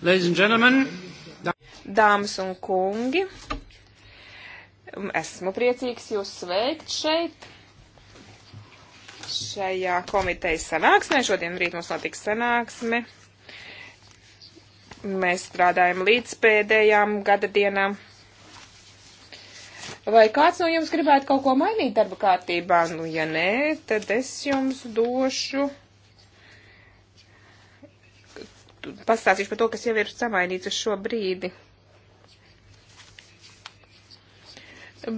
Dāmas un kungi, esmu priecīgs jūs sveikt šeit, šajā komitejas sanāksmē. Šodien rīt mums notiks sanāksme. Mēs strādājam līdz pēdējām gada dienām. Vai kāds no jums gribētu kaut ko mainīt darba kārtībā? Nu, ja nē, tad es jums došu pastāstīšu par to, kas jau ir samainīts uz šo brīdi.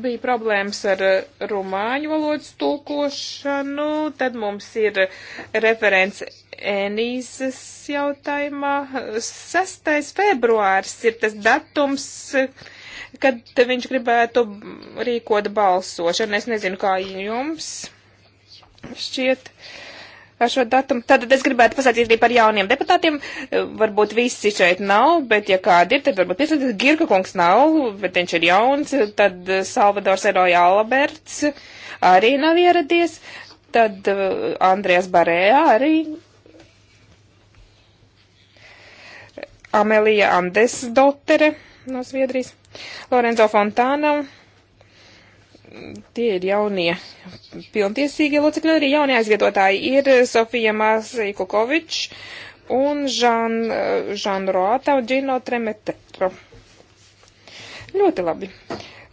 Bija problēmas ar eh, rumāņu valodas tulkošanu, tad mums ir referents Enīzes jautājumā. 6. februārs ir tas datums, kad viņš gribētu rīkot balsošanu. Es nezinu, kā jums šķiet. Uh, ar šo datumu. Tātad es gribētu pasakīt arī par jauniem deputātiem. E, varbūt visi šeit nav, bet ja kādi ir, tad varbūt pieslēdzies. Girka kungs nav, bet viņš ir jauns. Tad e, Salvadors Eroja Alberts arī nav ieradies. Tad e, Andrijas Barējā arī. Amelija Andes dotere no Zviedrijas. Lorenzo Fontāna tie ir jaunie pilntiesīgie locekļi, arī jaunie aizvietotāji ir eh, Sofija Māsija Kukovič un Žan, eh, Žan Roata un Džino Tremetero. Ļoti labi.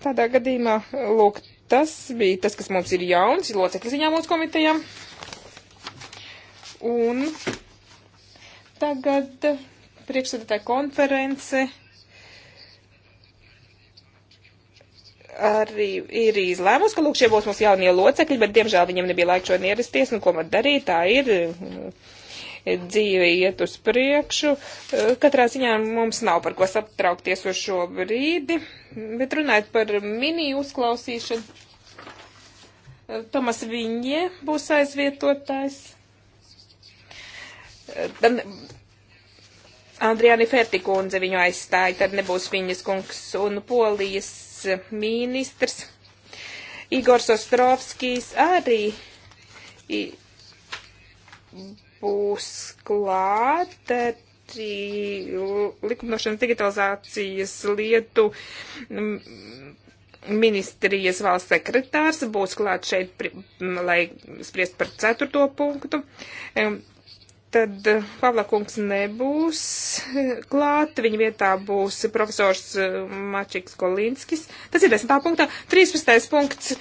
Tādā gadījumā, lūk, tas bija tas, kas mums ir jauns, locekļi ziņā mūsu komitejām. Un tagad priekšsēdētāja konference arī ir izlēmusi, ka lūk, šie būs mūsu jaunie locekļi, bet diemžēl viņiem nebija laika šodien ierasties, nu ko man darīt, tā ir nu, dzīve iet uz priekšu. Katrā ziņā mums nav par ko satraukties uz šo brīdi, bet runājot par mini uzklausīšanu, Tomas Viņie būs aizvietotājs. Tad Andriāni Fertikundze viņu aizstāja, tad nebūs viņas kungs un polijas ministrs Igors Ostrovskijs arī būs klāt likumdošanas digitalizācijas lietu ministrijas valsts sekretārs būs klāt šeit, lai spriest par ceturto punktu tad eh, Pavlakungs nebūs klāt, viņa vietā būs profesors eh, Mačiks Kolinskis. Tas ir 10. punktā. 13. punkts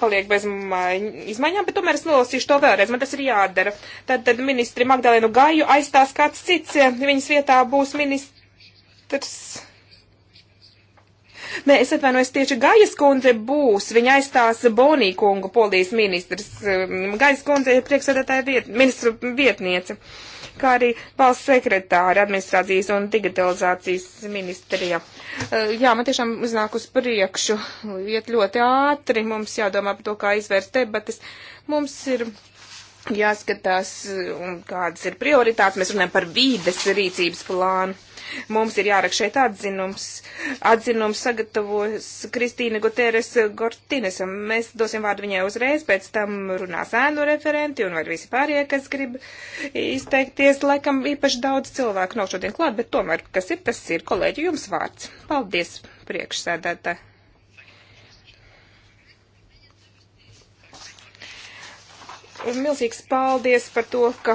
paliek bez izmaiņām, bet tomēr es nolasīšu to vēlreiz, man tas ir jādara. Tad, tad ministri Magdalēnu Gaju aizstās kāds cits, viņas vietā būs ministrs Nē, es atvainojos, tieši Gajas kundze būs. Viņa aizstās Bonī kungu, polijas ministrs. Mm, Gajas kundze ir priekšsēdētāja viet, ministru vietniece, kā arī valsts sekretāra administrācijas un digitalizācijas ministrijā. E, jā, man tiešām uznāk uz priekšu. Iet ļoti ātri. Mums jādomā par to, kā izvērst debatas. Mums ir jāskatās, kādas ir prioritātes. Mēs runājam par vīdes rīcības plānu. Mums ir jārak šeit atzinums. Atzinums sagatavos Kristīne Guteres Gortinesam. Mēs dosim vārdu viņai uzreiz, pēc tam runās ēnu referenti un var visi pārējie, kas grib izteikties. Laikam īpaši daudz cilvēku nav šodien klāt, bet tomēr, kas ir, tas ir kolēģi jums vārds. Paldies, priekšsēdētāji. milzīgs paldies par to, ka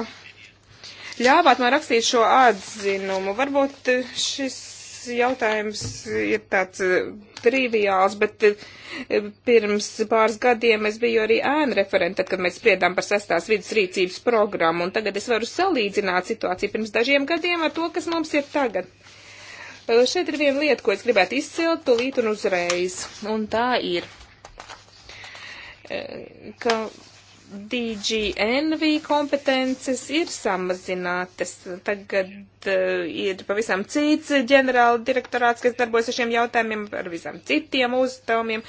ļāvāt man rakstīt šo atzinumu. Varbūt eh, šis jautājums ir tāds eh, triviāls, bet eh, pirms pāris gadiem es biju arī ēnu referenta, tad, kad mēs spriedām par sestās vidas rīcības programmu, un tagad es varu salīdzināt situāciju pirms dažiem gadiem ar to, kas mums ir tagad. Šeit ir viena lieta, ko es gribētu izcelt tūlīt un uzreiz, un tā ir, ka DGNV kompetences ir samazinātas. Tagad uh, eh, ir pavisam cits ģenerāla direktorāts, kas darbojas ar šiem jautājumiem, ar visam citiem uzdevumiem.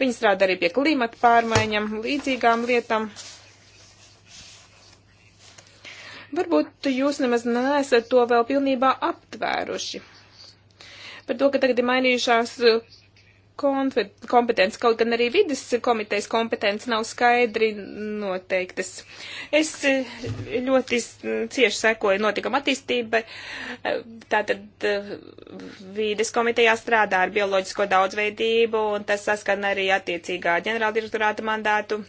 Viņi strādā arī pie klimata pārmaiņām, līdzīgām lietām. Varbūt jūs nemaz neesat to vēl pilnībā aptvēruši. Par to, ka tagad ir mainījušās kompetence, kaut gan arī vidas komitejas kompetence nav skaidri noteiktas. Es eh, ļoti cieši sekoju notikuma attīstībai. Tātad eh, vides komitejā strādā ar bioloģisko daudzveidību, un tas saskan arī attiecīgā ģenerāldirektorāta mandātu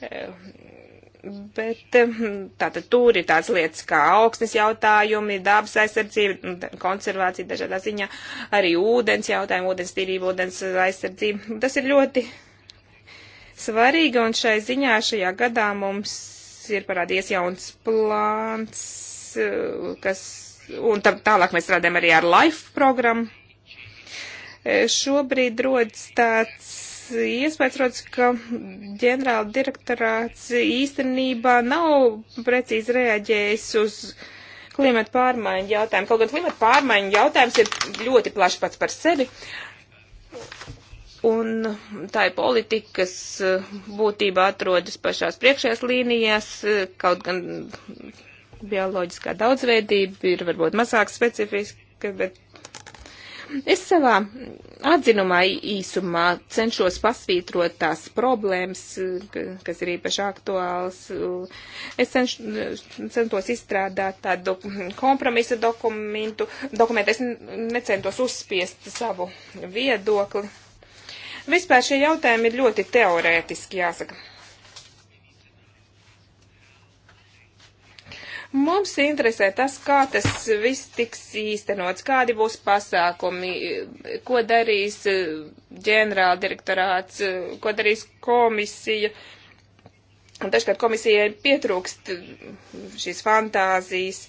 eh, Bet eh, tātad tur ir tādas lietas kā augsnes jautājumi, dabas aizsardzība, nu, konservācija dažādā ziņā, arī ūdens jautājumi, ūdens tīrība, ūdens aizsardzība. Nu, tas ir ļoti svarīgi un šai ziņā šajā gadā mums ir parādījies jauns plāns, eh, kas, un tā, tālāk mēs strādājam arī ar LIFE programmu. Eh, šobrīd rodas tāds iespējas rodas, ka ģenerāla direktorāts īstenībā nav precīzi reaģējis uz klimata pārmaiņu jautājumu. Kaut gan klimata pārmaiņu jautājums ir ļoti plašs pats par sevi. Un tā ir politika, kas eh, būtībā atrodas pašās priekšējās līnijās, eh, kaut gan bioloģiskā daudzveidība ir varbūt mazāk specifiska, bet Es savā atzinumā īsumā cenšos pasvītrot tās problēmas, kas ir īpaši aktuāls. Es cenš, centos izstrādāt tādu kompromisa dokumentu. dokumentu. Es necentos uzspiest savu viedokli. Vispār šie jautājumi ir ļoti teorētiski, jāsaka. Mums interesē tas, kā tas viss tiks īstenots, kādi būs pasākumi, ko darīs eh, ģenerāla direktorāts, eh, ko darīs komisija. Un dažkārt komisijai pietrūkst eh, šīs fantāzijas.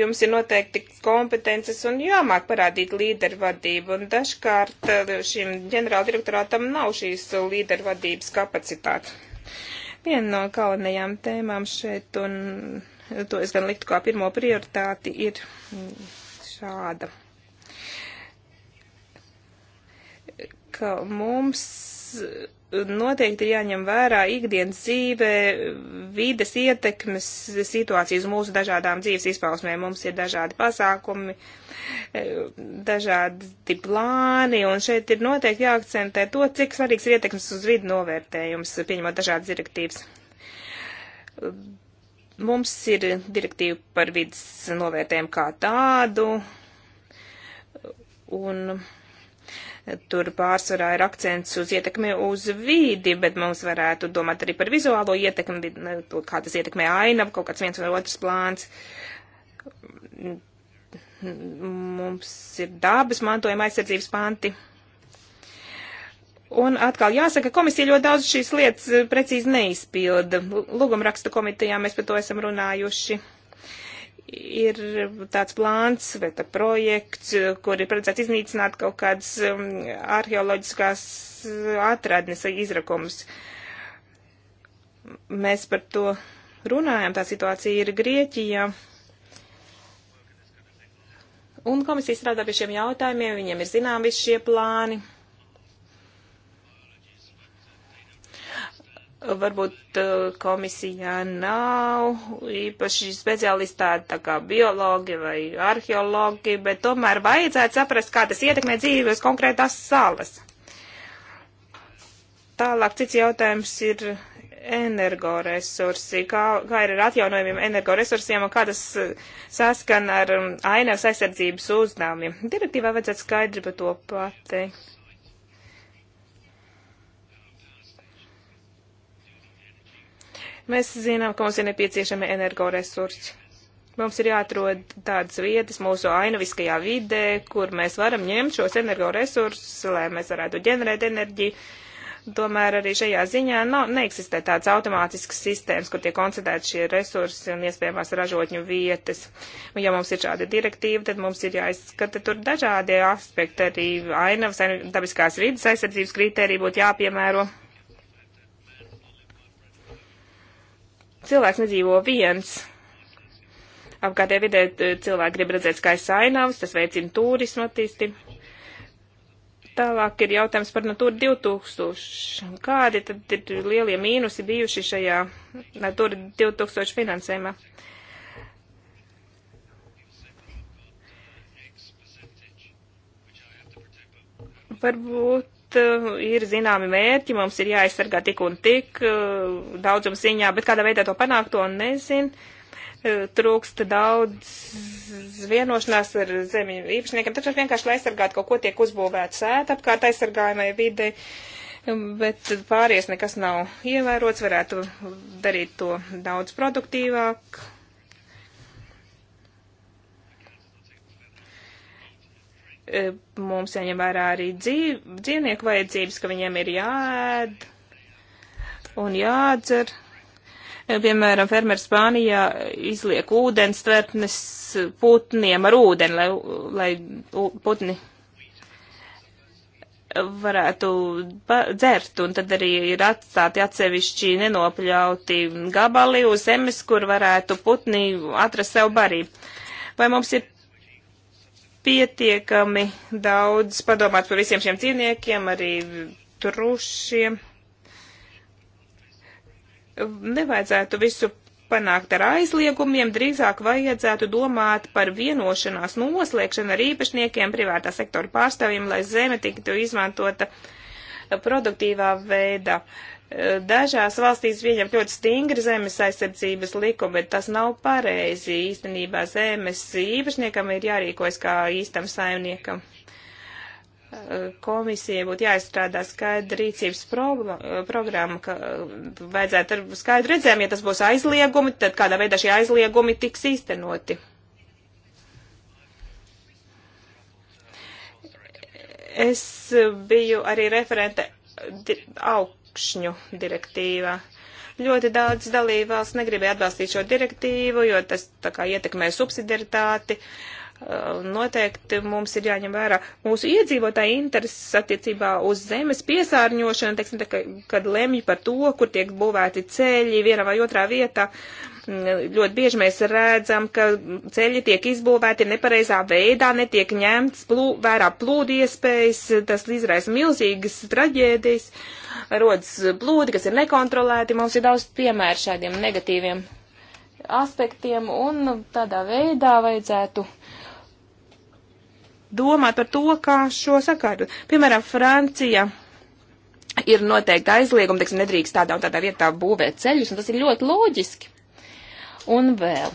Jums ir noteikti kompetences un jāmāk parādīt līdervadību, un dažkārt šim ģenerāla direktorātam nav šīs līdervadības kapacitātes. Viena no galvenajām tēmām šeit, un to es gan liktu kā pirmo prioritāti, ir šāda. Ka mums noteikti ir jāņem vērā ikdienas dzīve, vides ietekmes situācijas mūsu dažādām dzīves izpausmēm. Mums ir dažādi pasākumi, e, dažādi plāni, un šeit ir noteikti jāakcentē to, cik svarīgs ir ietekmes uz vidu novērtējums, pieņemot dažādas direktīvas. Mums ir direktīva par vidas novērtējumu kā tādu, un Tur pārsvarā ir akcents uz ietekmi uz vīdi, bet mums varētu domāt arī par vizuālo ietekmi, kā tas ietekmē ainavu, kaut kāds viens vai otrs plāns. Mums ir dabas mantojuma aizsardzības panti. Un atkal jāsaka, komisija ļoti daudz šīs lietas eh, precīzi neizpilda. Lūgumrakstu komitejā mēs par to esam runājuši ir tāds plāns vai tā projekts, kur ir paredzēts iznīcināt kaut kādas um, arheoloģiskās uh, atradnes vai izrakumus. Mēs par to runājam, tā situācija ir Grieķija. Un komisija strādā pie šiem jautājumiem, viņiem ir zinām visi šie plāni. varbūt uh, komisijā nav īpaši speciālisti tādi tā kā biologi vai arheologi, bet tomēr vajadzētu saprast, kā tas ietekmē dzīvi uz konkrētās salas. Tālāk cits jautājums ir energoresursi, kā, kā ir ar atjaunojumiem energoresursiem un kā tas uh, saskan ar um, ainavas aizsardzības uzdevumiem. Direktīvā vajadzētu skaidri par to pateikt Mēs zinām, ka mums ir nepieciešami energoresursi. Mums ir jāatrod tādas vietas mūsu ainaviskajā vidē, kur mēs varam ņemt šos energoresursus, lai mēs varētu ģenerēt enerģiju. Tomēr arī šajā ziņā nav, neeksistē tādas automātiskas sistēmas, kur tiek koncentrēti šie resursi un iespējamās ražotņu vietas. Un, ja mums ir šāda direktīva, tad mums ir jāizskata tur dažādie aspekti, arī ainavas, dabiskās vidas aizsardzības kritērija būtu jāpiemēro. cilvēks nedzīvo viens. Apkārtējā vidē cilvēki grib redzēt skaistas ainavas, tas veicina turismu attīstību. Tālāk ir jautājums par Natūra 2000. Kādi tad ir lielie mīnusi bijuši šajā Natūra 2000 finansējumā? Varbūt Uh, ir zināmi mērķi, mums ir jāaizsargā tik un tik uh, daudzuma ziņā, bet kādā veidā to panākt, to nezinu. Uh, trūkst daudz vienošanās ar zemju īpašniekiem, taču vienkārši, lai aizsargātu kaut ko, tiek uzbūvēts sēta apkārt aizsargājumai videi um, bet pāries nekas nav ievērots, varētu darīt to daudz produktīvāk. E, mums jāņem vērā arī dzīv, dzīvnieku vajadzības, ka viņiem ir jāēd un jāatdzer. E, piemēram, fermers Spānijā izliek ūdens tvertnes putniem ar ūdeni, lai, lai putni varētu dzert, un tad arī ir atstāti atsevišķi nenopļauti gabali uz zemes, kur varētu putni atrast sev barību. Vai mums ir pietiekami daudz padomāt par visiem šiem dzīvniekiem, arī trušiem. Nevajadzētu visu panākt ar aizliegumiem, drīzāk vajadzētu domāt par vienošanās noslēgšanu ar īpašniekiem, privātā sektora pārstāvjiem, lai zeme tiktu izmantota produktīvā veidā. Uh, Dažās valstīs viņam ļoti stingri zemes aizsardzības likumi, bet tas nav pareizi. Īstenībā zemes īpašniekam ir jārīkojas kā īstam saimniekam. Komisija būtu jāizstrādā skaidra rīcības programma, ka vajadzētu ar skaidru redzējumu, ja tas būs aizliegumi, tad kādā veidā šie aizliegumi tiks īstenoti. Es biju arī referente augu pēkšņu direktīvā. Ļoti daudz dalībvalsts negribēja atbalstīt šo direktīvu, jo tas tā kā ietekmē subsidiaritāti. Uh, Eh, noteikti mums ir jāņem vērā mūsu iedzīvotāji intereses attiecībā uz zemes piesārņošanu, teiksim, tā, kad lemj par to, kur tiek būvēti ceļi vienā vai otrā vietā. Mm, ļoti bieži mēs redzam, ka ceļi tiek izbūvēti nepareizā veidā, netiek ņemts plū, vērā plūdi iespējas, tas izraisa milzīgas traģēdijas, rodas plūdi, kas ir nekontrolēti, mums ir daudz piemēru šādiem negatīviem aspektiem, un tādā veidā vajadzētu uh, domāt par to, kā šo sakārtot. Piemēram, Francija ir noteikti aizliegumi, teiksim, nedrīkst tādā un tādā vietā būvēt ceļus, un tas ir ļoti loģiski. Un vēl.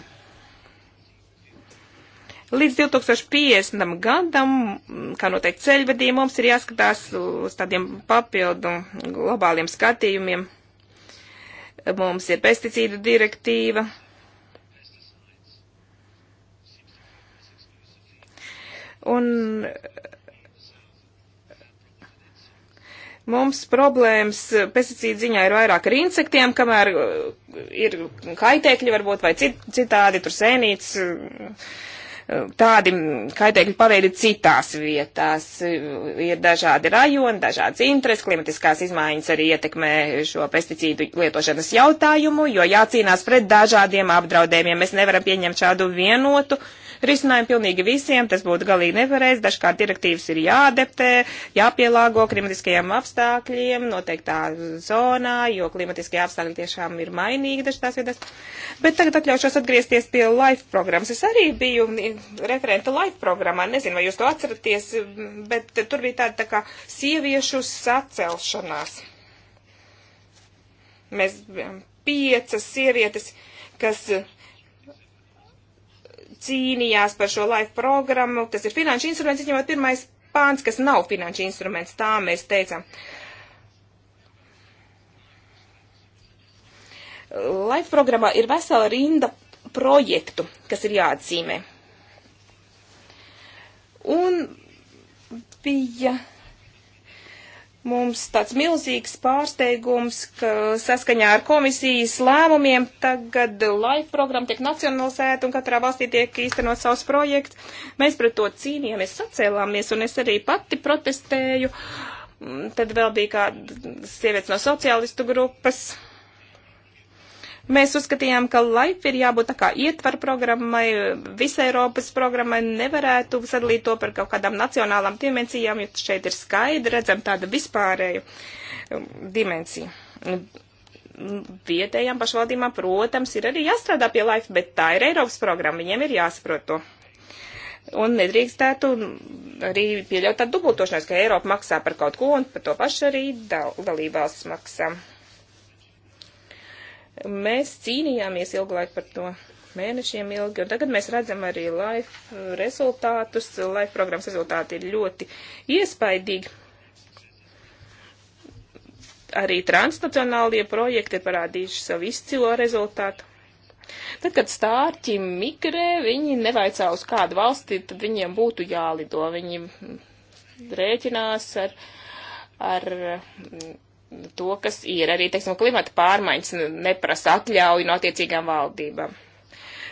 Līdz 2050. gadam, kā noteikti ceļvedīja, mums ir jāskatās uz tādiem papildu globāliem skatījumiem. Mums ir pesticīdu direktīva, Un mums problēmas pesticīdu ziņā ir vairāk ar insektiem, kamēr uh, ir kaitēkļi varbūt vai cit, citādi tur sēnīts. Uh, uh, tādi kaitēkļi paveidi citās vietās. Ir dažādi rajoni, dažādas intereses, klimatiskās izmaiņas arī ietekmē šo pesticīdu lietošanas jautājumu, jo jācīnās pret dažādiem apdraudējumiem. Mēs nevaram pieņemt šādu vienotu uh, risinājumu pilnīgi visiem, tas būtu galīgi nepareizi, dažkārt direktīvas ir jāadaptē, jāpielāgo klimatiskajiem apstākļiem noteiktā zonā, jo klimatiskie apstākļi tiešām ir mainīgi dažās vietās. Bet tagad atļaušos atgriezties pie LIFE programmas. Es arī biju referenta LIFE programmā, nezinu, vai jūs to atceraties, bet tur bija tāda tā kā sieviešu sacelšanās. Mēs piecas sievietes, kas cīnījās par šo life programmu. Tas ir finanšu instruments, izņemot pirmais pāns, kas nav finanšu instruments, tā mēs teicām. Life programmā ir vesela rinda projektu, kas ir jāatzīmē. Un bija mums tāds milzīgs pārsteigums, ka saskaņā ar komisijas lēmumiem tagad laifa programma tiek nacionalizēta un katrā valstī tiek īstenot savs projekts. Mēs pret to cīnījāmies, sacēlāmies un es arī pati protestēju. Mm, Tad vēl bija kāda sievietes no sociālistu grupas. Mēs uzskatījām, ka LIFE ir jābūt tā kā ietvar programmai, visai Eiropas programmai, nevarētu sadalīt to par kaut kādām nacionālām dimensijām, jo šeit ir skaidri, redzam tādu vispārēju um, dimensiju. Vietējām pašvaldībām, protams, ir arī jāstrādā pie LIFE, bet tā ir Eiropas programma, viņiem ir jāsaprot to. Un nedrīkstētu arī pieļaut tādu dubultošanos, ka Eiropa maksā par kaut ko un par to pašu arī dal dalībvalsts maksā. Mēs cīnījāmies ilgu laiku par to mēnešiem ilgi, un tagad mēs redzam arī life rezultātus. Life programmas rezultāti ir ļoti iespaidīgi. Arī transnacionālie projekti ir parādījuši savu izcilo rezultātu. Tad, kad stārķi migrē, viņi nevaicā uz kādu valsti, tad viņiem būtu jālido. Viņi rēķinās ar, ar to, kas ir. Arī, teiksim, klimata pārmaiņas neprasa atļauju no attiecīgām valdībām.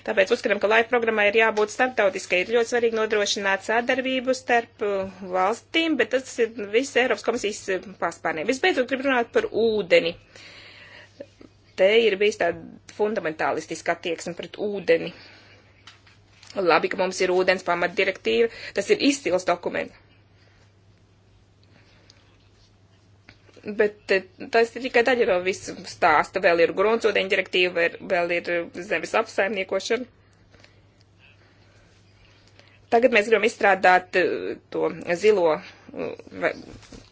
Tāpēc uzskatām, ka laiva programmai ir jābūt starptautiskai. Ir ļoti svarīgi nodrošināt sadarbību starp uh, valstīm, bet tas ir viss Eiropas komisijas uh, paspārnē. Visbeidzot, gribu runāt par ūdeni. Te ir bijis tāda fundamentālistiska attieksme pret ūdeni. Labi, ka mums ir ūdens pamatdirektīva. Tas ir izcils dokuments. Bet tas ir tikai daļa no visu stāsta. Vēl ir gruntsūdeņa direktīva, vēl ir zemes apsaimniekošana. Tagad mēs gribam izstrādāt eh, to zilo eh,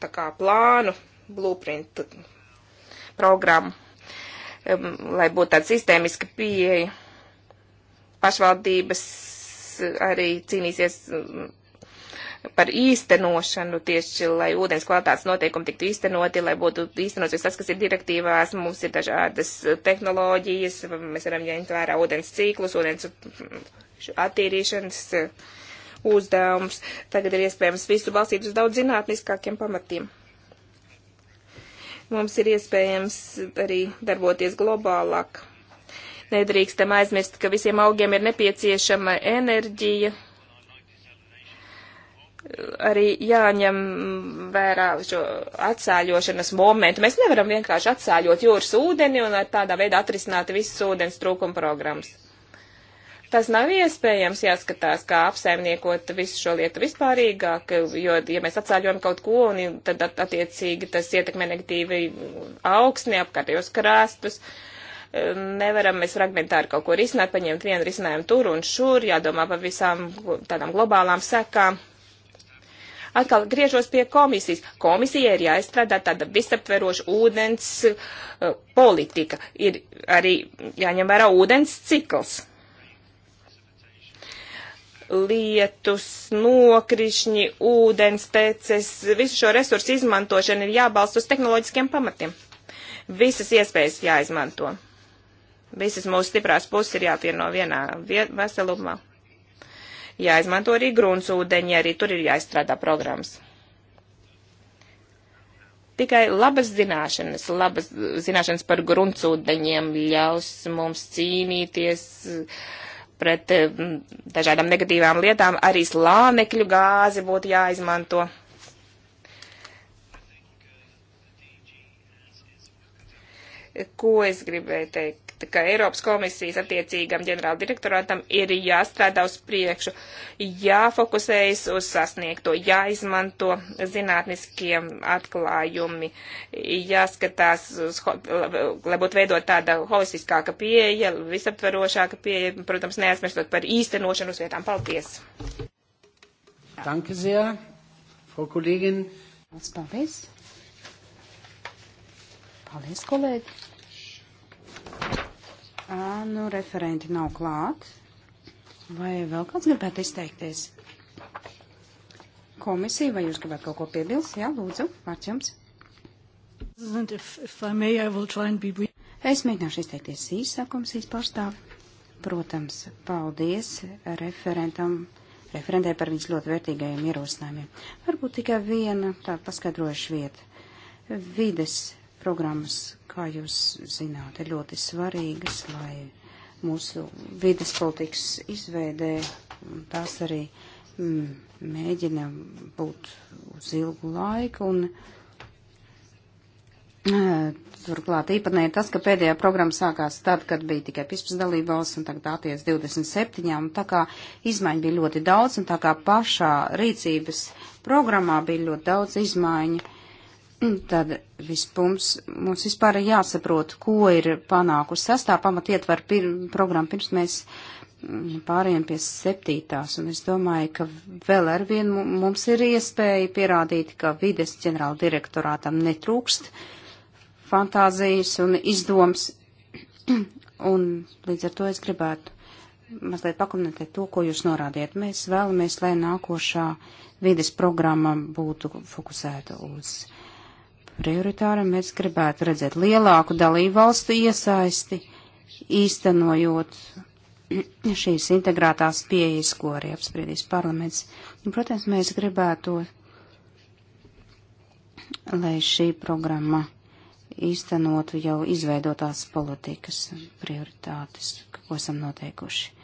tā kā plānu, blueprint programmu, lai būtu tāda sistēmiska pieeja. Pašvaldības eh, arī cīnīsies par īstenošanu tieši, lai ūdens kvalitātes noteikumi tiktu īstenoti, lai būtu īstenots viss tas, kas ir direktīvās. Mums ir dažādas tehnoloģijas, mēs varam ņemt vērā ūdens ciklus, ūdens mm, attīrīšanas eh, uzdevums. Tagad ir iespējams visu balstīt uz daudz zinātniskākiem pamatiem. Mums ir iespējams arī darboties globālāk. Nedrīkstam aizmirst, ka visiem augiem ir nepieciešama enerģija, arī jāņem vērā šo atsāļošanas momentu. Mēs nevaram vienkārši atsāļot jūras ūdeni un ar tādā veidā atrisināt visas ūdens trūkuma programmas. Tas nav iespējams jāskatās, kā apsaimniekot visu šo lietu vispārīgāk, jo, ja mēs atsāļojam kaut ko, un tad attiecīgi tas ietekmē negatīvi augsni, apkārtējos krāstus, um, nevaram mēs fragmentāri kaut ko risināt, paņemt vienu risinājumu tur un šur, jādomā par visām tādām globālām sekām Atkal griežos pie komisijas. Komisija ir jāizstrādā tāda visaptveroša ūdens uh, politika. Ir arī jāņem vērā ūdens cikls. Lietus, nokrišņi, ūdens peces, visu šo resursu izmantošana ir jābalsta uz tehnoloģiskiem pamatiem. Visas iespējas jāizmanto. Visas mūsu stiprās puses ir jāpieno vienā veselumā jāizmanto arī gruntsūdeņi, arī tur ir jāizstrādā programmas. Tikai labas zināšanas, labas zināšanas par gruntsūdeņiem ļaus mums cīnīties pret mm, dažādām negatīvām lietām. Arī slānekļu gāzi būtu jāizmanto. Ko es gribēju teikt? ka Eiropas komisijas attiecīgam ģenerāldirektorātam ir jāstrādā uz priekšu, jāfokusējas uz sasniegto, jāizmanto zinātniskie atklājumi, jāskatās, uz, lai būtu veidot tāda holistiskāka pieeja, visaptverošāka pieeja, protams, neaizmirstot par īstenošanu uz vietām. Paldies! Danke sehr, Frau Kollegin. Paldies! Paldies, kolēģi! Ā, nu, referenti nav klāt. Vai vēl kāds gribētu izteikties? Komisija, vai jūs gribētu kaut ko piebilst? Jā, lūdzu, vārds jums. If, if I may, I be... Es mēģināšu izteikties īsāk, komisijas pārstāvi. Protams, paldies referentam, referentē par viņas ļoti vērtīgajiem ierosinājumiem. Varbūt tikai viena tāda paskaidrojuša vieta. Vides programmas kā jūs zināt, ir ļoti svarīgas, lai mūsu vidas politikas izveidē tās arī mm, mēģina būt uz ilgu laiku. Un, Turklāt īpatnēji tas, ka pēdējā programma sākās tad, kad bija tikai 15 dalībvalsts un tagad attiec 27, un tā kā izmaiņu bija ļoti daudz, un tā kā pašā rīcības programmā bija ļoti daudz izmaiņu, Tad vispums mums vispār ir jāsaprot, ko ir panākusi sastā pamat ietver pir programma pirms mēs mm, pāriem pie septītās, un es domāju, ka vēl ar vienu mums ir iespēja pierādīt, ka vides ģenerāla direktorātam netrūkst fantāzijas un izdoms, un līdz ar to es gribētu mazliet pakomentēt to, ko jūs norādiet. Mēs vēlamies, lai nākošā vides programma būtu fokusēta uz prioritāri, mēs gribētu redzēt lielāku dalību valstu iesaisti, īstenojot šīs integrētās pieejas, ko arī apspriedīs parlaments. Un, protams, mēs gribētu, lai šī programma īstenotu jau izveidotās politikas prioritātes, ko esam noteikuši.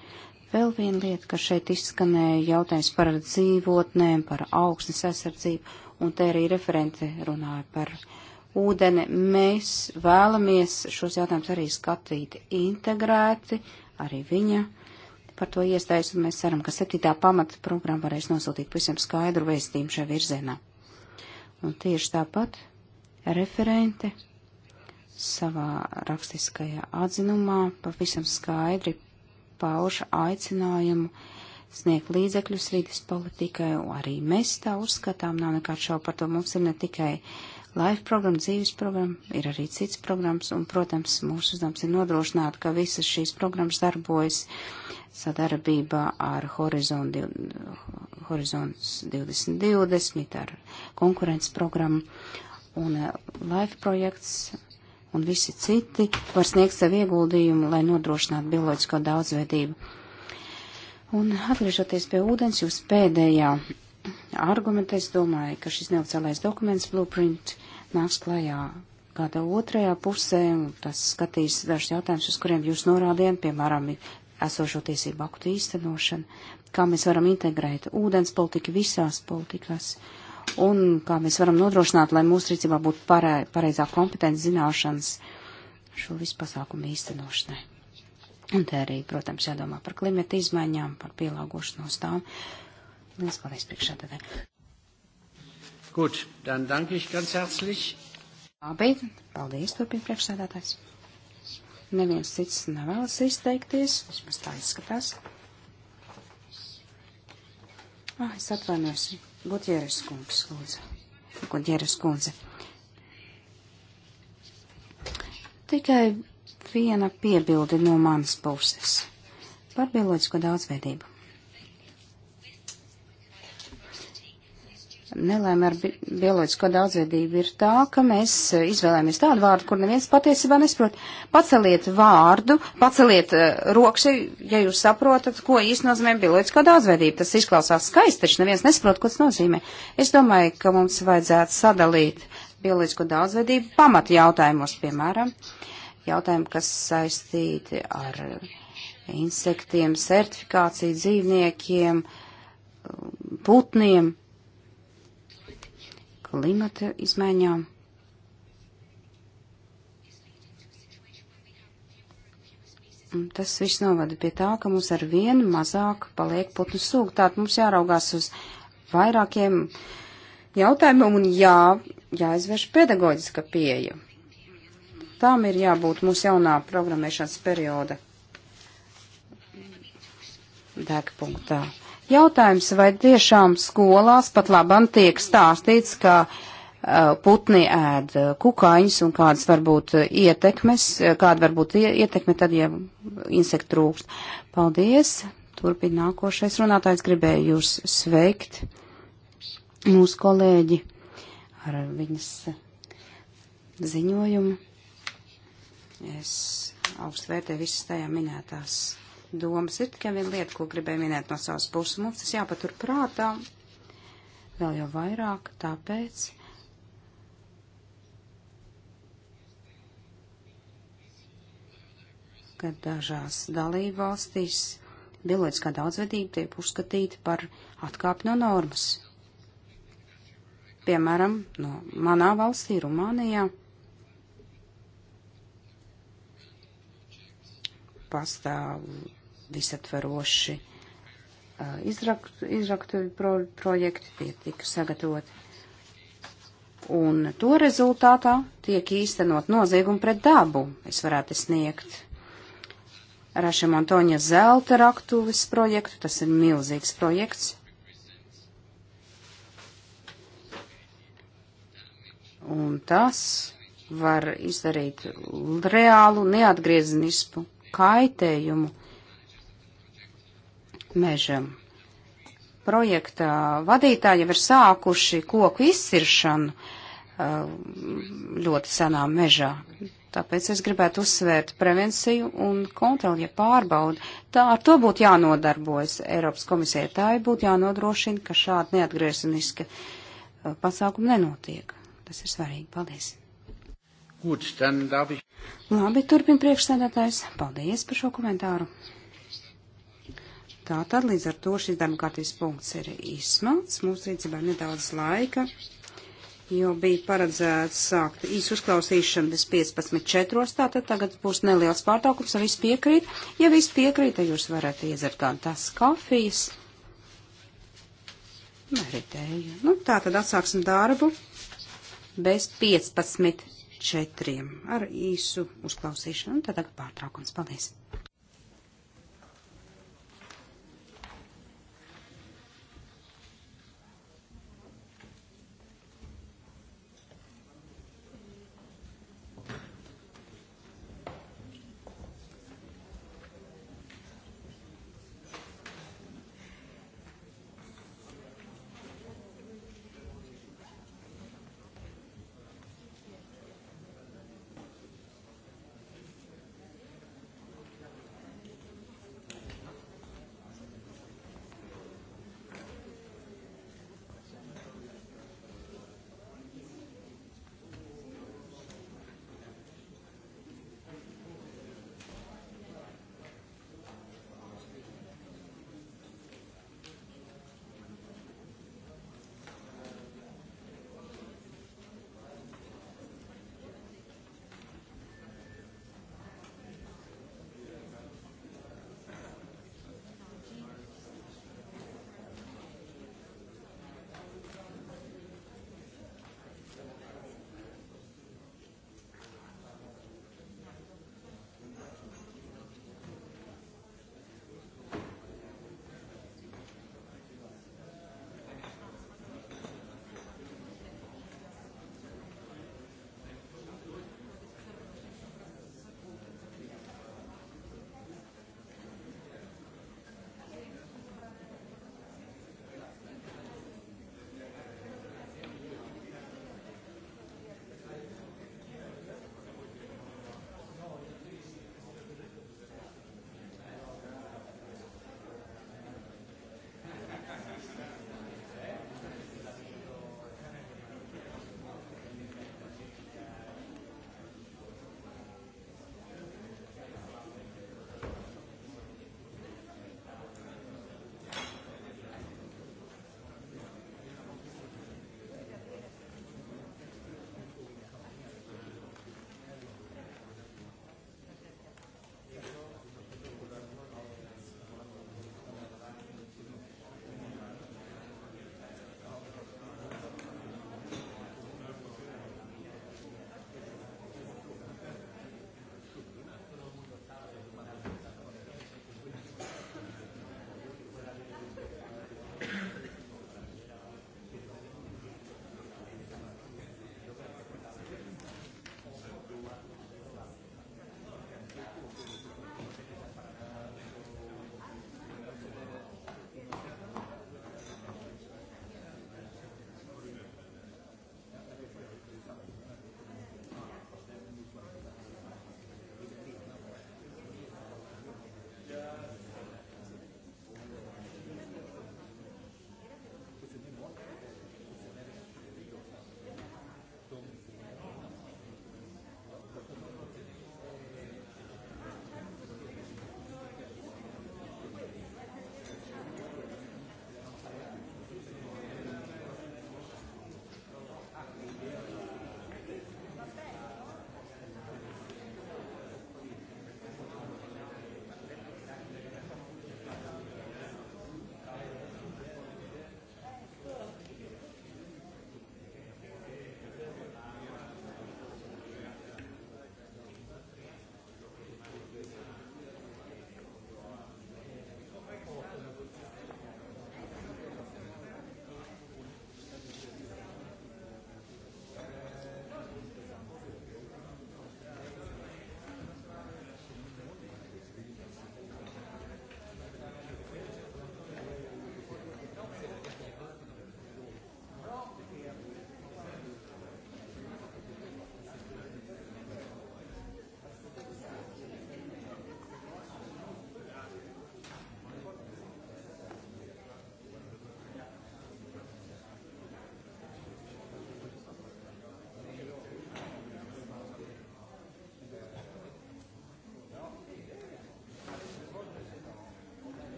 Vēl viena lieta, kas šeit izskanēja, jautājums par dzīvotnēm, par augsnes aizsardzību un te arī referente runāja par ūdeni. Mēs vēlamies šos jautājumus arī skatīt integrēti, arī viņa par to iestājas, un mēs ceram, ka septītā pamata programma varēs nosūtīt visiem skaidru vēstījumu šajā virzienā. Un tieši tāpat referente savā rakstiskajā atzinumā pavisam skaidri pauž aicinājumu uh, sniegt līdzekļus vidas politikai, arī mēs tā uzskatām, nav nekāds šau par to. Mums ir ne tikai life programma, dzīves programma, ir arī cits programmas, un, protams, mūsu uzdevums ir nodrošināt, ka visas šīs programmas darbojas sadarbībā ar Horizont, Horizons 2020, ar konkurences programmu, un eh, life projekts un visi citi var sniegt savu ieguldījumu, lai nodrošinātu bioloģisko daudzveidību. Un atgriežoties pie ūdens, jūs pēdējā argumentā es domāju, ka šis neoficiālais dokuments Blueprint nāks klajā gada otrajā pusē, un tas skatīs dažus jautājumus, uz kuriem jūs norādījāt, piemēram, esošo tiesību aktu īstenošanu, kā mēs varam integrēt ūdens politiku visās politikās, un kā mēs varam nodrošināt, lai mūsu rīcībā būtu pareizā kompetence zināšanas šo visu pasākumu īstenošanai. Un te arī, protams, jādomā par klimata izmaiņām, par pielāgošanos tām. Liels paldies priekšādātē. Gut, dann danke ich ganz herzlich. Labi, paldies, turpina priekšsēdētājs. Neviens cits nevēlas izteikties, vismaz tā izskatās. Ah, es atvainojos, Gutieres kungs, lūdzu. Gutieres kundze. Tikai viena piebilde no manas puses par bioloģisko daudzveidību. Nelēma ar bi bioloģisko daudzveidību ir tā, ka mēs izvēlēmies tādu vārdu, kur neviens patiesībā nesprot. Paceliet vārdu, paceliet uh, eh, rokši, ja jūs saprotat, ko īsti nozīmē bioloģisko daudzveidību. Tas izklausās skaisti, taču neviens nesprot, ko tas nozīmē. Es domāju, ka mums vajadzētu sadalīt bioloģisko daudzveidību pamat jautājumos, piemēram. Uh, jautājumi, kas saistīti ar insektiem, certifikāciju dzīvniekiem, putniem, klimata izmaiņām. Tas viss novada pie tā, ka mums ar vienu mazāk paliek putnu sūk. Tātad mums jāraugās uz vairākiem jautājumiem un jā, jāizvērš pedagoģiska pieeja. Tām ir jābūt mūsu jaunā programmēšanas perioda degpunktā. Jautājums, vai tiešām skolās pat labam tiek stāstīts, ka uh, putni ēd uh, kukaiņus un kādas varbūt uh, ietekmes, kāda varbūt ietekme tad, ja insektu trūkst. Paldies! Turpin nākošais runātājs gribēja jūs sveikt, mūsu kolēģi, ar viņas ziņojumu. Es augstu vērtēju visas tajā minētās domas. Ir tikai viena lieta, ko gribēju minēt no savas puses. Mums tas jāpatur prātā vēl jau vairāk, tāpēc. ka dažās dalībvalstīs bioloģiskā daudzveidība tiek uzskatīta par atkāpi no normas. Piemēram, no manā valstī, Rumānijā, pastāv visaptveroši uh, izraktu, izraktu pro, projekti, tie tika sagatavoti. Un to rezultātā tiek īstenot noziegumu pret dabu, es varētu sniegt. Rašam Antoņa zelta raktuves projektu, tas ir milzīgs projekts. Un tas var izdarīt reālu neatgriezenisku kaitējumu mežam. Projekta vadītāji ir sākuši koku izciršanu eh, ļoti senā mežā. Tāpēc es gribētu uzsvērt prevenciju un kontroli, ja pārbaudu. Tā ar to būtu jānodarbojas Eiropas komisijai. Tā ir būtu jānodrošina, ka šādi neatgriezeniski eh, pasākumi nenotiek. Tas ir svarīgi. Paldies. Gut, dann darf ich... Labi, turpin priekšsēdētājs. Paldies par šo komentāru. Tā tad līdz ar to šis darba kārtības punkts ir izsmelts. Mūsu rīcībā nedaudz laika, jo bija paredzēts sākt īsu uzklausīšanu bez 15.4. Tātad tagad būs neliels pārtraukums, ja viss piekrīt. Ja viss piekrīt, tad jūs varat iedzert gan tas kafijas. Meritēju. Nu, tā tad atsāksim darbu bez 15. .4 četriem ar īsu uzklausīšanu, tad tagad pārtraukums. Paldies!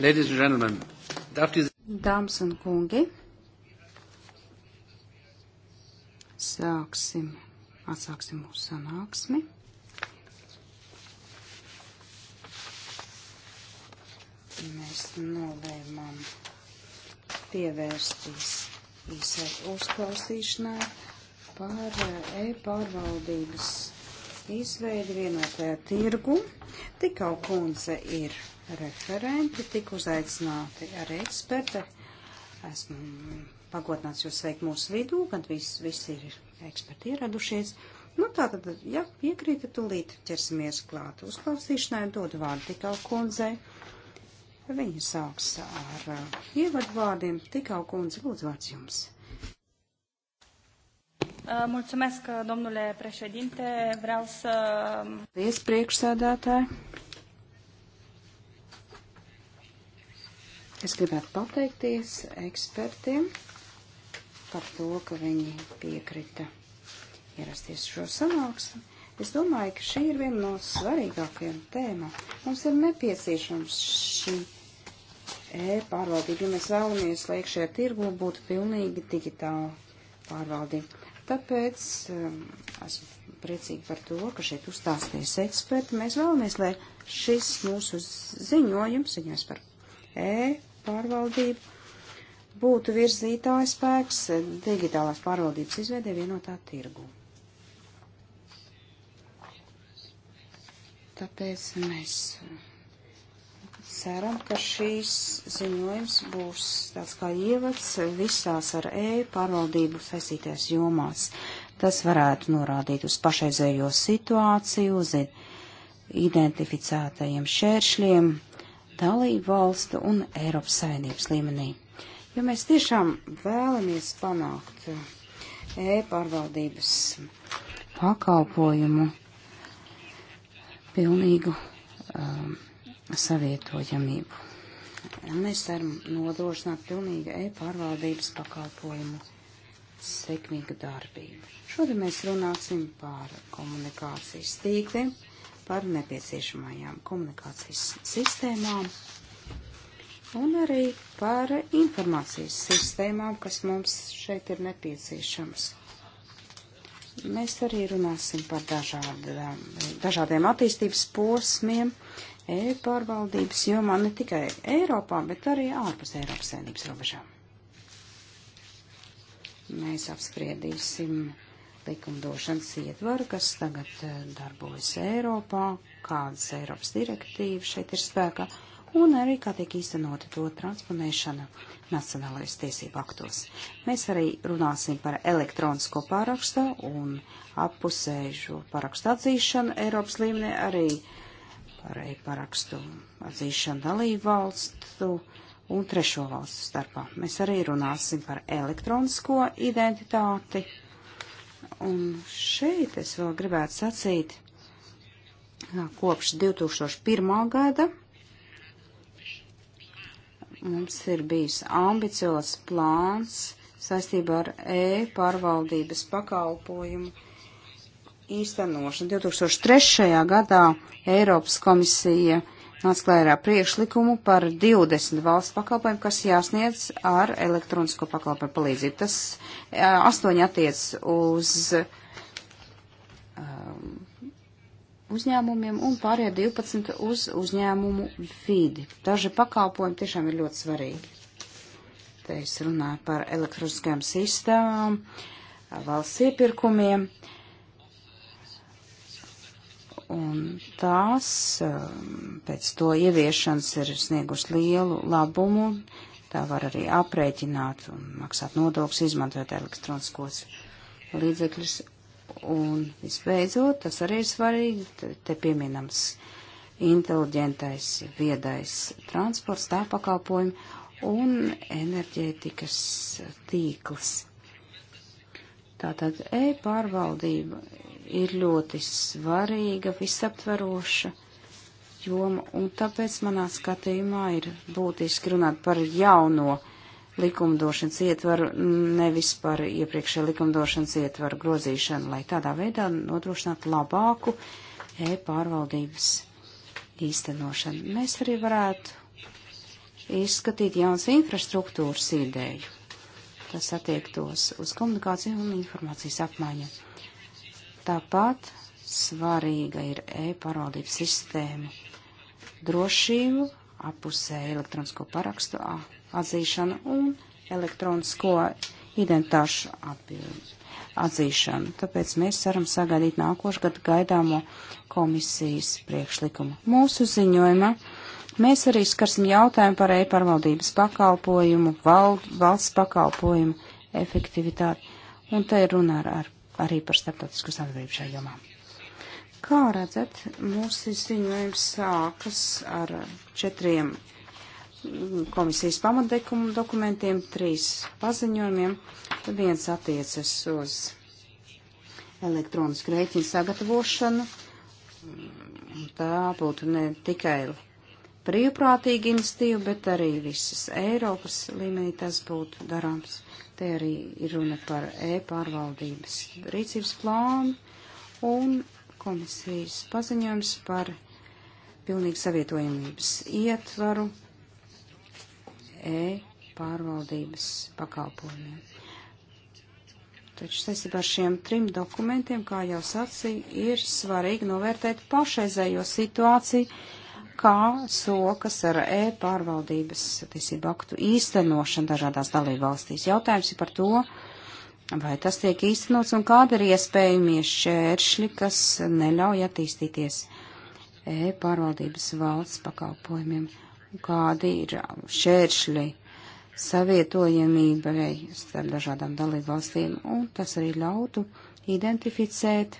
Ladies and gentlemen, after this... Dāmas un kungi, sāksim, atsāksim mūsu sanāksmi. Mēs nolēmām pievērsties īsai uzklausīšanai par eh, e-pārvaldības izveidi vienotajā tirgu. Tikau kundze ir referenti tika uzaicināti ar eksperti. Esmu pagodināts jūs sveikt mūsu vidū, kad visi, visi ir eksperti ieradušies. Nu tā tad, ja piekrīta, tūlīt ķersimies klāt uzklausīšanai, dodu vārdu tikau kundzei. Viņa sāks ar uh, ievadvārdiem. Tikau kundze, lūdzu vārds jums. Uh, mulțumesc, domnule președinte. Vreau să... Paldies, priekšsēdētāji. Es gribētu pateikties ekspertiem par to, ka viņi piekrita ierasties šo sanāksmi. Es domāju, ka šī ir viena no svarīgākajām tēmām. Mums ir nepieciešams šī e-pārvaldība, ja mēs vēlamies, lai iekšējā tirgu būtu pilnīgi digitāla pārvaldība. Tāpēc um, esmu priecīgi par to, ka šeit uzstāsties eksperti. Mēs vēlamies, lai šis mūsu ziņojums, ziņojums par e pārvaldību būtu virzītājs spēks digitālās pārvaldības izveidē vienotā tirgu. Tāpēc mēs ceram, ka šīs ziņojums būs tāds kā ievads visās ar E pārvaldību saistīties jomās. Tas varētu norādīt uz pašreizējo situāciju, uz identificētajiem šēršļiem dalību valstu un Eiropas Savienības līmenī. Jo mēs tiešām vēlamies panākt eh, e-pārvaldības pakalpojumu pilnīgu um, savietojamību. Mēs varam nodrošināt pilnīgu e-pārvaldības pakalpojumu sekmīgu darbību. Šodien mēs runāsim par komunikācijas tīkliem par nepieciešamajām komunikācijas sistēmām un arī par informācijas sistēmām, kas mums šeit ir nepieciešamas. Mēs arī runāsim par dažādām, dažādiem attīstības posmiem e-pārvaldības jomā ne tikai Eiropā, bet arī ārpus Eiropas saimnības robežām. Mēs apspriedīsim likumdošanas ietvaru, kas tagad eh, darbojas Eiropā, kādas Eiropas direktīvas šeit ir spēkā, un arī kā tiek īstenota to transponēšana nacionālajos tiesību aktos. Mēs arī runāsim par elektronisko parakstu un appusējušo parakstu atzīšanu Eiropas līmenī, arī par e-parakstu atzīšanu dalību valstu un trešo valstu starpā. Mēs arī runāsim par elektronisko identitāti Un šeit es vēl gribētu sacīt, kopš 2001. gada mums ir bijis ambiciozs plāns saistībā ar e-pārvaldības pakalpojumu īstenošanu. 2003. gadā Eiropas komisija uh, nāca klērā priekšlikumu par 20 valsts pakalpojumu, kas jāsniedz ar elektronisko pakalpojumu palīdzību. Tas astoņi attiec uz um, uzņēmumiem un pārējie 12 uz uzņēmumu vidi. Daži pakalpojumi tiešām ir ļoti svarīgi. Te es runāju par elektroniskajām sistēmām, valsts iepirkumiem. Uh, un tās um, pēc to ieviešanas ir sniegusi lielu labumu. Tā var arī aprēķināt un maksāt nodokļus, izmantojot elektroniskos līdzekļus. Un visbeidzot, tas arī ir svarīgi, te pieminams inteliģentais, viedais transports, tā pakalpojumi un enerģētikas tīkls. Tātad e-pārvaldība ir ļoti svarīga, visaptveroša joma, un tāpēc manā skatījumā ir būtiski runāt par jauno likumdošanas ietvaru, nevis par iepriekšēju likumdošanas ietvaru grozīšanu, lai tādā veidā nodrošinātu labāku e-pārvaldības īstenošanu. Mēs arī varētu izskatīt jaunas infrastruktūras ideju. Tas attiektos uz komunikāciju un informācijas apmaiņu. Tāpat svarīga ir e-pārvaldības sistēma drošība, apusē elektronisko parakstu atzīšana un elektronisko identitāšu atzīšanu. Tāpēc mēs varam sagaidīt nākošgad gaidāmo komisijas priekšlikumu. Mūsu ziņojumā mēs arī skarsim jautājumu par e-pārvaldības pakalpojumu, val, valsts pakalpojumu efektivitāti. Un te ir runa ar, ar arī par starptautisku sadarbību šajā jomā. Kā redzat, mūsu ziņojums sākas ar četriem komisijas pamatdekumu dokumentiem, trīs paziņojumiem. Viens attiecas uz elektronisku rēķinu sagatavošanu. Tā būtu ne tikai brīvprātīga iniciatīva, bet arī visas Eiropas līmenī tas būtu darāms. Te arī ir runa par e-pārvaldības rīcības plānu un komisijas paziņojums par pilnīgi savietojamības ietvaru e-pārvaldības pakalpojumiem. Taču saistībā ar šiem trim dokumentiem, kā jau sacīju, ir svarīgi novērtēt pašreizējo situāciju, kā sokas ar e-pārvaldības tiesību aktu īstenošanu dažādās dalību valstīs. Jautājums ir par to, vai tas tiek īstenots un kāda ir iespējamie šēršļi, kas neļauj attīstīties e-pārvaldības valsts pakalpojumiem. Kādi ir šēršļi savietojamībai starp dažādām dalību valstīm, un tas arī ļautu identificēt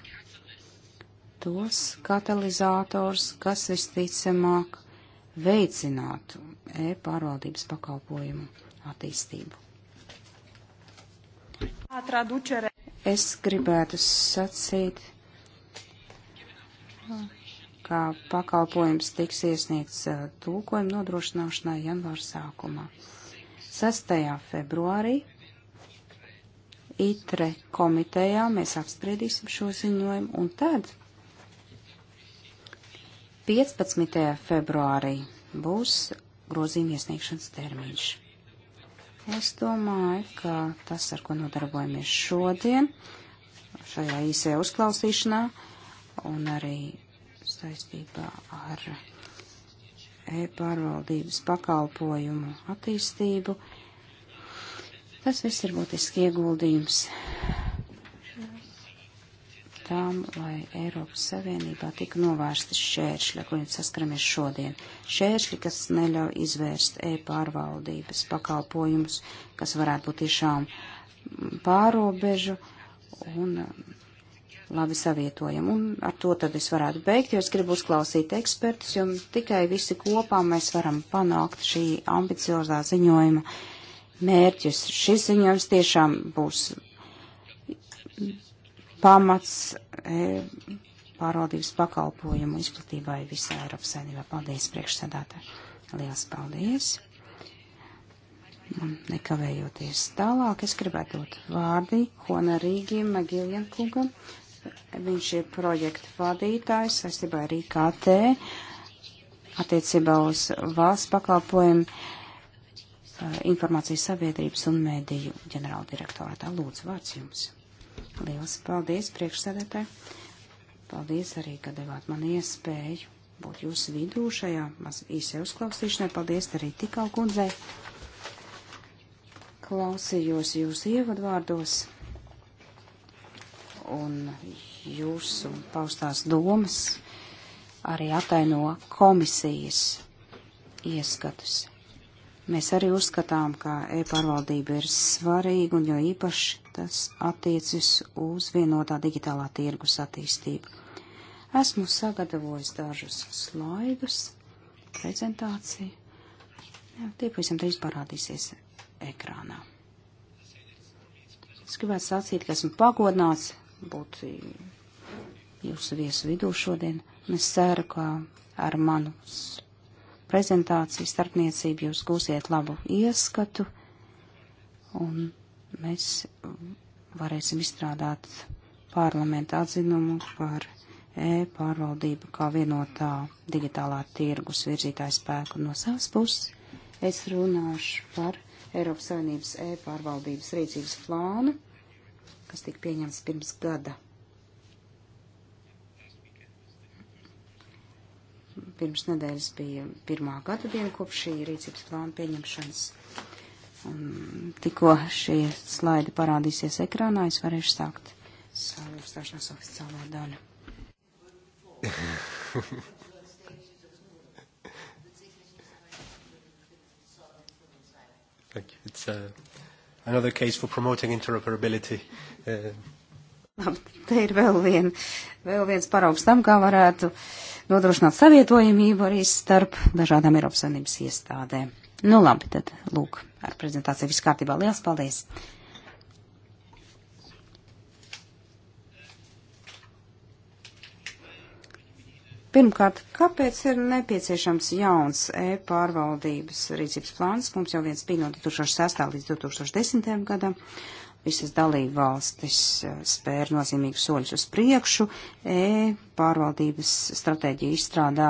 tos katalizators, kas visticamāk veicinātu e-pārvaldības pakalpojumu attīstību. Es gribētu sacīt, ka pakalpojums tiks iesniegts uh, tūkojuma nodrošināšanai janvāra sākumā. 6. februārī ITRE komitejā mēs apspriedīsim šo ziņojumu, un tad 15. februārī būs grozījuma iesniegšanas termiņš. Es domāju, ka tas, ar ko nodarbojamies šodien, šajā īsajā uzklausīšanā un arī saistībā ar e-pārvaldības pakalpojumu attīstību, tas viss ir būtiski ieguldījums tām, lai Eiropas Savienībā tika novērsti šķēršļi, ar kuriem saskaramies šodien. Šķēršļi, kas neļauj izvērst e-pārvaldības pakalpojumus, kas varētu būt tiešām pārobežu un um, labi savietojam. Un ar to tad es varētu beigt, jo es gribu uzklausīt ekspertus, jo tikai visi kopā mēs varam panākt šī ambiciozā ziņojuma mērķus. Šis ziņojums tiešām būs pamats e, pārvaldības pakalpojumu izplatībai visā Eiropas saimnībā. Paldies, priekšsēdētāji! Liels paldies! Un nekavējoties tālāk, es gribētu dot vārdi Hona Rīgim Magiljankungam. Viņš ir projekta vadītājs saistībā ar IKT attiecībā uz valsts pakalpojumu e, informācijas sabiedrības un mēdīju ģenerāldirektorātā. Lūdzu, vārds jums! Liels paldies priekšsēdētāji. Paldies arī, ka devāt man iespēju būt jūsu vidū šajā īsē uzklausīšanai. Paldies arī tikau kundzei. Klausījos jūsu ievadvārdos un jūsu paustās domas arī ataino komisijas ieskatus. Mēs arī uzskatām, ka e-pārvaldība ir svarīga un jo īpaši tas attiecas uz vienotā digitālā tirgus attīstību. Esmu sagatavojis dažus slaidus, prezentāciju. Jā, tie pavisam drīz parādīsies ekrānā. Es gribētu sacīt, ka esmu pagodināts būt jūsu viesu vidū šodien, un es ceru, ka ar manu prezentāciju starpniecību jūs gūsiet labu ieskatu un mēs varēsim izstrādāt parlamenta atzinumu par e-pārvaldību kā vienotā digitālā tirgus virzītāja spēku no savas puses. Es runāšu par Eiropas Savienības e-pārvaldības rīcības plānu, kas tika pieņemts pirms gada. pirms nedēļas bija pirmā gada diena kopš šī rīcības plāna pieņemšanas. Un tikko šie slaidi parādīsies ekrānā, es varēšu sākt savu uzstāšanās oficiālo daļu. Thank you. It's uh, another case for promoting interoperability. Uh. Labi, te ir vēl, vien, vēl viens paraugs tam, kā varētu uh, nodrošināt savietojamību arī starp dažādām Eiropas Savienības iestādēm. Nu labi, tad lūk, ar prezentāciju viss kārtībā. Liels paldies! Pirmkārt, kāpēc ir nepieciešams jauns e-pārvaldības rīcības plāns? Mums jau viens bija no 2006. līdz 2010. gadam, visas dalību valstis eh, spēr nozīmīgus soļus uz priekšu, e, pārvaldības stratēģija izstrādā,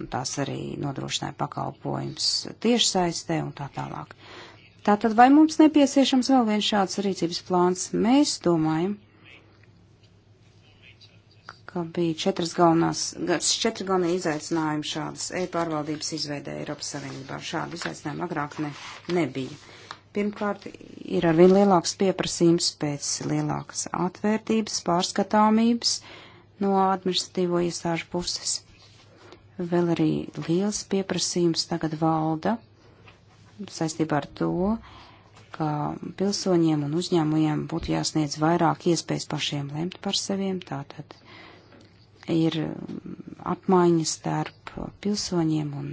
un tās arī nodrošināja pakalpojums tiešsaistē un tā tālāk. Tātad vai mums nepieciešams vēl viens šāds rīcības plāns? Mēs domājam, ka bija četras galvenās, četri galvenie izaicinājumi šādas e-pārvaldības izveidē Eiropas Savienībā. Šādu izaicinājumu agrāk ne, nebija. Pirmkārt, ir arvien lielāks pieprasījums pēc lielākas atvērtības, pārskatāmības no administratīvo iestāžu puses. Vēl arī liels pieprasījums tagad valda saistībā ar to, ka pilsoņiem un uzņēmumiem būtu jāsniedz vairāk iespējas pašiem lemt par saviem. Tātad ir apmaiņa starp pilsoņiem un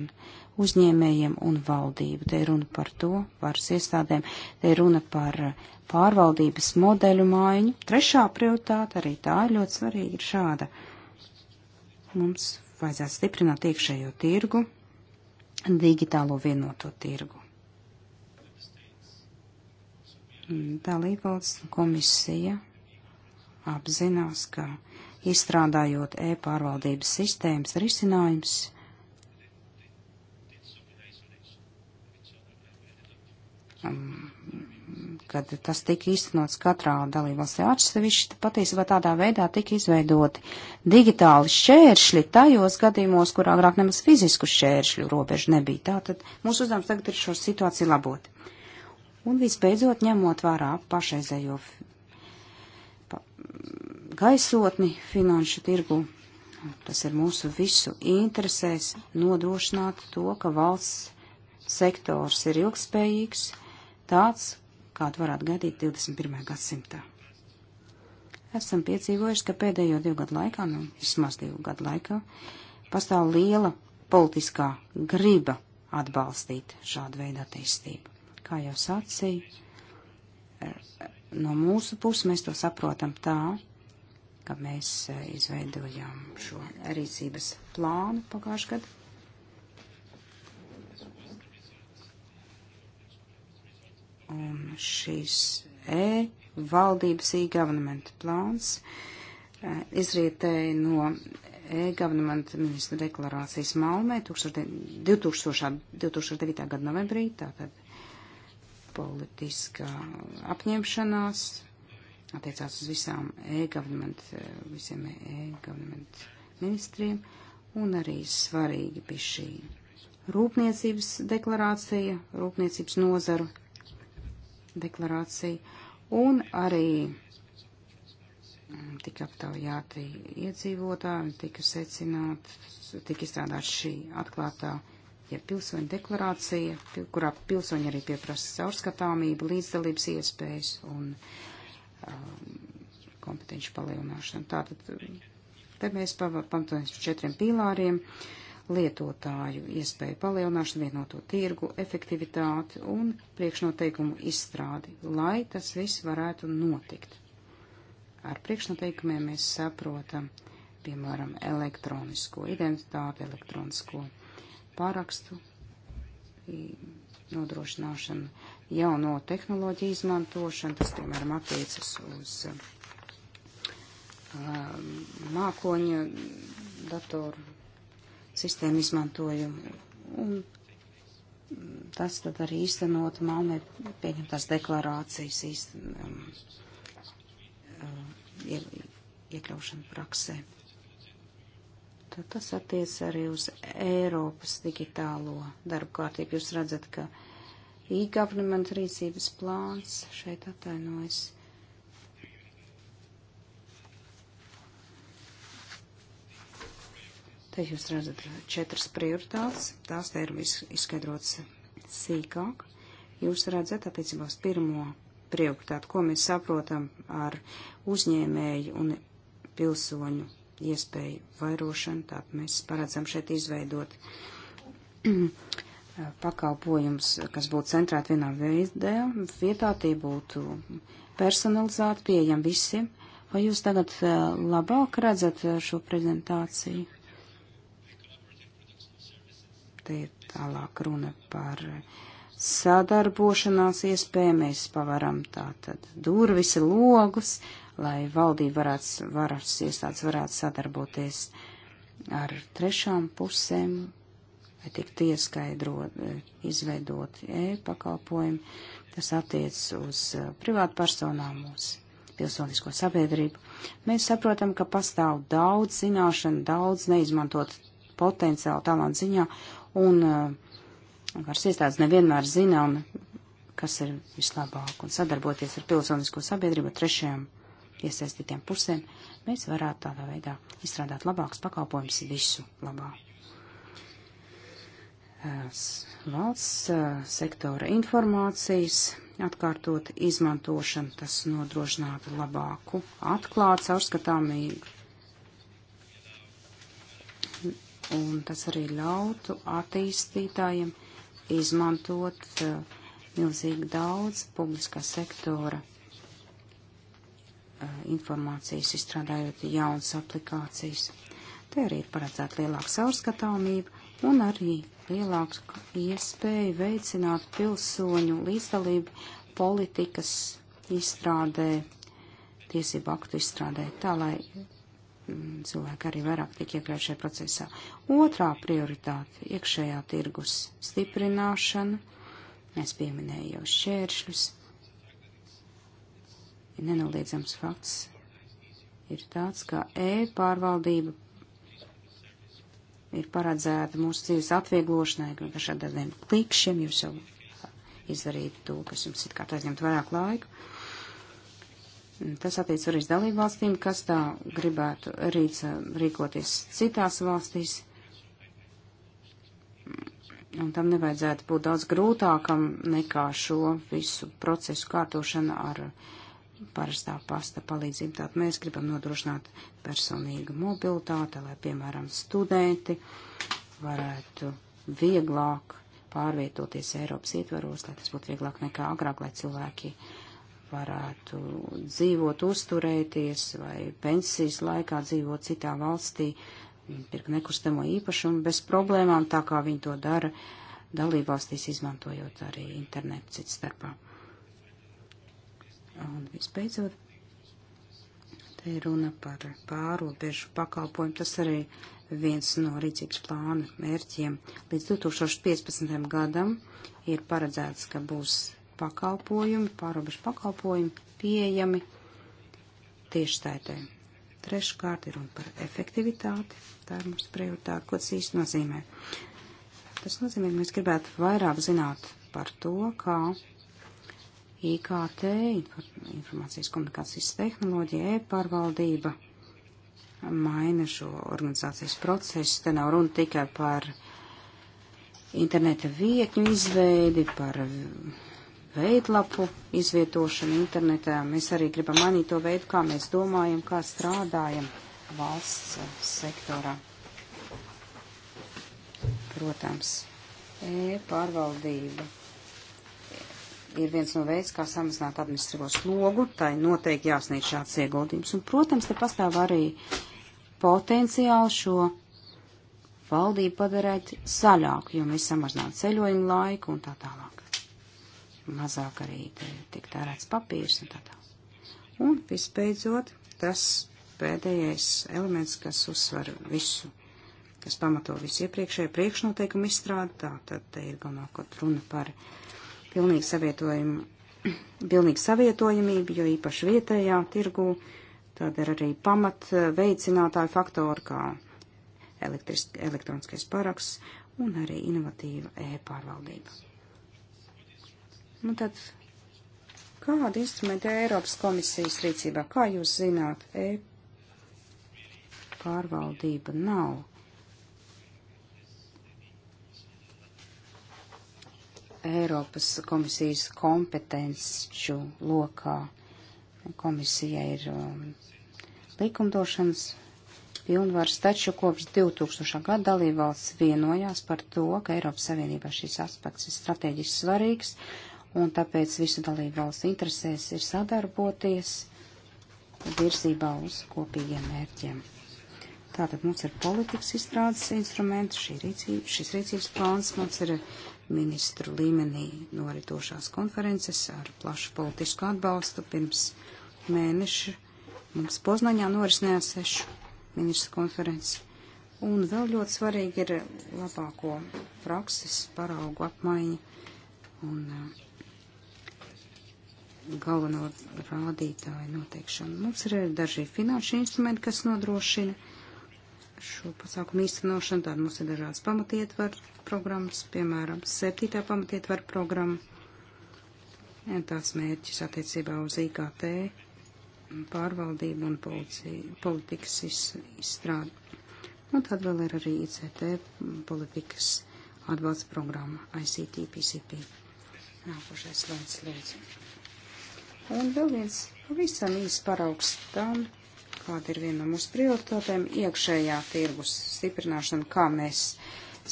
uzņēmējiem un valdību. Te ir runa par to, varas iestādēm, te ir runa par eh, pārvaldības modeļu mājiņu. Trešā prioritāte, arī tā ir ļoti svarīga, ir šāda. Mums vajadzētu stiprināt iekšējo tirgu, digitālo vienoto tirgu. Dalībvalsts komisija apzinās, ka izstrādājot e-pārvaldības sistēmas risinājums, kad tas tika īstenots katrā dalībvalstī atsevišķi, patiesībā tādā veidā tika izveidoti digitāli šķēršļi tajos gadījumos, kur agrāk nemaz fizisku šķēršļu robežu nebija. Tātad mūsu uzdevums tagad ir šo situāciju labot. Un visbeidzot, ņemot vērā pašreizējo pa gaisotni finanšu tirgu, tas ir mūsu visu interesēs nodrošināt to, ka valsts sektors ir ilgspējīgs tāds, kādu varētu gaidīt 21. gadsimtā. Esam piedzīvojuši, ka pēdējo divu gadu laikā, nu vismaz divu gadu laikā, pastāv liela politiskā griba atbalstīt šādu veidu attīstību. Kā jau sacīju, no mūsu puses mēs to saprotam tā, ka mēs eh, izveidojām šo rīcības plānu pagājušajā gadā. Un šīs E valdības e-government plāns e, izrietēja no e-government ministra deklarācijas Malmē 2000, 2009. gada novembrī, tātad politiskā apņemšanās attiecās uz visām e-government, e, visiem e-government ministriem, un arī svarīgi bija šī rūpniecības deklarācija, rūpniecības nozaru deklarāciju, un arī mm, tika aptaujāti iedzīvotāji, tika secināts, tika izstrādāta šī atklātā ja pilsoņa deklarācija, kurā pilsoņi arī pieprasa caurskatāmību, līdzdalības iespējas un um, kompetenci palielināšanu. Tātad te mēs pamatojamies par četriem pīlāriem. Uh, lietotāju iespēju palielināšanu, vienoto tirgu, efektivitāti un priekšnoteikumu izstrādi, lai tas viss varētu notikt. Ar priekšnoteikumiem mēs saprotam, piemēram, elektronisko identitāti, elektronisko pārakstu nodrošināšanu, jauno tehnoloģiju izmantošanu, tas, piemēram, attiecas uz um, mākoņa datoru sistēmu izmantojumu. Un tas tad arī īstenot Malmē pieņemtās deklarācijas īsten, um, uh, ie, iekļaušanu praksē. Tad tas attiec arī uz Eiropas digitālo darbu kārtību. Jūs redzat, ka e-government rīcības plāns šeit atainojas Te jūs redzat četras prioritātes, tās te ir izskaidrotas sīkāk. Jūs redzat attiecībās pirmo prioritāti, ko mēs saprotam ar uzņēmēju un pilsoņu iespēju vairošanu. Tātad mēs paredzam šeit izveidot pakalpojums, kas būtu centrēti vienā veidē, vietā tie būtu personalizēti, pieejami visiem. Vai jūs tagad eh, labāk redzat eh, šo prezentāciju? Te ir tālāk runa par sadarbošanās iespējām. Mēs pavaram tātad durvis, logus, lai valdība varētu, varas iestādes varētu sadarboties ar trešām pusēm, lai tiktu ieskaidrot, izveidot e-pakalpojumi. Tas attiec uz uh, privātu personām, uz pilsonisko sabiedrību. Mēs saprotam, ka pastāv daudz zināšanu, daudz neizmantot potenciālu talantu ziņā, un uh, varas iestādes nevienmēr zina, un kas ir vislabāk, un sadarboties ar pilsonisko sabiedrību, trešajām iesaistītiem pusēm, mēs varētu tādā veidā izstrādāt labākus pakalpojumus visu labā. Valsts uh, sektora informācijas atkārtot izmantošanu, tas nodrošinātu labāku atklāt caurskatāmību un tas arī ļautu attīstītājiem izmantot uh, milzīgi daudz publiskā sektora uh, informācijas, izstrādājot jaunas aplikācijas. Te arī ir paredzēta lielāka saurskatāmība un arī lielāka iespēja veicināt pilsoņu līdzdalību politikas izstrādē, tiesību aktu izstrādē, tā lai cilvēki arī vairāk tiek iekļaut šajā procesā. Otrā prioritāte - iekšējā tirgus stiprināšana. Mēs pieminēju jau šķēršļus. Nenoliedzams fakts ir tāds, ka e-pārvaldība ir paredzēta mūsu dzīves atvieglošanai, ka šādiem klikšiem jūs jau izdarīt to, kas jums ir kā aizņemt vairāk laika. Tas attiec arī uz dalību valstīm, kas tā gribētu rīc, rīkoties citās valstīs. Un tam nevajadzētu būt daudz grūtākam nekā šo visu procesu kārtošana ar parastā pasta palīdzību. Tātad mēs gribam nodrošināt personīgu mobilitāti, lai, piemēram, studenti varētu vieglāk pārvietoties Eiropas ietvaros, lai tas būtu vieglāk nekā agrāk, lai cilvēki uh, varētu dzīvot, uzturēties vai pensijas laikā dzīvot citā valstī, pirkt nekustamo īpašumu bez problēmām, tā kā viņi to dara dalībvalstīs, izmantojot arī internetu cits starpā. Un visbeidzot, te ir runa par pārobežu pakalpojumu. Tas arī viens no rīcības plāna mērķiem. Līdz 2015. gadam ir paredzēts, ka būs pakalpojumi, pārobežu pakalpojumi pieejami tiešsaitē. Treškārt ir runa par efektivitāti. Tā ir mūsu prioritāte, ko tas īsti nozīmē. Tas nozīmē, ka mēs gribētu vairāk zināt par to, kā IKT, informācijas komunikācijas tehnoloģija, e-pārvaldība maina šo organizācijas procesu. Te nav runa tikai par interneta vietņu izveidi, par veidlapu izvietošanu internetā. Mēs arī gribam mainīt to veidu, kā mēs domājam, kā strādājam valsts sektorā. Protams, e-pārvaldība ir viens no veids, kā samazināt administratīvo slogu, tai noteikti jāsniedz šāds ieguldījums. Un, protams, te pastāv arī potenciāli šo valdību padarīt zaļāku, jo mēs samazinām ceļojumu laiku un tā tālāk mazāk arī tiek tērēts papīrs un tā tālāk. Un visbeidzot, tas pēdējais elements, kas uzsver visu, kas pamato visu iepriekšēju priekšnoteikumu izstrādi, tā tad te ir galvenokārt runa par pilnīgu savietojumu, pilnīgu savietojamību, jo īpaši vietējā tirgū, tad ir arī pamat eh, veicinātāju faktori, kā elektrisk, elektroniskais paraksts un arī inovatīva e-pārvaldība. Nu tad, kādi instrumenti Eiropas komisijas rīcībā? Kā jūs zināt, e pārvaldība nav. Eiropas komisijas kompetenču lokā komisija ir um, likumdošanas pilnvars, taču kopš 2000. gada dalībvalsts vienojās par to, ka Eiropas Savienībā šis aspekts ir strateģiski svarīgs un tāpēc visu dalību valsts interesēs ir sadarboties virzībā uz kopīgiem mērķiem. Tātad mums ir politikas izstrādes instruments, šī rīcība, šis rīcības plāns mums ir ministru līmenī noritošās konferences ar plašu politisku atbalstu. Pirms mēneša mums Poznaņā norisinājās sešu ministru konferences. Un vēl ļoti svarīgi ir labāko prakses paraugu apmaiņa un uh, galveno rādītāju noteikšanu. Mums ir daži finanšu instrumenti, kas nodrošina šo pasākumu īstenošanu. Tad mums ir dažādas pamatietvaru programmas, piemēram, septītā pamatietvaru programma. Tās mērķis attiecībā uz IKT pārvaldību un policiju, politikas izstrādi. Un tad vēl ir arī ICT politikas atbalsta programma ICT PCP. Nākošais slaids, lūdzu. Un vēl viens pavisam īsts paraugs tam, kāda ir viena no mūsu prioritātēm - iekšējā tirgus stiprināšana, kā mēs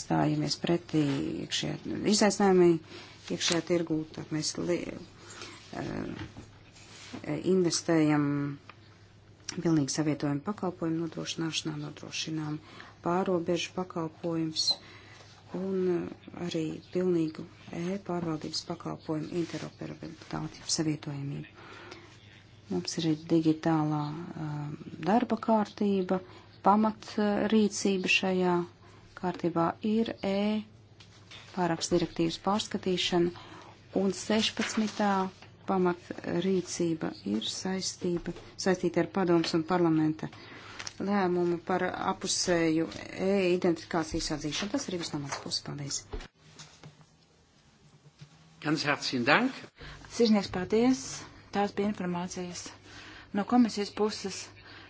stājamies pretī iekšējā izaicinājumiem, iekšējā tirgū, tad mēs li, uh, investējam pilnīgi savietojumu pakalpojumu nodrošināšanā, nodrošinām pārobežu pakalpojumus un uh, arī pilnīgu e-pārvaldības pakalpojumu interoperabilitāti, savietojamību. Mums ir digitālā um, darba kārtība, pamatrīcība šajā kārtībā ir e-pāraks direktīvas pārskatīšana, un 16. pamatrīcība ir saistība, saistīta ar padoms un parlamenta uh, lēmumu par apusēju e identifikācijas atzīšanu. Tas arī viss no mans puses. Paldies! Ganz herzlichen Dank! Sirsnieks, paldies! Tās bija informācijas no komisijas puses.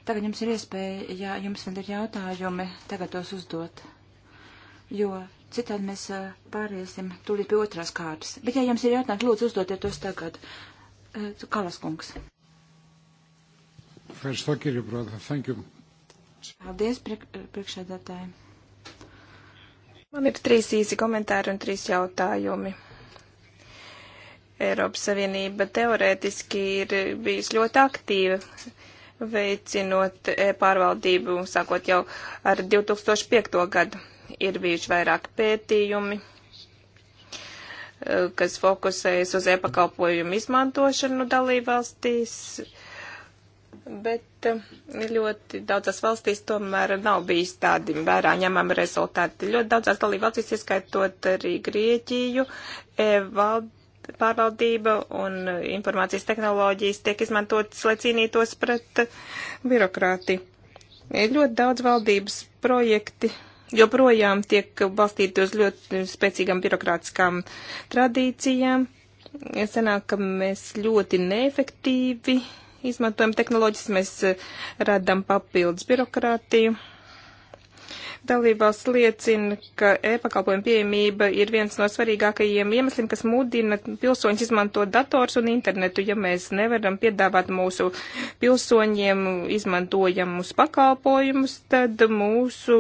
Tagad jums ir iespēja, ja jums vēl ir jautājumi, tagad tos uzdot. Jo citādi mēs pāriesim tūlīt pie otrās kārtas. Bet, ja jums ir jautājumi, lūdzu uzdotiet tos tagad. Kalas kungs. Thank you. Paldies priek priekšēdētājiem. Man ir trīs īsi komentāri un trīs jautājumi. Eiropas Savienība teorētiski ir bijusi ļoti aktīva veicinot pārvaldību, sākot jau ar 2005. gadu. Ir bijuši vairāk pētījumi, eh, kas fokusējas uz e-pakalpojumu izmantošanu dalībvalstīs bet eh, ļoti daudzās valstīs tomēr nav bijis tādi vērā ņemami rezultāti. Ļoti daudzās dalībvalstīs, ieskaitot arī Grieķiju, e pārvaldība un informācijas tehnoloģijas tiek izmantotas, lai cīnītos pret birokrāti. E, ļoti daudz valdības projekti joprojām tiek balstīti uz ļoti spēcīgām birokrātiskām tradīcijām. E, senāk, ka mēs ļoti neefektīvi izmantojam tehnoloģijas, mēs eh, radam papildus birokrātiju. Dalībās liecina, ka e-pakalpojuma pieejamība ir viens no svarīgākajiem iemesliem, kas mudina pilsoņus izmantot dators un internetu. Ja mēs nevaram piedāvāt mūsu pilsoņiem izmantojamus pakalpojumus, tad mūsu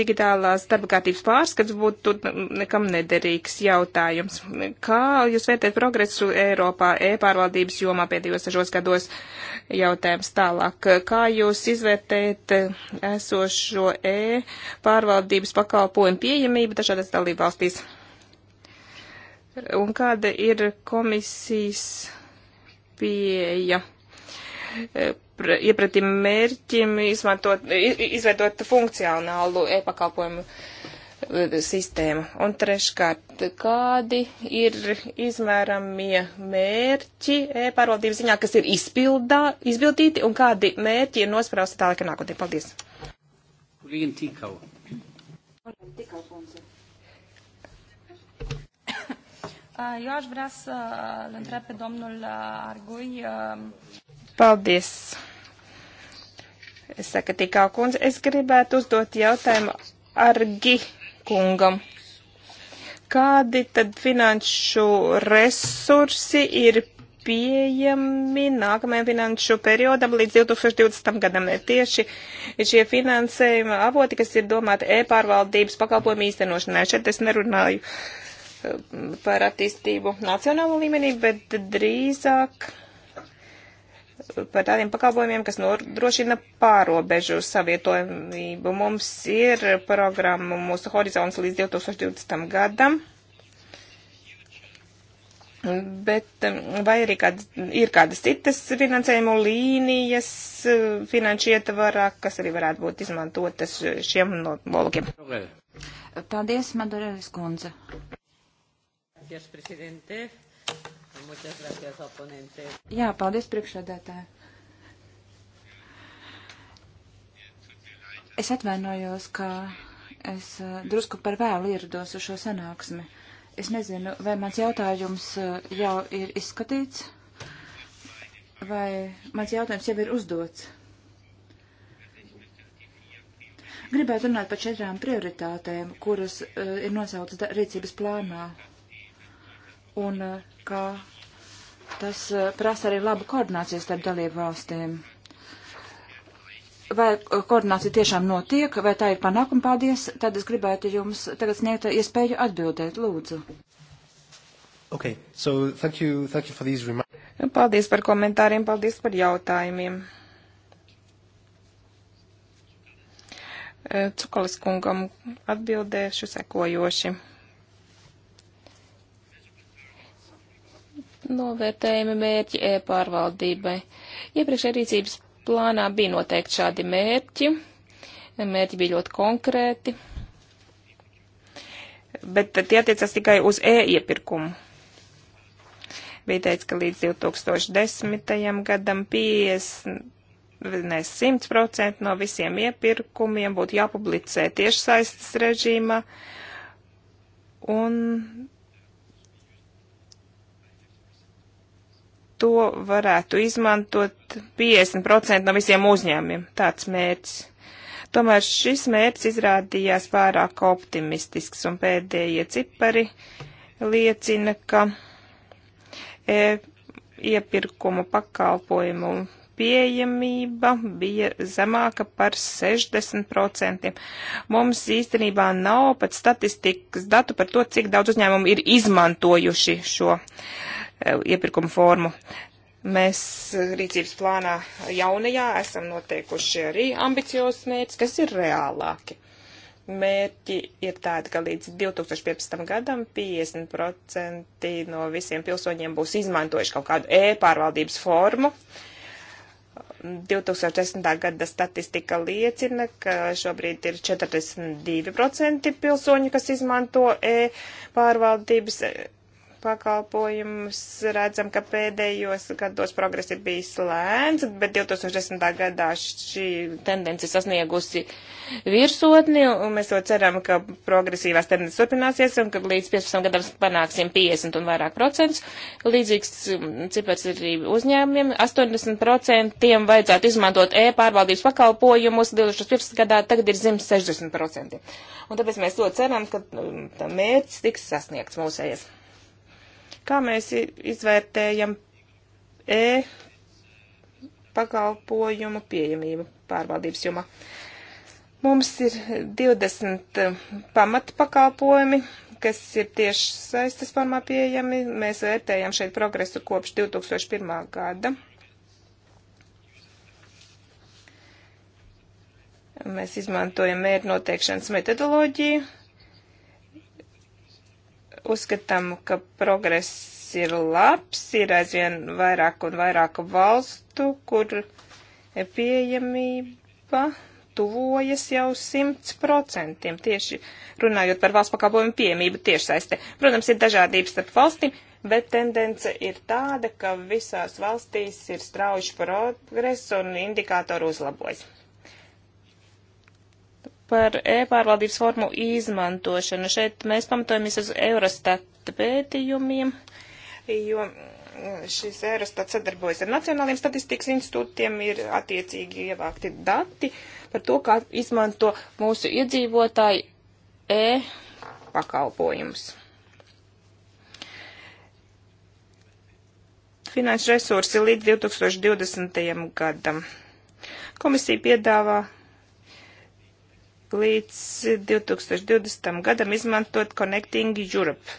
digitālās darba kārtības pārskats būtu nekam nederīgs jautājums. Kā jūs vērtējat progresu Eiropā e-pārvaldības jomā pēdējos sešos gados? Jautājums tālāk. Kā jūs izvērtējat esošo e pārvaldības pakalpojumu pieejamību dažādās dalībvalstīs. Un kāda ir komisijas pieeja? E, iepratim mērķim izmantot, izveidot funkcionālu e-pakalpojumu e, sistēmu. Un treškārt, kādi ir izmēramie mērķi e-pārvaldības ziņā, kas ir izpildā, izpildīti, un kādi mērķi ir nosprausti tālāk nākotnē? Paldies! Kolēģi Tikau. Tikau, kundze. Eu aș vrea să îl întreb pe domnul Argui. Uh, Paldies. Es saku tikā kundze, es gribētu uzdot jautājumu Argi kungam. Kādi tad finanšu resursi ir pieejami nākamajam finanšu periodam līdz 2020. gadam. Tieši šie finansējuma avoti, kas ir domāti e-pārvaldības pakalpojumu īstenošanai. Šeit es nerunāju eh, par attīstību nacionālo līmenī, bet drīzāk eh, par tādiem pakalpojumiem, kas nodrošina pārobežu savietojamību. Mums ir programma mūsu horizons līdz 2020. gadam Bet um, vai arī kāds, ir kādas citas finansējumu līnijas uh, finanšu ietvarā, kas arī varētu būt izmantotas šiem nolūkiem? Paldies, Madurēlis kundze. Jā, paldies priekšsēdētāji. Es atvainojos, ka es uh, drusku par vēlu ierados uz šo sanāksmi. Uh, Es nezinu, vai mans jautājums eh, jau ir izskatīts, vai mans jautājums jau ir uzdots. Gribētu runāt par četrām prioritātēm, kuras uh, ir nosauktas rīcības plānā. Un uh, kā tas uh, prasa arī labu koordināciju starp dalību valstīm vai koordinācija tiešām notiek, vai tā ir panākuma paldies, tad es gribētu jums tagad sniegt iespēju atbildēt, lūdzu. Okay, so thank you, thank you for these remarks. Paldies par komentāriem, paldies par jautājumiem. Eh, Cukalis kungam atbildēšu sekojoši. Novērtējumi mērķi e-pārvaldībai. Iepriekšējā rīcības plānā bija noteikti šādi mērķi. Mērķi bija ļoti konkrēti. Bet tie attiecas tikai uz e-iepirkumu. Bija teicis, ka līdz 2010. gadam 50, ne 100% no visiem iepirkumiem būtu jāpublicē tiešsaistes režīmā. Un to varētu izmantot 50% no visiem uzņēmumiem. Tāds mērķis. Tomēr šis mērķis izrādījās pārāk optimistisks, un pēdējie cipari liecina, ka e, iepirkumu pakalpojumu pieejamība bija zemāka par 60%. Mums īstenībā nav pat statistikas datu par to, cik daudz uzņēmumu ir izmantojuši šo uh, Eh, iepirkuma formu. Mēs rīcības plānā jaunajā esam noteikuši arī ambiciozus mērķus, kas ir reālāki. Mērķi ir tādi, ka līdz 2015. gadam 50% no visiem pilsoņiem būs izmantojuši kaut kādu e-pārvaldības formu. 2010. gada statistika liecina, ka šobrīd ir 42% pilsoņu, kas izmanto e-pārvaldības pakalpojumus redzam, ka pēdējos gados progress ir bijis lēns, bet 2010. gadā šī tendence sasniegusi virsotni, un mēs to ceram, ka progresīvās tendences turpināsies, un ka līdz 15 gadam panāksim 50 un vairāk procentus. Līdzīgs mm, cipars ir arī uzņēmumiem. 80 procentiem vajadzētu izmantot e-pārvaldības pakalpojumus, 2015. gadā tagad ir zem 60 procentiem. Un tāpēc mēs to ceram, ka mm, mērķis tiks sasniegts mūsējies. Kā mēs izvērtējam E pakalpojumu pieejamību pārvaldības jomā? Mums ir 20 eh, pamatpakalpojumi, kas ir tieši saistas formā pieejami. Mēs vērtējam šeit progresu kopš 2001. gada. Mēs izmantojam mērķu noteikšanas metodoloģiju. Uzskatām, ka progress ir labs, ir aizvien vairāk un vairāk valstu, kur pieejamība tuvojas jau 100%, tieši runājot par valsts pakalpojumu pieejamību tiešsaistē. Protams, ir dažādības starp valstīm, bet tendence ir tāda, ka visās valstīs ir strauji progress un indikātori uzlabojas par e-pārvaldības formu izmantošanu. Šeit mēs pamatojamies uz Eurostat pētījumiem, jo šis Eurostat sadarbojas ar Nacionāliem statistikas institūtiem, ir attiecīgi ievākti dati par to, kā izmanto mūsu iedzīvotāji e-pakalpojumus. Finanšu resursi līdz 2020. gadam. Komisija piedāvā līdz 2020. gadam izmantot Connecting Europe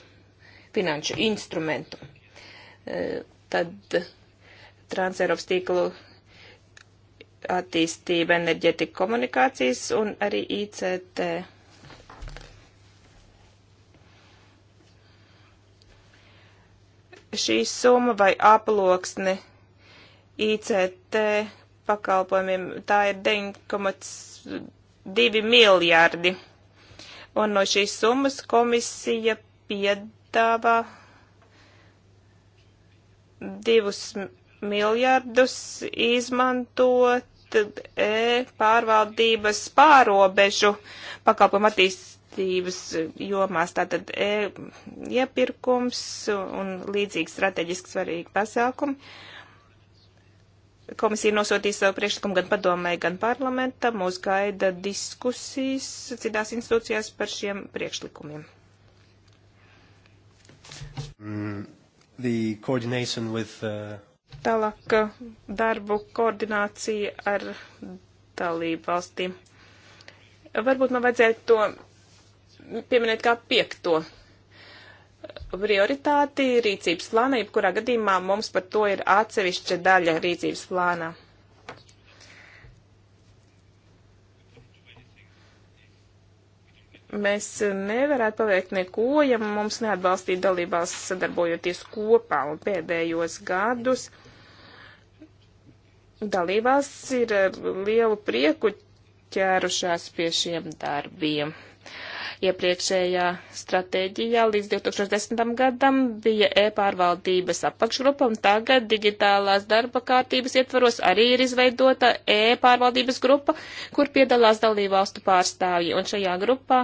finanšu instrumentu. E, tad Transeiropas tīklu attīstība, enerģetika, komunikācijas un arī ICT. Šī summa vai aploksne ICT pakalpojumiem tā ir 9,5 2 miljardi. Un no šīs summas komisija piedāvā 2 miljardus izmantot e pārvaldības pārobežu pakalpojumu attīstības jomās. Tātad e iepirkums un līdzīgi strateģiski svarīgi pasākumi. Uh, Komisija nosūtīs savu priekšlikumu gan padomē, gan parlamentam. Mūs gaida diskusijas citās institūcijās par šiem priekšlikumiem. Mm, with, uh... Tālāk uh, darbu koordinācija ar dalību valstīm. Varbūt man vajadzētu to pieminēt kā piekto prioritāti rīcības plāna, jebkurā gadījumā mums par to ir atsevišķa daļa rīcības plānā. Mēs nevarētu paveikt neko, ja mums neatbalstītu dalībās sadarbojoties kopā un pēdējos gadus. Dalībās ir lielu prieku ķērušās pie šiem darbiem. Iepriekšējā stratēģijā līdz 2010. gadam bija e-pārvaldības apakšgrupa, un tagad digitālās darba kārtības ietvaros arī ir izveidota e-pārvaldības grupa, kur piedalās dalībvalstu pārstāvji. Un šajā grupā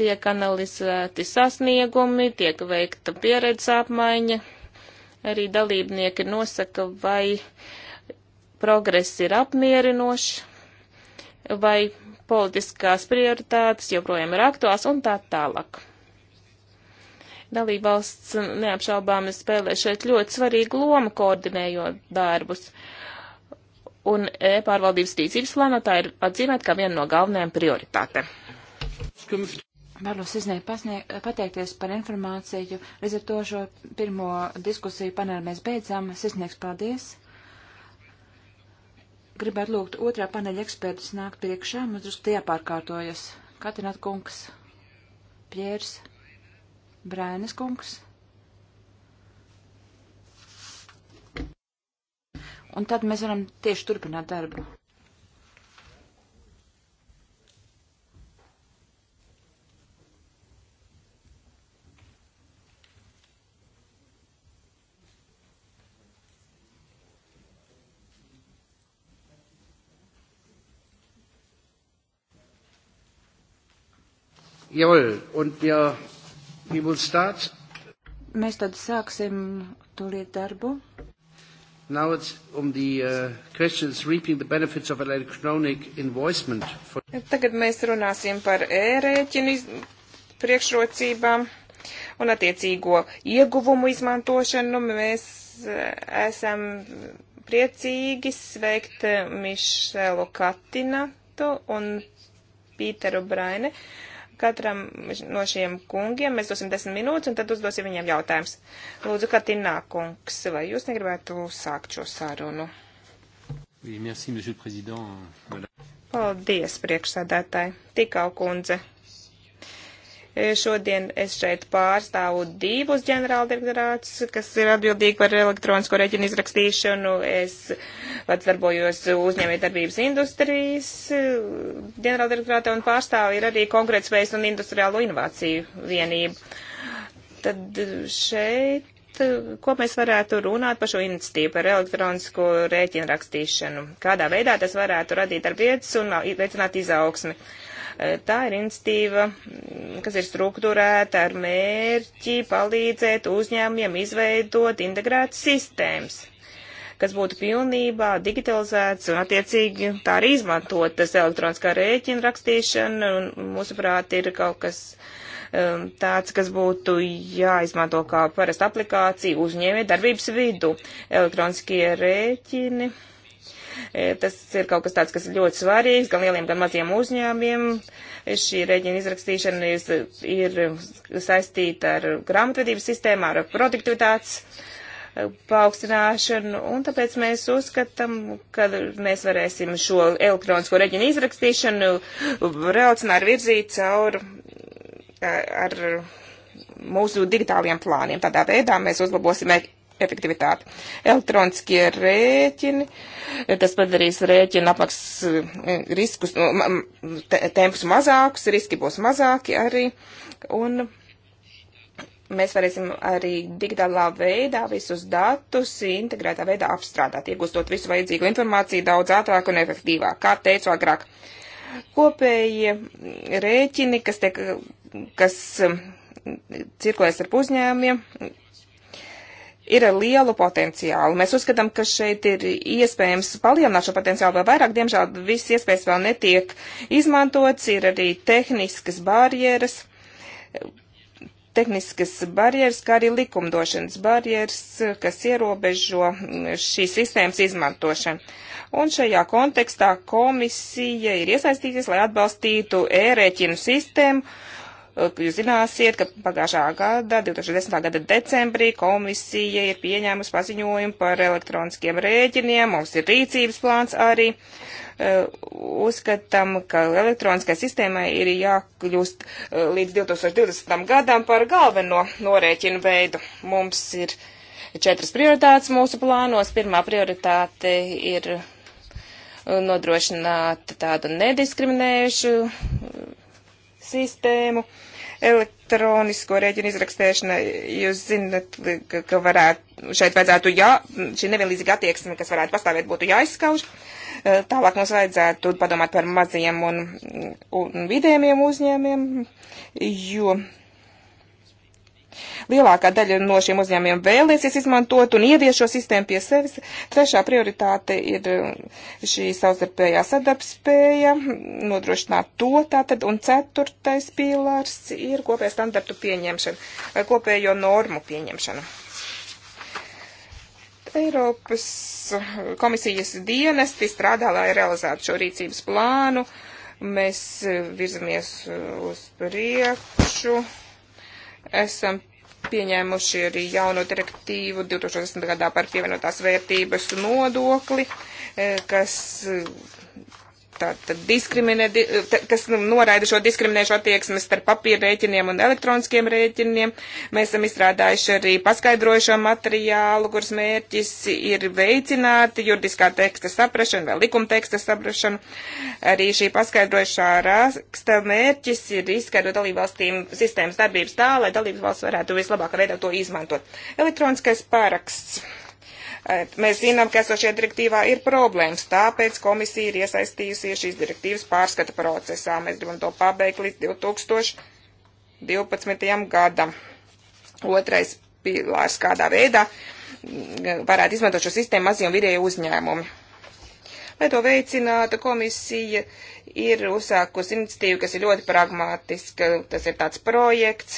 tiek analizēti sasniegumi, tiek veikta pieredzes apmaiņa. Arī dalībnieki nosaka, vai progress ir apmierinošs, vai politiskās prioritātes joprojām ir aktuāls un tā tālāk. Dalībvalsts neapšaubāmi spēlē šeit ļoti svarīgu lomu koordinējot darbus, un e-pārvaldības rīcības plānā tā ir atzīmēta kā viena no galvenajām prioritātēm. Vēlos izniegt pateikties par informāciju, līdz ar to šo pirmo diskusiju paneli mēs beidzām. Sisnieks, paldies! gribētu lūgt otrā paneļa ekspertus nākt priekšā, mums drusku jāpārkārtojas. Katrinat kungs, Pjērs, Brēnes kungs. Un tad mēs varam tieši turpināt darbu. Jawohl, und wir, we will start. Mēs tad sāksim tūlīt darbu. Now it's on um, the uh, questions reaping the benefits of electronic invoicement. For... Tagad mēs runāsim par ērēķinu iz... priekšrocībām un attiecīgo ieguvumu izmantošanu. Mēs uh, esam priecīgi sveikt uh, Mišelu Katinātu un Pīteru Braine. Uh, Katram no šiem kungiem mēs dosim desmit minūtes, un tad uzdosim viņiem jautājumus. Lūdzu, Katinā kungs, vai jūs negribētu sākt šo sarunu? Oui, merci, Paldies, priekšsēdētāji. Tikau kundze. E, šodien es šeit pārstāvu divus ģenerāldirektorātus, kas ir atbildīgi par elektronisko reģinu izrakstīšanu. Es pats darbojos uzņēmējdarbības industrijas e, ģenerāldirektorātā un pārstāvu ir arī konkurētspējas un industriālo inovāciju vienību. Tad šeit e, ko mēs varētu runāt par šo iniciatīvu, par elektronisko rēķinu rakstīšanu? Kādā veidā tas varētu radīt darbietas un veicināt izaugsmi? Uh, Eh, tā ir institīva, mm, kas ir struktūrēta ar mērķi palīdzēt uzņēmumiem izveidot integrētas sistēmas kas būtu pilnībā digitalizēts un attiecīgi tā arī izmantotas elektroniskā rēķina rakstīšana, un mūsuprāt ir kaut kas um, tāds, kas būtu jāizmanto kā parasta aplikācija uzņēmē darbības vidu. Elektroniskie rēķini. Uh, E, tas ir kaut kas tāds, kas ir ļoti svarīgs gan lieliem, gan maziem uzņēmiem. Šī reģiona izrakstīšana ir, ir saistīta ar grāmatvedības sistēmu, ar produktivitātes e, paaugstināšanu, un tāpēc mēs uzskatām, ka mēs varēsim šo elektronisko reģionu izrakstīšanu reacionāri virzīt caur ar mūsu digitāliem plāniem. Tādā veidā mēs uzlabosim efektivitāti. Elektroniskie rēķini, tas padarīs rēķinu apmaksas e, riskus, nu, tempus mazākus, riski būs mazāki arī, un mēs varēsim arī digitālā veidā visus datus integrētā veidā apstrādāt, iegūstot visu vajadzīgo informāciju daudz ātrāk un efektīvāk, kā teicu agrāk. Kopējie rēķini, kas tiek, kas cirkulēs ar uzņēmumiem, ir ar lielu potenciālu. Mēs uzskatām, ka šeit ir iespējams palielināt šo potenciālu vēl vairāk. Diemžēl viss iespējas vēl netiek izmantots, ir arī tehniskas barjeras, tehniskas barjeras, kā arī likumdošanas barjeras, kas ierobežo šīs sistēmas izmantošanu. Un šajā kontekstā komisija ir iesaistīties, lai atbalstītu ērēķinu e sistēmu Jūs zināsiet, ka pagājušā gada, 2010. gada decembrī, komisija ir pieņēmusi paziņojumu par elektroniskiem rēķiniem, mums ir rīcības plāns arī. Uzskatām, ka elektroniskai sistēmai ir jākļūst līdz 2020. gadam par galveno norēķinu veidu. Mums ir četras prioritātes mūsu plānos. Pirmā prioritāte ir nodrošināt tādu nediskriminējušu sistēmu elektronisko rēķinu izrakstēšana, jūs zinat, ka varētu, šeit vajadzētu, jā, šī nevienlīdzīga attieksme, kas varētu pastāvēt, būtu jāizskauž. Eh, tālāk mums vajadzētu padomāt par maziem un, un vidējiem uzņēmiem, jo Lielākā daļa no šiem uzņēmiem vēlēsies izmantot un ievies šo sistēmu pie sevis. Trešā prioritāte ir eh, šī savstarpējā sadarbspēja, nodrošināt to tātad, un ceturtais pīlārs ir kopēja standartu pieņemšana vai eh, kopējo normu pieņemšana. Eiropas komisijas dienesti strādā, lai realizētu šo rīcības plānu. Mēs eh, virzamies uz priekšu esam pieņēmuši arī jauno direktīvu 2010. gadā par pievienotās vērtības nodokli, eh, kas tātad diskriminē, kas noraida šo diskriminēšu attieksmi starp papīra rēķiniem un elektroniskiem rēķiniem. Mēs esam izstrādājuši arī paskaidrojušo materiālu, kuras mērķis ir veicināt juridiskā teksta saprašanu vai likuma teksta saprašanu. Arī šī paskaidrojušā raksta mērķis ir izskaidrot dalībvalstīm sistēmas darbības tā, lai dalībvalsts varētu vislabākā veidā to izmantot. Elektroniskais paraksts. Eh, mēs zinām, ka esošajā direktīvā ir problēmas, tāpēc komisija ir iesaistījusies šīs direktīvas pārskata procesā. Mēs gribam to pabeigt līdz 2012. gadam. Otrais pilārs kādā veidā mm, varētu izmantot šo sistēmu mazie un vidēji uzņēmumi. Lai to veicinātu, komisija ir uzsākusi iniciatīvu, kas ir ļoti pragmatiska. Tas ir tāds projekts,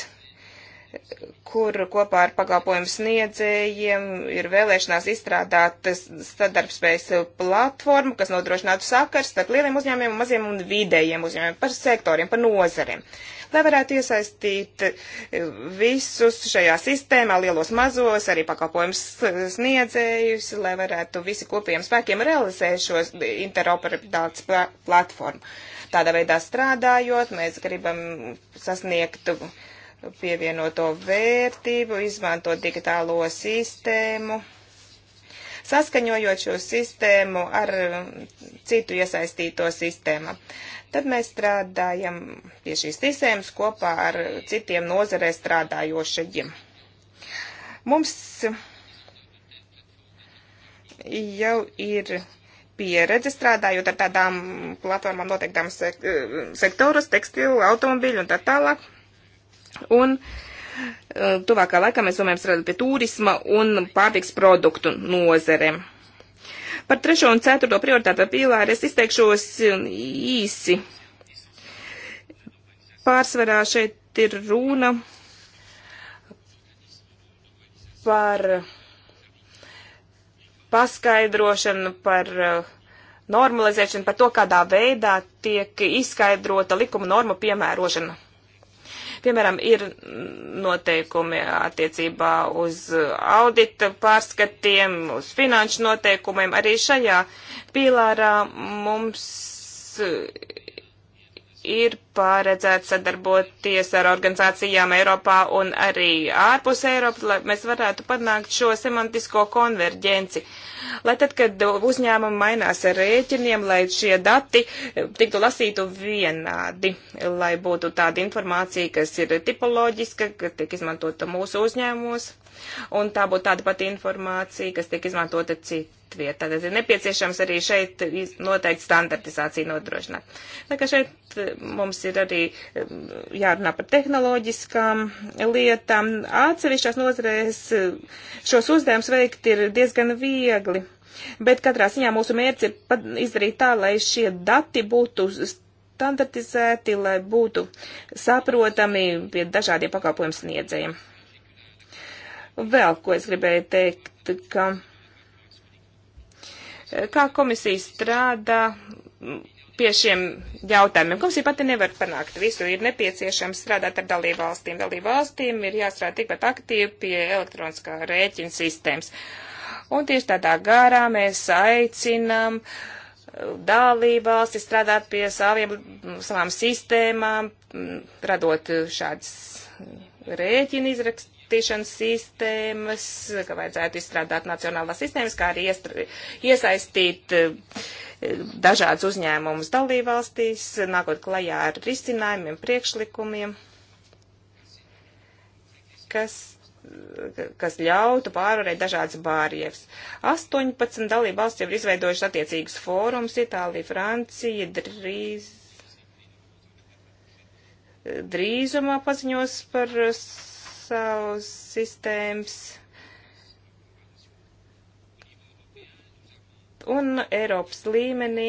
kur kopā ar pakalpojumu sniedzējiem ir vēlēšanās izstrādāt sadarbspējas platformu, kas nodrošinātu sakars starp lieliem uzņēmumiem, maziem un vidējiem uzņēmumiem, par sektoriem, par nozariem. Lai varētu iesaistīt e, visus šajā sistēmā, lielos mazos, arī pakalpojums sniedzējus, lai varētu visi kopiem spēkiem realizēt šo interoperabilitātes platformu. Tādā veidā strādājot, mēs gribam sasniegt pievienoto vērtību, izmantot digitālo sistēmu, saskaņojot šo sistēmu ar um, citu iesaistīto sistēmu. Tad mēs strādājam pie šīs sistēmas kopā ar citiem nozarē strādājošajiem. Mums jau ir pieredze strādājot ar tādām platformām noteiktām uh, sektorus, tekstilu, automobīļu un tā tālāk. Un eh, tuvākā laikā mēs domājam strādāt pie turisma un pārtiks produktu nozerēm. Par trešo un ceturto prioritāto pīlāru es izteikšos um, īsi. Pārsvarā šeit ir runa par paskaidrošanu, par eh, normalizēšanu, par to, kādā veidā tiek izskaidrota likuma norma piemērošana Piemēram, ir noteikumi attiecībā uz audita pārskatiem, uz finanšu noteikumiem. Arī šajā pīlārā mums ir paredzēts sadarboties ar organizācijām Eiropā un arī ārpus Eiropas, lai mēs varētu panākt šo semantisko konverģenci. Lai tad, kad uzņēmumi mainās ar rēķiniem, lai šie dati eh, tiktu lasītu vienādi, lai būtu tāda informācija, kas ir tipoloģiska, kas tiek izmantota mūsu uzņēmumos un tā būtu tāda pati informācija, kas tiek izmantota citviet. Tātad ir nepieciešams arī šeit noteikti standartizāciju nodrošināt. Tā kā šeit e, mums ir arī e, jārunā par tehnoloģiskām lietām. Atsevišķās nozarēs e, šos uzdevumus veikt ir diezgan viegli. Bet katrā ziņā mūsu mērķis ir izdarīt tā, lai šie dati būtu standartizēti, lai būtu saprotami pie dažādiem pakalpojumu sniedzējiem. Vēl ko es gribēju teikt, ka kā komisija strādā pie šiem jautājumiem. Komisija pati nevar panākt visu, ir nepieciešams strādāt ar dalībvalstīm. Dalībvalstīm ir jāstrādā tikpat aktīvi pie elektroniskā rēķina sistēmas. Un tieši tādā garā mēs aicinām dalībvalstis strādāt pie saviem, savām sistēmām, radot šādas rēķina izrakstu izskatīšanas sistēmas, ka vajadzētu izstrādāt nacionālās sistēmas, kā arī iesaistīt eh, dažādas uzņēmumus dalībvalstīs, nākot klajā ar risinājumiem, priekšlikumiem, kas kas ļautu pārvarēt dažādas bārjevas. 18 dalību valsts jau ir izveidojuši attiecīgus fórums - Itālija, Francija, drīz drīzumā paziņos par savas sistēmas. Un Eiropas līmenī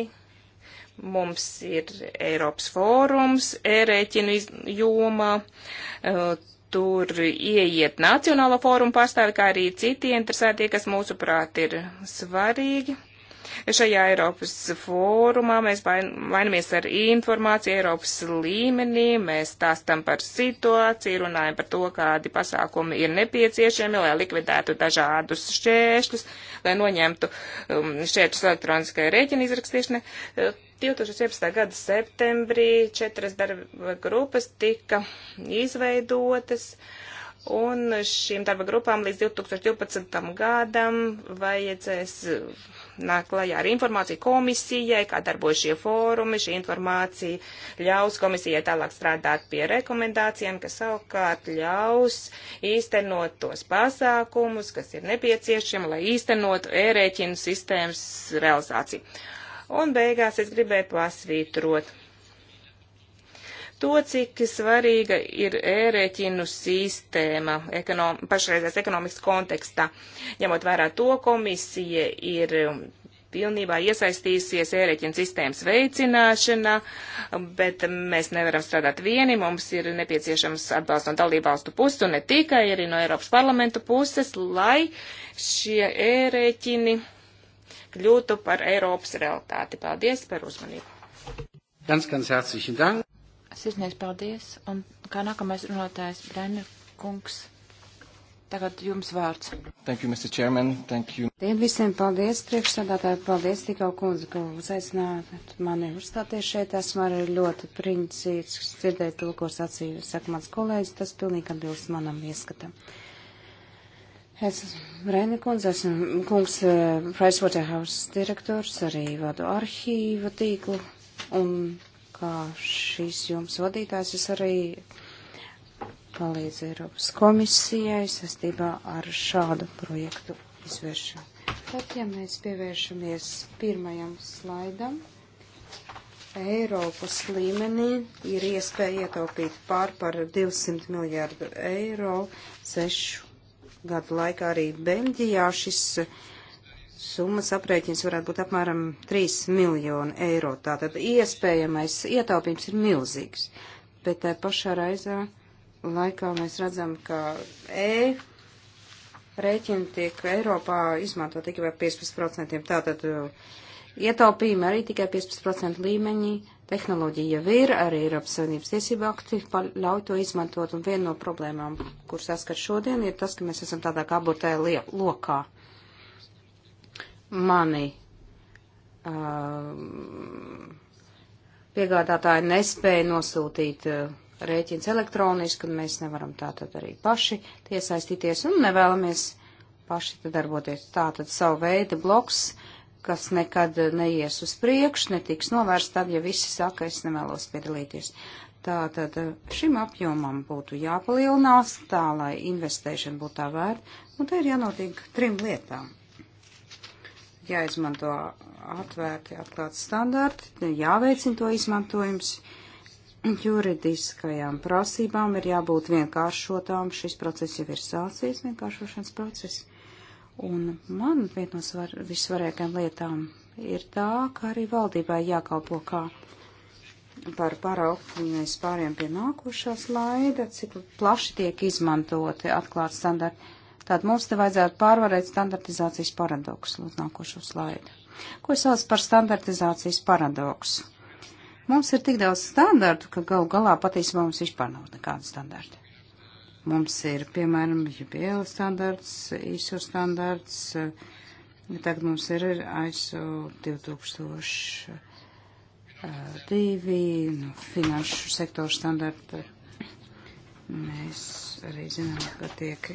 mums ir Eiropas fórums ērēķinu jomā. E, tur ieiet Nacionāla fóruma pārstāvi, kā arī citi interesētie, kas mūsuprāt ir svarīgi. Šajā Eiropas fórumā mēs mainamies ar informāciju Eiropas līmenī, mēs stāstam par situāciju, runājam par to, kādi pasākumi ir nepieciešami, lai likvidētu dažādus šķēršļus, lai noņemtu um, šķēršļus elektroniskai rēķina izrakstīšanai. 2017. Uh, gada septembrī četras darba grupas tika izveidotas, un šīm darba grupām līdz 2012. gadam vajadzēs nāk klajā ar informāciju komisijai, kā darbojas šie fórumi. Šī informācija ļaus komisijai tālāk strādāt pie rekomendācijām, kas savukārt ļaus īstenot tos pasākumus, kas ir nepieciešami, lai īstenotu ērēķinu sistēmas realizāciju. Un beigās es gribēju pasvītrot to, cik svarīga ir ērēķinu sistēma ekonom, pašreizēs ekonomikas kontekstā. Ņemot vērā to, komisija ir um, pilnībā iesaistīsies ērēķinu sistēmas veicināšanā, um, bet mēs nevaram strādāt vieni, mums ir nepieciešams atbalsts no dalībvalstu puses un ne tikai, arī no Eiropas parlamentu puses, lai šie ērēķini kļūtu par Eiropas realitāti. Paldies par uzmanību. Ganz, ganz herzlichen Dank. Sirsnieks, paldies. Un kā nākamais runātājs, Brenner kungs, tagad jums vārds. Thank you, Mr. Chairman. Thank you. Dien visiem paldies, priekšsādātāji, paldies tikko kundze, ka uzaicināt mani uzstāties šeit. Esmu arī ļoti princīts dzirdēt to, ko sacīja, saka mans kolēģis, tas pilnīgi atbilst manam ieskatam. Es esmu Rēna kundze, esmu kungs eh, Pricewaterhouse direktors, arī vadu arhīva tīklu un kā šīs jums vadītājs, es arī palīdzu Eiropas komisijai sastībā ar šādu projektu izvēršanu. Tad, ja mēs pievēršamies pirmajam slaidam, Eiropas līmenī ir iespēja ietaupīt pār par 200 miljārdu eiro sešu gadu laikā arī Beļģijā šis uh, summas aprēķins varētu būt apmēram 3 miljoni eiro. Tātad iespējamais ietaupījums ir milzīgs. Bet tā pašā raizā laikā mēs redzam, ka E rēķini tiek Eiropā izmanto tikai 15%. Tātad uh, ietaupījumi arī tikai 15% līmeņi. Tehnoloģija jau ir, arī Eiropas Savienības tiesība akti ļauj to izmantot, un viena no problēmām, kur saskat šodien, ir tas, ka mēs esam tādā kā burtē lokā mani um, piegādātāji nespēja nosūtīt uh, rēķins elektroniski, un mēs nevaram tātad arī paši iesaistīties un nevēlamies paši tad darboties. Tātad savu veidu bloks, kas nekad neies uz priekšu, netiks novērsts tad, ja visi saka, es nevēlos piedalīties. Tātad uh, šim apjomam būtu jāpalielinās, tā lai investēšana būtu tā vērta, un te ir jānotiek trim lietām jāizmanto atvērti, atklāti standarti, jāveicina to izmantojums. Juridiskajām prasībām ir jābūt vienkāršotām. Šis process jau ir sācies, vienkāršošanas process. Un man viena no svar, vissvarīgākajām lietām ir tā, ka arī valdībai jākalpo kā par paraugu, mēs pāriem pie nākošā slaida, cik plaši tiek izmantoti atklāti standarti. Tātad mums te vajadzētu pārvarēt standartizācijas paradoksu. Lūdzu, nākošo slaidu. Ko sauc par standartizācijas paradoksu? Mums ir tik daudz standartu, ka gal galā patiesībā mums vispār nav nekāda standarta. Mums ir, piemēram, jubiela standarts, ISO standarts, eh, tagad mums ir ISO 2002, eh, nu, finanšu sektoru standarta. Mēs arī zinām, ka tiek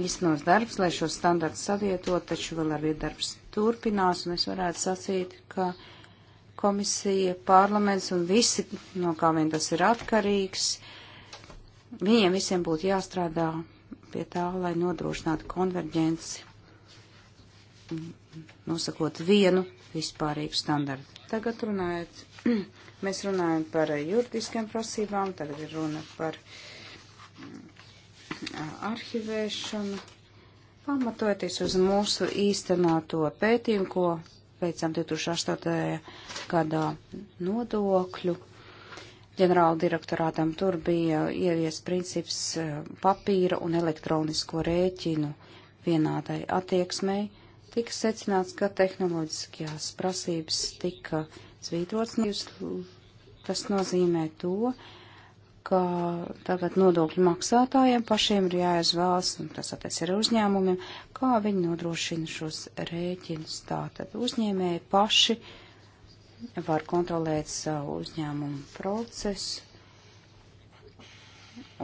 īstenos darbs, lai šos standartus savietot, taču vēl arī darbs turpinās, un es varētu sacīt, ka komisija, parlaments un visi, no kā vien tas ir atkarīgs, viņiem visiem būtu jāstrādā pie tā, lai nodrošinātu konverģenci, nosakot vienu vispārīgu standartu. Tagad runājot, mēs runājam par juridiskiem prasībām, tagad ir runa par. Uh, arhivēšanu, pamatojoties uz mūsu īstenāto pētījumu, ko veicam 2008. gadā nodokļu ģenerāla direktorātam. Tur bija ievies princips eh, papīra un elektronisko rēķinu vienādai attieksmei. Tika secināts, ka tehnoloģiskajās prasības tika svītrots. Tas nozīmē to, ka tagad nodokļu maksātājiem pašiem ir jāizvēlas, un tas attiec arī uzņēmumiem, kā viņi nodrošina šos rēķinus. Tātad uzņēmēji paši var kontrolēt savu uzņēmumu procesu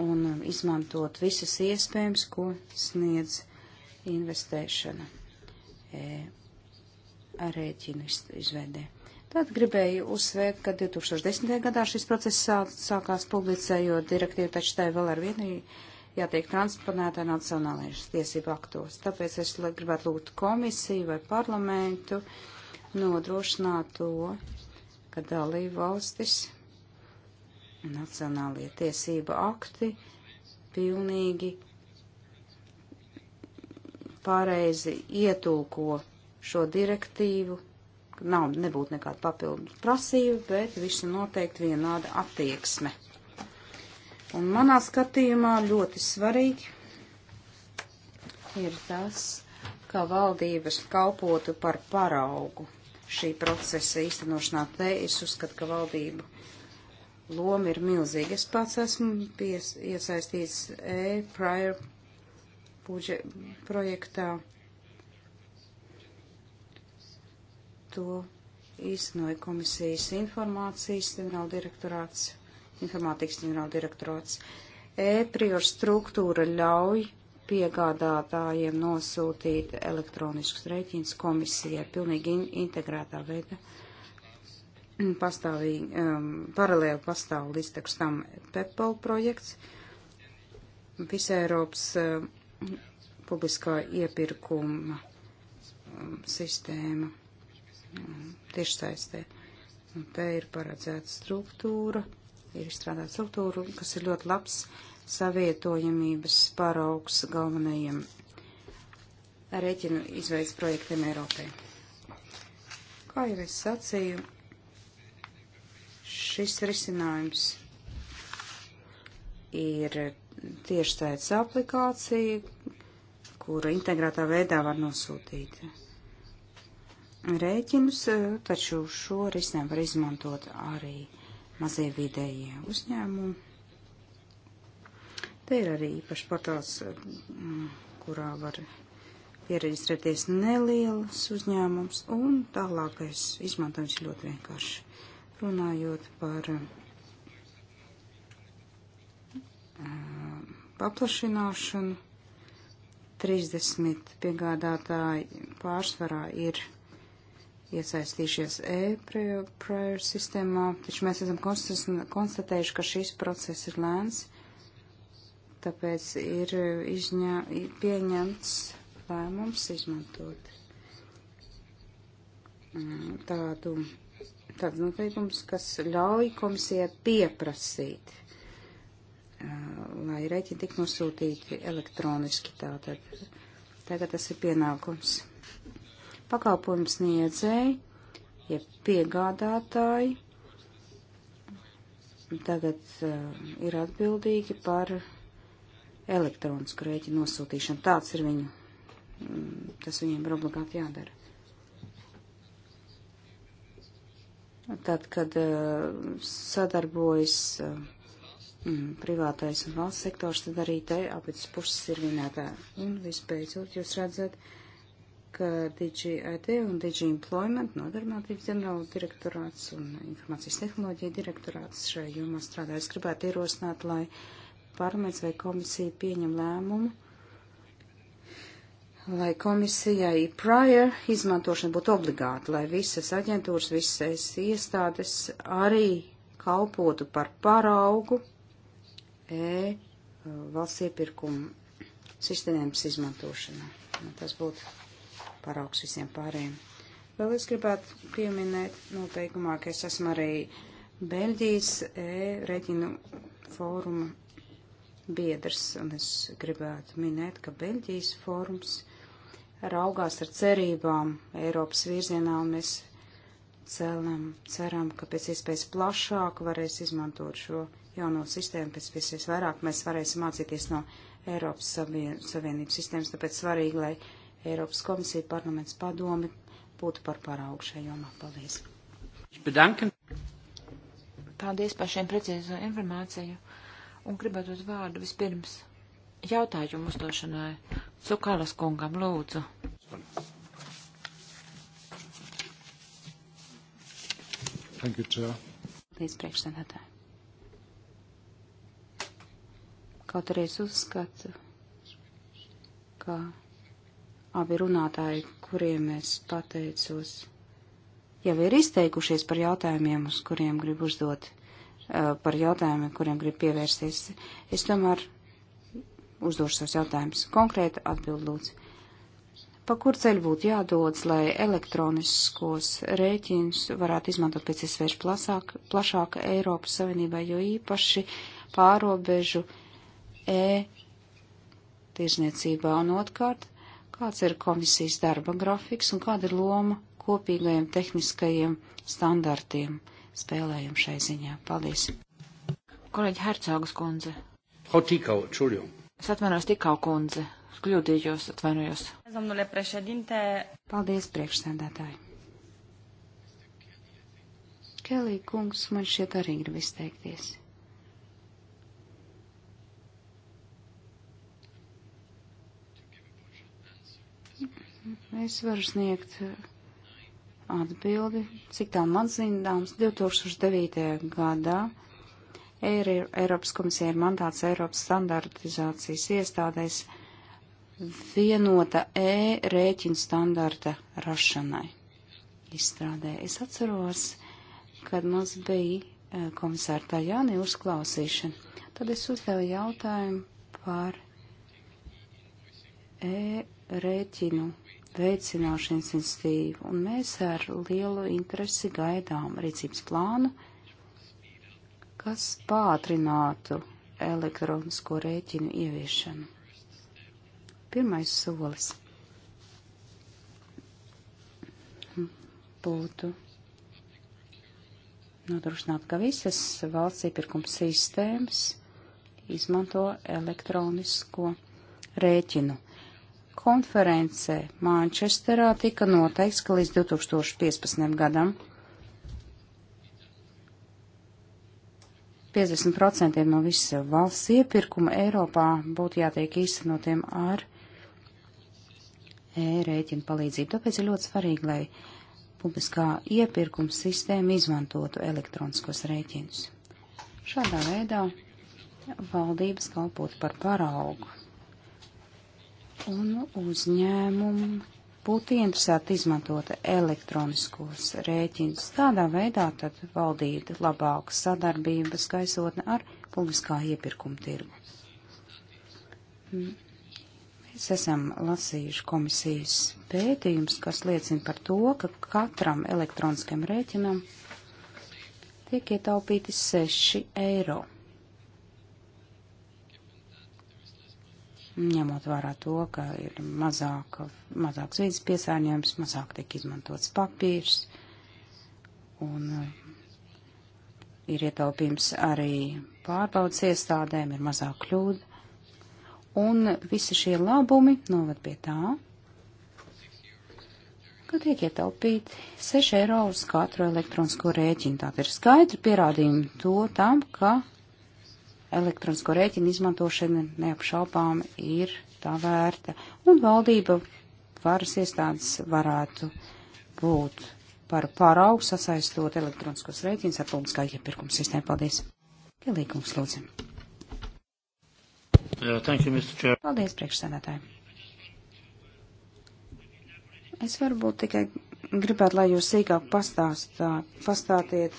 un izmantot visas iespējas, ko sniedz investēšana e, rēķinu izvedē. Tad gribēju uzsvērt, ka 2010. gadā šis process sākās publicējot direktīvu, taču tai vēl ar vienu jātiek transponētā nacionālajās tiesību aktos. Tāpēc es gribētu lūgt komisiju vai parlamentu nodrošināt to, ka dalību valstis nacionālie tiesība akti pilnīgi pareizi ietūko šo direktīvu nav nebūtu nekāda papildu prasība, bet visi noteikti vienāda attieksme. Un manā skatījumā ļoti svarīgi ir tas, ka valdības kalpotu par paraugu šī procesa īstenošanā. Te es uzskatu, ka valdību loma ir milzīga. Es pats esmu pies, iesaistīts e-prior projektā To īstenoja komisijas informācijas ģenerāla direktorāts, informātikas ģenerāla direktorāts. E-prior struktūra ļauj piegādātājiem nosūtīt elektroniskus rēķinus komisijai pilnīgi in integrētā veidā. Pastāvīgi, um, paralēli pastāv līdz tekstam PEPL projekts, visai Eiropas um, publiskā iepirkuma um, sistēma tiešsaistē. Un te ir paredzēta struktūra, ir izstrādāta struktūra, kas ir ļoti labs savietojamības paraugs galvenajiem rēķinu izveids projektiem Eiropē. Kā jau es sacīju, šis risinājums ir tiešsaistes aplikācija, kuru integrētā veidā var nosūtīt rēķinus, eh, taču šo risinājumu var izmantot arī mazie vidējie uzņēmumi. Te ir arī īpaši portāls, eh, kurā var pieregistrēties nelielas uzņēmums, un tālākais izmantojums ļoti vienkārši. Runājot par eh, paplašināšanu, 30 piegādātāji pārsvarā ir iesaistījušies e-prior sistēmā, taču mēs esam konstatējuši, ka šis process ir lēns, tāpēc ir izņā, pieņemts lēmums izmantot mm, tādu, tādu noteikumus, kas ļauj komisijai pieprasīt, lai rēķini tik nosūtīti elektroniski tātad. Tagad tas ir pienākums pakalpojumu sniedzēji, ja piegādātāji tagad uh, ir atbildīgi par elektronisku rēķinu nosūtīšanu. Tāds ir viņu, mm, tas viņiem ir obligāti jādara. Tad, kad uh, sadarbojas uh, privātais un valsts sektors, tad arī te abas puses ir vienādā. Un visbeidzot, jūs redzat, uh, ka DGIT un DG Employment nodarbinātības ģenerāla direktorāts un informācijas tehnoloģija direktorāts šajā jomā strādā. Es gribētu ierosināt, lai parlaments vai komisija pieņem lēmumu, lai komisijai prior izmantošana būtu obligāta, lai visas aģentūras, visas iestādes arī kalpotu par paraugu e uh, valsts iepirkumu sistēmas izmantošanā. Nu, tas būtu paraugs visiem pārējiem. Vēl es gribētu pieminēt noteikumā, ka es esmu arī Beļģijas e-reķinu fóruma biedrs, un es gribētu minēt, ka Beļģijas fórums raugās ar cerībām Eiropas virzienā, un mēs celam, ceram, ka pēc iespējas plašāk varēs izmantot šo jauno sistēmu, pēc iespējas vairāk mēs varēsim mācīties no Eiropas Savienības sistēmas, tāpēc svarīgi, lai Eiropas komisija, parlaments padomi būtu par paraugu šajā jomā. Paldies! Paldies par šiem precīzo informāciju un gribētu uz vārdu vispirms jautājumu uzdošanai Cukalas kungam lūdzu. Thank you, Chair. Paldies, priekšsēdētāji. Kaut arī es uzskatu, ka abi runātāji, kuriem es pateicos, jau ir izteikušies par jautājumiem, uz kuriem grib uzdot, eh, par jautājumiem, kuriem grib pievērsties. Es tomēr uzdošu savus jautājumus. Konkrēti atbild lūdzu. Pa kur ceļu būtu jādodas, lai elektroniskos rēķinus varētu izmantot pēc iespējas plašāk, plašāk Eiropas Savienībā, jo īpaši pārobežu e tirzniecībā un otkārt Kāds ir komisijas darba grafiks un kāda ir loma kopīgajiem tehniskajiem standartiem spēlējam šai ziņā? Paldies. Kolēģi Hercogas kundze. Frau Tikau, čuļu. Es atvainojos Tikau kundze. Es kļūdījos, atvainojos. Paldies, priekšsēdētāji. Kelī kungs man šķiet arī grib izteikties. Es varu sniegt uh, atbildi, cik tā man zināms, 2009. gadā Eiropas komisija ir mandāts Eiropas standartizācijas iestādēs vienota e-rēķina standarta rašanai izstrādē. Es atceros, kad mums bija uh, komisāra Tajāni uzklausīšana. Tad es uzdevu jautājumu par e-rēķinu veicināšanas institīvu, un mēs ar lielu interesi gaidām rīcības plānu, kas pātrinātu elektronisko rēķinu ieviešanu. Pirmais solis būtu nodrošināt, ka visas valsts iepirkuma sistēmas izmanto elektronisko rēķinu konferencē Mančesterā tika noteikts, ka līdz 2015. gadam 50% no visa valsts iepirkuma Eiropā būtu jātiek īstenotiem ar e-rēķinu palīdzību. Tāpēc ir ļoti svarīgi, lai publiskā iepirkuma sistēma izmantotu elektroniskos rēķinus. Šādā veidā valdības kalpotu par paraugu un uzņēmumi būtu interesēti izmantot elektroniskos rēķinus. Tādā veidā tad valdītu labāka sadarbības gaisotne ar publiskā iepirkuma tirgu. Mēs esam lasījuši komisijas pētījums, kas liecina par to, ka katram elektroniskam rēķinam tiek ietaupīti 6 eiro. ņemot vērā to, ka ir mazāk, mazāks vīdes piesārņojums, mazāk tiek izmantots papīrs un uh, ir ietaupījums arī pārbaudas iestādēm, ir mazāk kļūda. Un visi šie labumi novad pie tā, ka tiek ietaupīti 6 eiro uz katru elektronisko rēķinu. Tātad ir skaidri pierādījumi to tam, ka elektronisko rēķinu izmantošana neapšaubām ir tā vērta, un valdība varas iestādes varētu būt par pāraugu sasaistot elektroniskos rēķinus ar publiskā iepirkuma sistēmu. Paldies! Pielīgums lūdzu. Yeah, you, Paldies, priekšsēdētāji. Es varbūt tikai gribētu, lai jūs sīkāk pastāstāt, pastātiet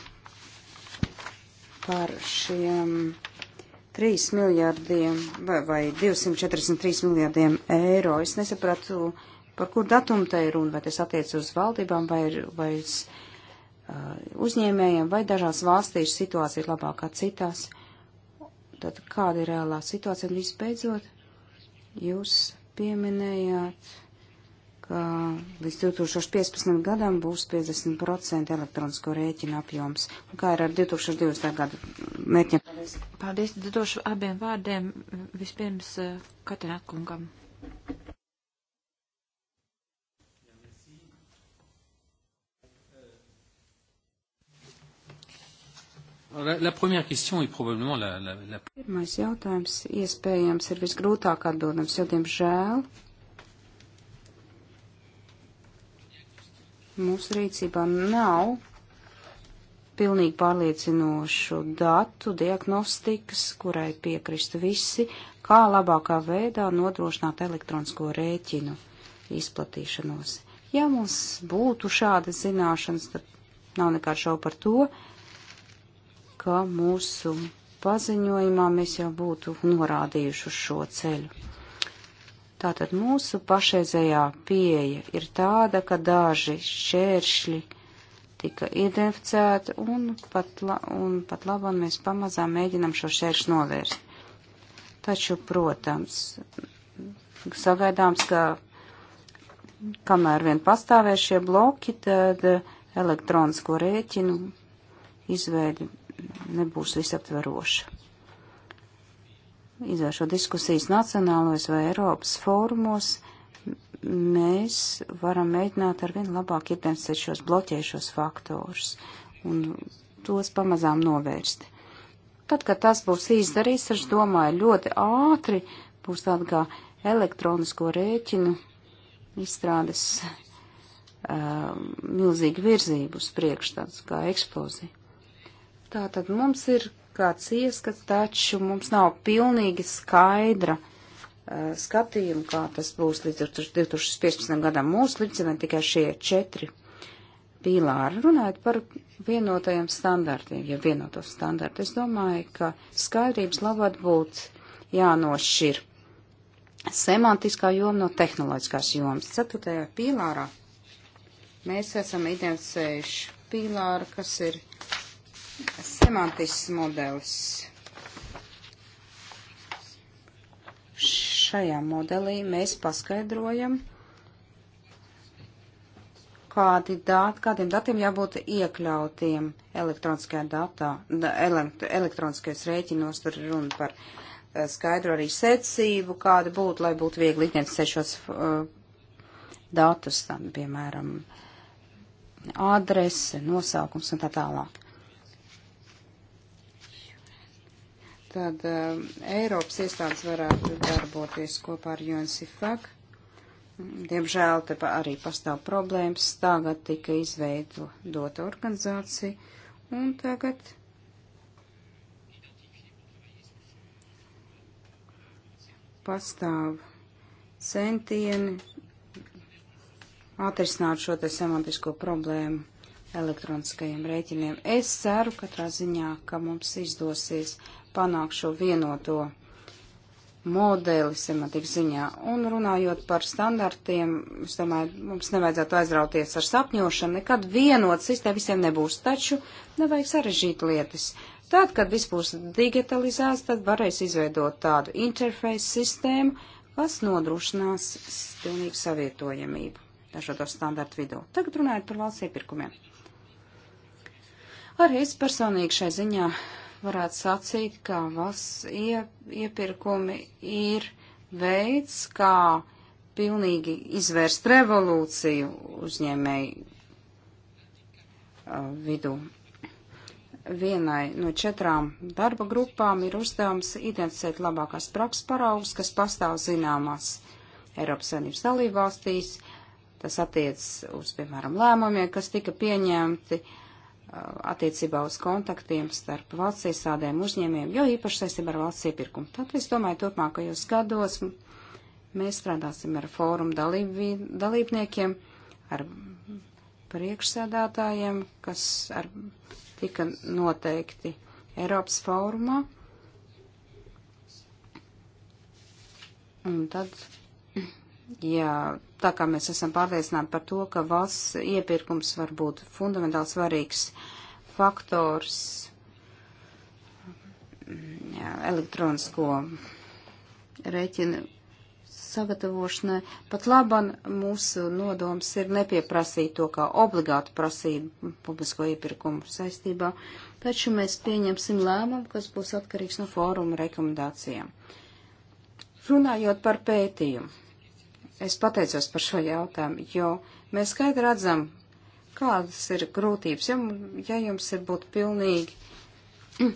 par šiem 3 miljārdiem vai, vai 243 miljārdiem eiro. Es nesapratu, par kur datumu te ir runa, vai tas attiec uz valdībām vai, vai uz uh, uzņēmējiem, vai dažās valstīs situācija ir labākā citās. Tad kāda ir reālā situācija? Un visbeidzot, jūs pieminējāt ka līdz 2015. gadam būs 50% elektronisko rēķinu apjoms. Un kā ir ar 2020. gadu mērķiem? Paldies. Paldies, došu abiem vārdiem vispirms eh, Katrina kungam. La, la première question est probablement la, la, la... Pirmais jautājums iespējams ir visgrūtāk atbildams, jo, diemžēl, Mūsu rīcībā nav pilnīgi pārliecinošu datu diagnostikas, kurai piekristu visi, kā labākā veidā nodrošināt elektronisko rēķinu izplatīšanos. Ja mums būtu šāda zināšanas, tad nav nekā šau par to, ka mūsu paziņojumā mēs jau būtu norādījuši uz šo ceļu. Tātad mūsu pašreizējā pieeja ir tāda, ka daži šķēršļi tika identificēti un pat, la, un pat labam mēs pamazām mēģinam šo šķēršļu novērst. Taču, protams, sagaidāms, ka kamēr vien pastāvēs šie bloki, tad elektronisko rēķinu izveidi nebūs visaptveroša izvēršot diskusijas nacionālos vai Eiropas fórumos, mēs varam mēģināt ar vien labāk identificēt šos bloķējušos faktorus un tos pamazām novērst. Tad, kad tas būs izdarīts, es domāju, ļoti ātri būs tāda kā elektronisko rēķinu izstrādes uh, milzīga virzība uz priekšu, tāds kā eksplozija. Tātad mums ir kāds ieskats, taču mums nav pilnīgi skaidra uh, skatījuma, kā tas būs līdz 2015. gadam. Mūsu līdzinē tikai šie četri pīlāri runājot par vienotajiem standartiem, ja vienoto standartu. Es domāju, ka skaidrības labāk būtu jānošķir semantiskā joma no tehnoloģiskās jomas. Ceturtajā pīlārā mēs esam identificējuši pīlāru, kas ir semantisks modelis. Šajā modelī mēs paskaidrojam, kādi dati, kādiem datiem jābūt iekļautiem elektroniskajā datā, elekt, elektroniskajos rēķinos, tur runa par eh, skaidru arī secību, kāda būtu, lai būtu viegli identificēt šos uh, datus, tam, piemēram, adrese, nosaukums un tā tālāk. tad um, Eiropas iestādes varētu darboties kopā ar UNCFAC. Diemžēl te arī pastāv problēmas. Tagad tika izveidota organizācija, un tagad pastāv centieni atrisināt šo te semantisko problēmu elektroniskajiem rēķiniem. Es ceru katrā ziņā, ka mums izdosies uh, panākt šo vienoto modeli semantikas ziņā. Un runājot par standartiem, es domāju, mums nevajadzētu aizrauties ar sapņošanu, nekad vienot sistēma visiem nebūs, taču nevajag sarežģīt lietas. Tad, kad viss būs digitalizēts, tad varēs izveidot tādu interfeisu sistēmu, kas nodrošinās pilnīgu savietojamību dažādos standartu vidū. Tagad runājot par valsts iepirkumiem. Arī es personīgi šai ziņā varētu sacīt, ka valsts iepirkumi ir veids, kā pilnīgi izvērst revolūciju uzņēmēju uh, vidū. Vienai no četrām darba grupām ir uzdevums identificēt labākās prakses paraugus, kas pastāv zināmās Eiropas Savienības dalībvalstīs. Tas attiec uz, piemēram, lēmumiem, kas tika pieņemti uh, Uh, attiecībā uz kontaktiem starp valsts iestādēm uzņēmiem, jo īpaši saistībā ar valsts iepirkumu. Tad es domāju, turpmākajos gados mēs strādāsim ar fórumu dalību, dalībniekiem, ar priekšsēdātājiem, kas ar, tika noteikti Eiropas fórumā. Un tad, ja tā kā mēs esam pārliecināti par to, ka valsts iepirkums var būt fundamentāli svarīgs faktors mm, jā, elektronisko rēķinu sagatavošanai. Pat laban mūsu nodoms ir nepieprasīt to kā obligātu prasību publisko iepirkumu saistībā, taču mēs pieņemsim lēmumu, kas būs atkarīgs no fóruma rekomendācijām. Runājot par pētījumu es pateicos par šo jautājumu, jo mēs skaidri redzam, kādas ir grūtības. Ja, ja jums ir būt pilnīgi mm,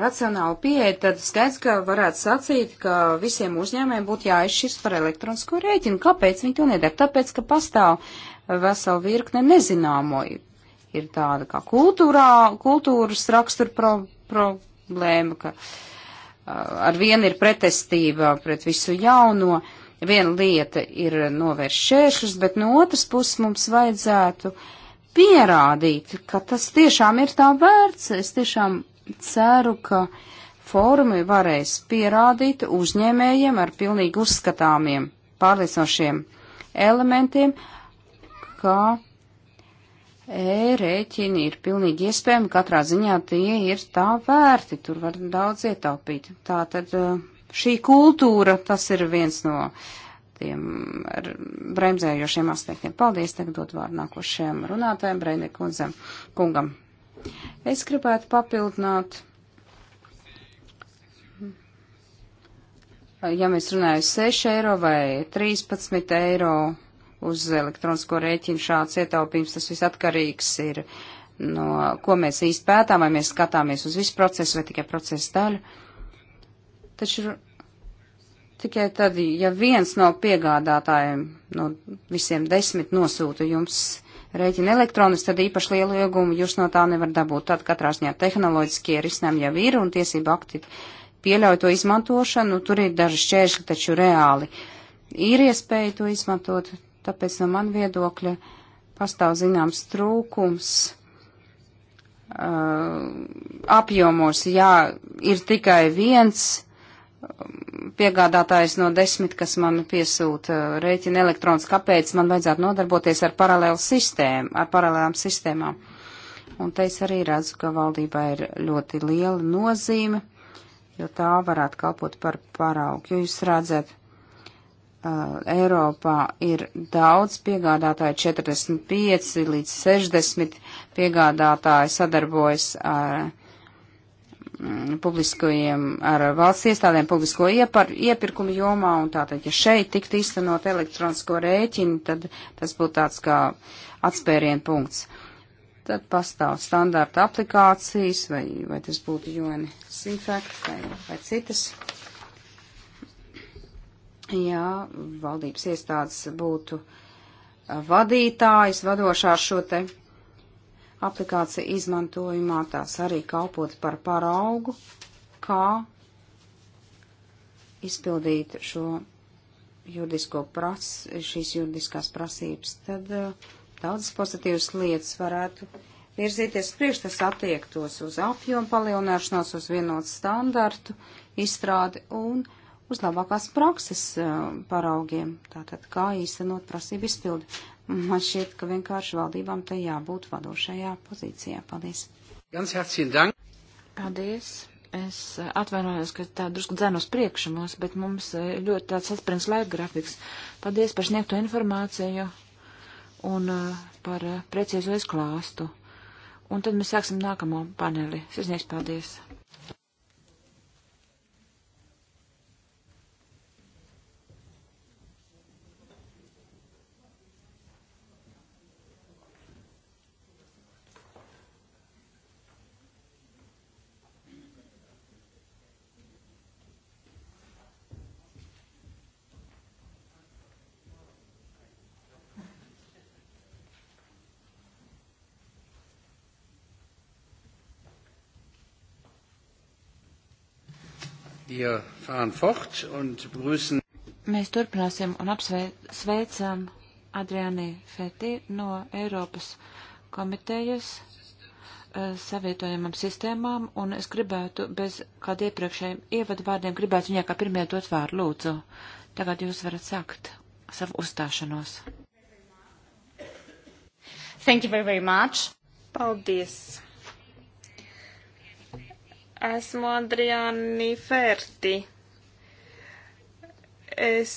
racionāla pieeja, tad skaidrs, ka varētu sacīt, ka visiem uzņēmējiem būtu jāizšķirs par elektronisko rēķinu. Kāpēc viņi to nedara? Tāpēc, ka pastāv vesela virkne nezināmo. Ir tāda kā kultūrā, kultūras rakstura pro, problēma, ka ar vienu ir pretestība pret visu jauno. Uh, viena lieta ir novērst šķēršļus, bet no otras puses mums vajadzētu pierādīt, ka tas tiešām ir tā vērts. Es tiešām ceru, ka fórumi varēs pierādīt uzņēmējiem ar pilnīgi uzskatāmiem, pārliecinošiem elementiem, ka e-rēķini ir pilnīgi iespējami, katrā ziņā tie ir tā vērti, tur var daudz ietaupīt. Tā tad. Uh, šī kultūra, tas ir viens no tiem bremzējošiem aspektiem. Paldies, tagad dod vārdu nākošajam runātājiem, Breine kundzem, kungam. Es gribētu papildināt, ja mēs runājam 6 eiro vai 13 eiro uz elektronisko rēķinu šāds ietaupījums, tas viss atkarīgs ir no, ko mēs īsti pētām, vai mēs skatāmies uz visu procesu vai tikai procesu daļu Taču tikai tad, ja viens no piegādātājiem no visiem desmit nosūta jums rēķina elektronis, tad īpaši lielu iegumu jūs no tā nevar dabūt. Tad katrā ziņā tehnoloģiskie risinājumi jau ir un tiesība akti pieļauj to izmantošanu, tur ir daži šķēršļi, taču reāli ir iespēja to izmantot, tāpēc no man viedokļa pastāv zināms trūkums. Uh, apjomos, jā, ir tikai viens piegādātājs no desmit, kas man piesūta rēķina elektrons, kāpēc man vajadzētu nodarboties ar paralēlu sistēmu, ar paralēlām sistēmām. Un te es arī redzu, ka valdībā ir ļoti liela nozīme, jo tā varētu kalpot par paraugu. Jo jūs redzat, uh, Eiropā ir daudz piegādātāju, 45 līdz 60 piegādātāji sadarbojas ar Mm, publiskajiem, ar valsts iestādēm publisko iepar, iepirkumu jomā, un tātad, ja šeit tiktu īstenot elektronisko rēķinu, tad tas būtu tāds kā atspērien punkts. Tad pastāv standārta aplikācijas, vai, vai tas būtu UNCFACT vai, vai citas. Jā, valdības iestādes būtu vadītājs vadošā šo te aplikācija izmantojumā, tās arī kalpot par paraugu, kā izpildīt šo juridisko pras, šīs juridiskās prasības, tad uh, daudzas pozitīvas lietas varētu virzīties priekš, tas attiektos uz apjomu palielināšanos, uz vienotu standartu izstrādi un uz labākās prakses uh, paraugiem, tātad kā īstenot prasību izpildi. Man šķiet, ka vienkārši valdībām te jābūt vadošajā pozīcijā. Paldies! Ganz herzlichen Dank! Paldies! Es atvainojos, ka tā drusku dzēnu uz priekšu mums, bet mums eh, ļoti tāds saspringts laika grafiks. Paldies par sniegto informāciju un eh, par eh, precīzo izklāstu. Un tad mēs sāksim nākamo paneli. Sirsnieks, paldies! Wir fahren fort und begrüßen. Mēs turpināsim un apsveicam Adriāni Feti no Eiropas komitejas eh, savietojumam sistēmām, un es gribētu bez kāda iepriekšējiem ievadu vārdiem, gribētu viņai kā pirmie dot vārdu lūdzu. Tagad jūs varat sākt savu uzstāšanos. Thank you very, very much. Paldies. Esmu Adriāni Ferti. Es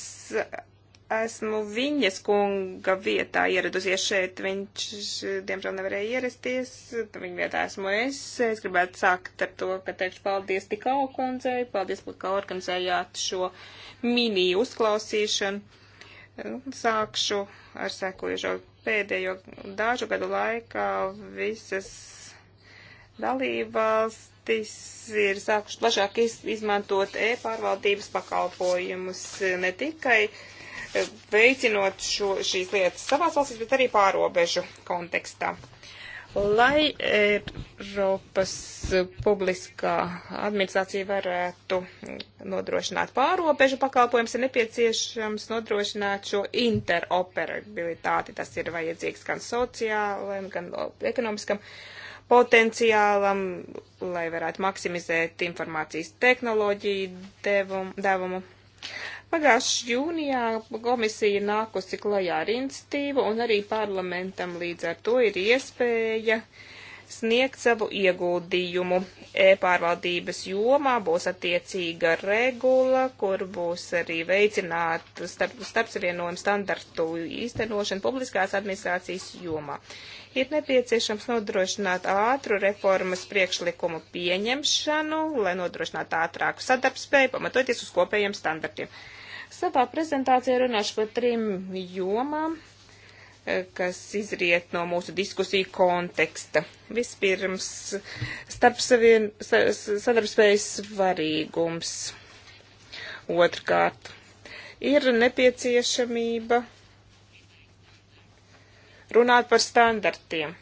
esmu viņas kunga vietā ieradusies šeit. Viņš, diemžēl, nevarēja ierasties. Viņa vietā esmu es. Es gribētu sākt ar to, ka teikšu paldies tikā kundzei, paldies, ka organizējāt šo mini uzklausīšanu. Sākšu ar sekojušo pēdējo dažu gadu laikā visas dalībvalsts valstis ir sākušas plašāk izmantot e-pārvaldības pakalpojumus ne tikai e, veicinot šo, šīs lietas savās valstīs, bet arī pārobežu kontekstā. Lai Eiropas publiskā administrācija varētu nodrošināt pārobežu pakalpojumus, ir nepieciešams nodrošināt šo interoperabilitāti. Tas ir vajadzīgs gan sociālajam, gan ekonomiskam uh, potenciālam, lai varētu maksimizēt informācijas tehnoloģiju devumu. devumu. Pagājušajā jūnijā komisija nākusi klajā ar institīvu un arī parlamentam līdz ar to ir iespēja uh, sniegt savu ieguldījumu e-pārvaldības jomā. Būs attiecīga regula, kur būs arī veicināt starp, starpsavienojumu standartu īstenošanu publiskās administrācijas jomā. Ir nepieciešams nodrošināt ātru reformas priekšlikumu pieņemšanu, lai nodrošinātu ātrāku sadarbspēju, pamatoties uz kopējiem standartiem. Savā prezentācijā runāšu par trim jomām kas izriet no mūsu diskusiju konteksta. Vispirms, starpsavien, sadarbspējas svarīgums. Otrkārt, ir nepieciešamība runāt par standartiem,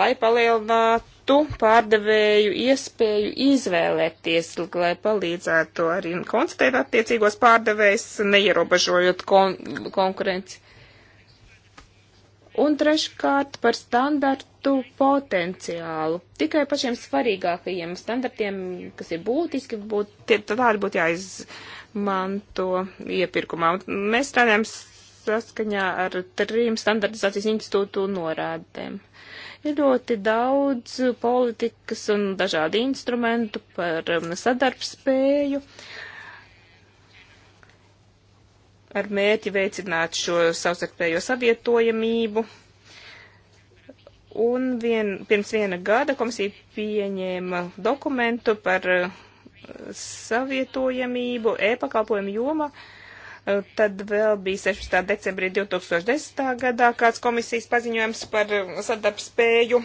lai palielinātu pārdevēju iespēju izvēlēties, lai palīdzētu arī konstatēt attiecīgos pārdevējs, neierobežojot kon konkurenci. Un treškārt par standartu potenciālu. Tikai pašiem svarīgākajiem standartiem, kas ir būtiski, būt, tie, tādi būtu jāizmanto iepirkumā. Un mēs strādājam saskaņā ar trim standartizācijas institūtu norādēm. Ir ļoti daudz politikas un dažādu instrumentu par um, sadarbspēju. Uh, ar mērķi veicināt šo savstarpējo savietojamību. Un vien, pirms viena gada komisija pieņēma dokumentu par uh, savietojamību e-pakalpojumu jomā. Uh, tad vēl bija 16. decembrī 2010. gadā kāds komisijas paziņojums par uh, sadarbspēju,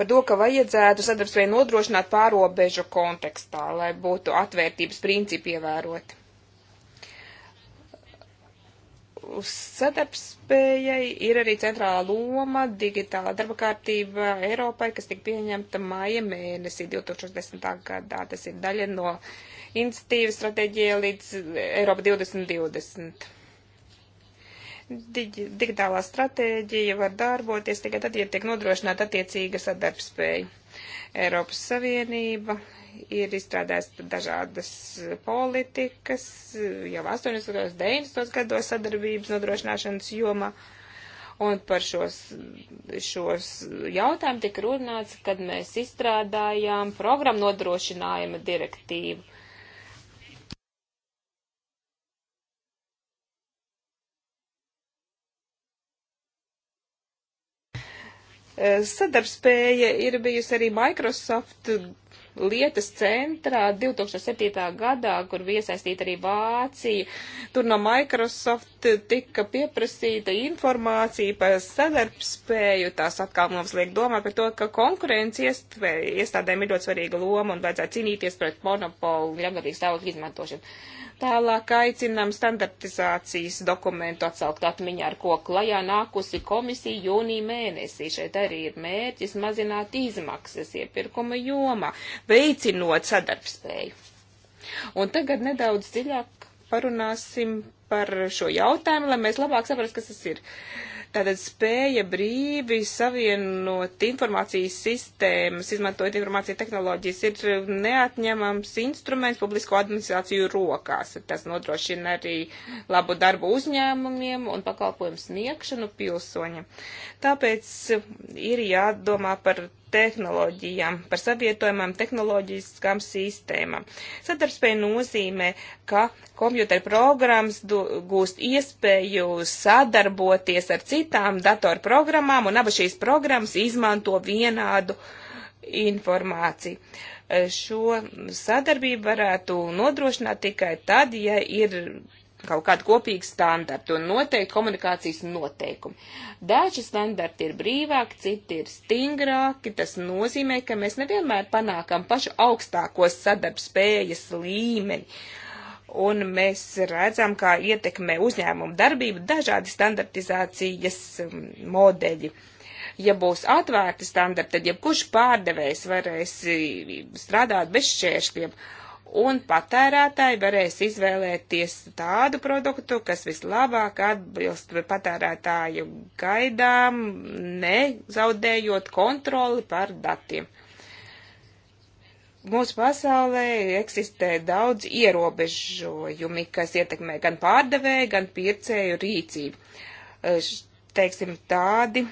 par to, ka vajadzētu sadarbspēju nodrošināt pārobežu kontekstā, lai būtu atvērtības principi ievēroti. uz sadarbspējai ir arī centrāla loma digitālā darba kārtība Eiropai, kas tika pieņemta māja mēnesī 2010. gadā. Tas ir daļa no iniciatīvas stratēģija līdz Eiropa 2020. Digi, digitālā stratēģija var darboties tikai tad, ja tiek nodrošināta attiecīga sadarbspēja. Eiropas Savienība ir izstrādājusi dažādas politikas jau 80. un 90. gados sadarbības nodrošināšanas jomā. Un par šos, šos jautājumu tika runāts, kad mēs izstrādājām programmu nodrošinājuma direktīvu. Sadarbspēja ir bijusi arī Microsoft lietas centrā 2007. gadā, kur iesaistīta arī Vācija. Tur no Microsoft tika pieprasīta informācija par sadarbspēju. Tas atkal mums liek domāt par to, ka konkurences iestādēm ir ļoti svarīga loma un vajadzētu cīnīties pret monopolu ļaunprātīgu stāvokļu izmantošanu. Tālāk aicinām standartizācijas dokumentu atsaukt atmiņā, ar ko klajā nākusi komisija jūnija mēnesī. Šeit arī ir mērķis mazināt izmaksas iepirkuma jomā, veicinot sadarbspēju. Un tagad nedaudz dziļāk parunāsim par šo jautājumu, lai mēs labāk saprastu, kas tas ir. Uh, Tātad spēja brīvi savienot informācijas sistēmas, izmantojot informāciju tehnoloģijas, ir neatņemams instruments publisko administrāciju rokās. Tas nodrošina arī labu darbu uzņēmumiem un pakalpojumu sniegšanu pilsoņiem. Tāpēc ir jādomā par tehnoloģijām, par savietojumām tehnoloģiskām sistēmām. Sadarbspēja nozīmē, ka kompjuter programmas gūst iespēju sadarboties ar citām datorprogrammām, un abas šīs programmas izmanto vienādu informāciju. Šo sadarbību varētu nodrošināt tikai tad, ja ir kaut kādi kopīgi standarti un noteikti komunikācijas noteikumi. Daži standarti ir brīvāki, citi ir stingrāki. Tas nozīmē, ka mēs nevienmēr panākam pašu augstāko sadarbspējas līmeni. Un mēs redzam, kā ietekmē uzņēmumu darbību dažādi standartizācijas um, modeļi ja būs atvērti standarti, tad jebkurš pārdevējs varēs strādāt bez šķēršļiem. Uh, un patērētāji varēs izvēlēties tādu produktu, kas vislabāk atbilst patērētāju gaidām, nezaudējot kontroli pār datiem. Mūsu pasaulē eksistē daudz ierobežojumi, kas ietekmē gan pārdevēju, gan pircēju rīcību. Teiksim, tādi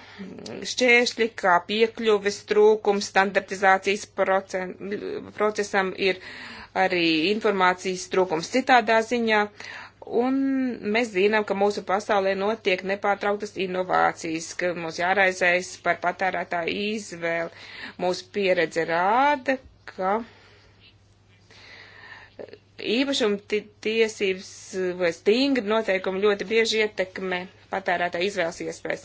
šķēršļi kā piekļuves trūkums standartizācijas procesam ir uh, arī informācijas trūkums citādā ziņā. Un mēs zinām, ka mūsu pasaulē notiek nepārtrauktas inovācijas, ka mums jāraizējas par patērētāju izvēli. Mūsu pieredze rāda, ka īpašuma tiesības vai stingri noteikumi ļoti bieži ietekmē patērētāju izvēles iespējas.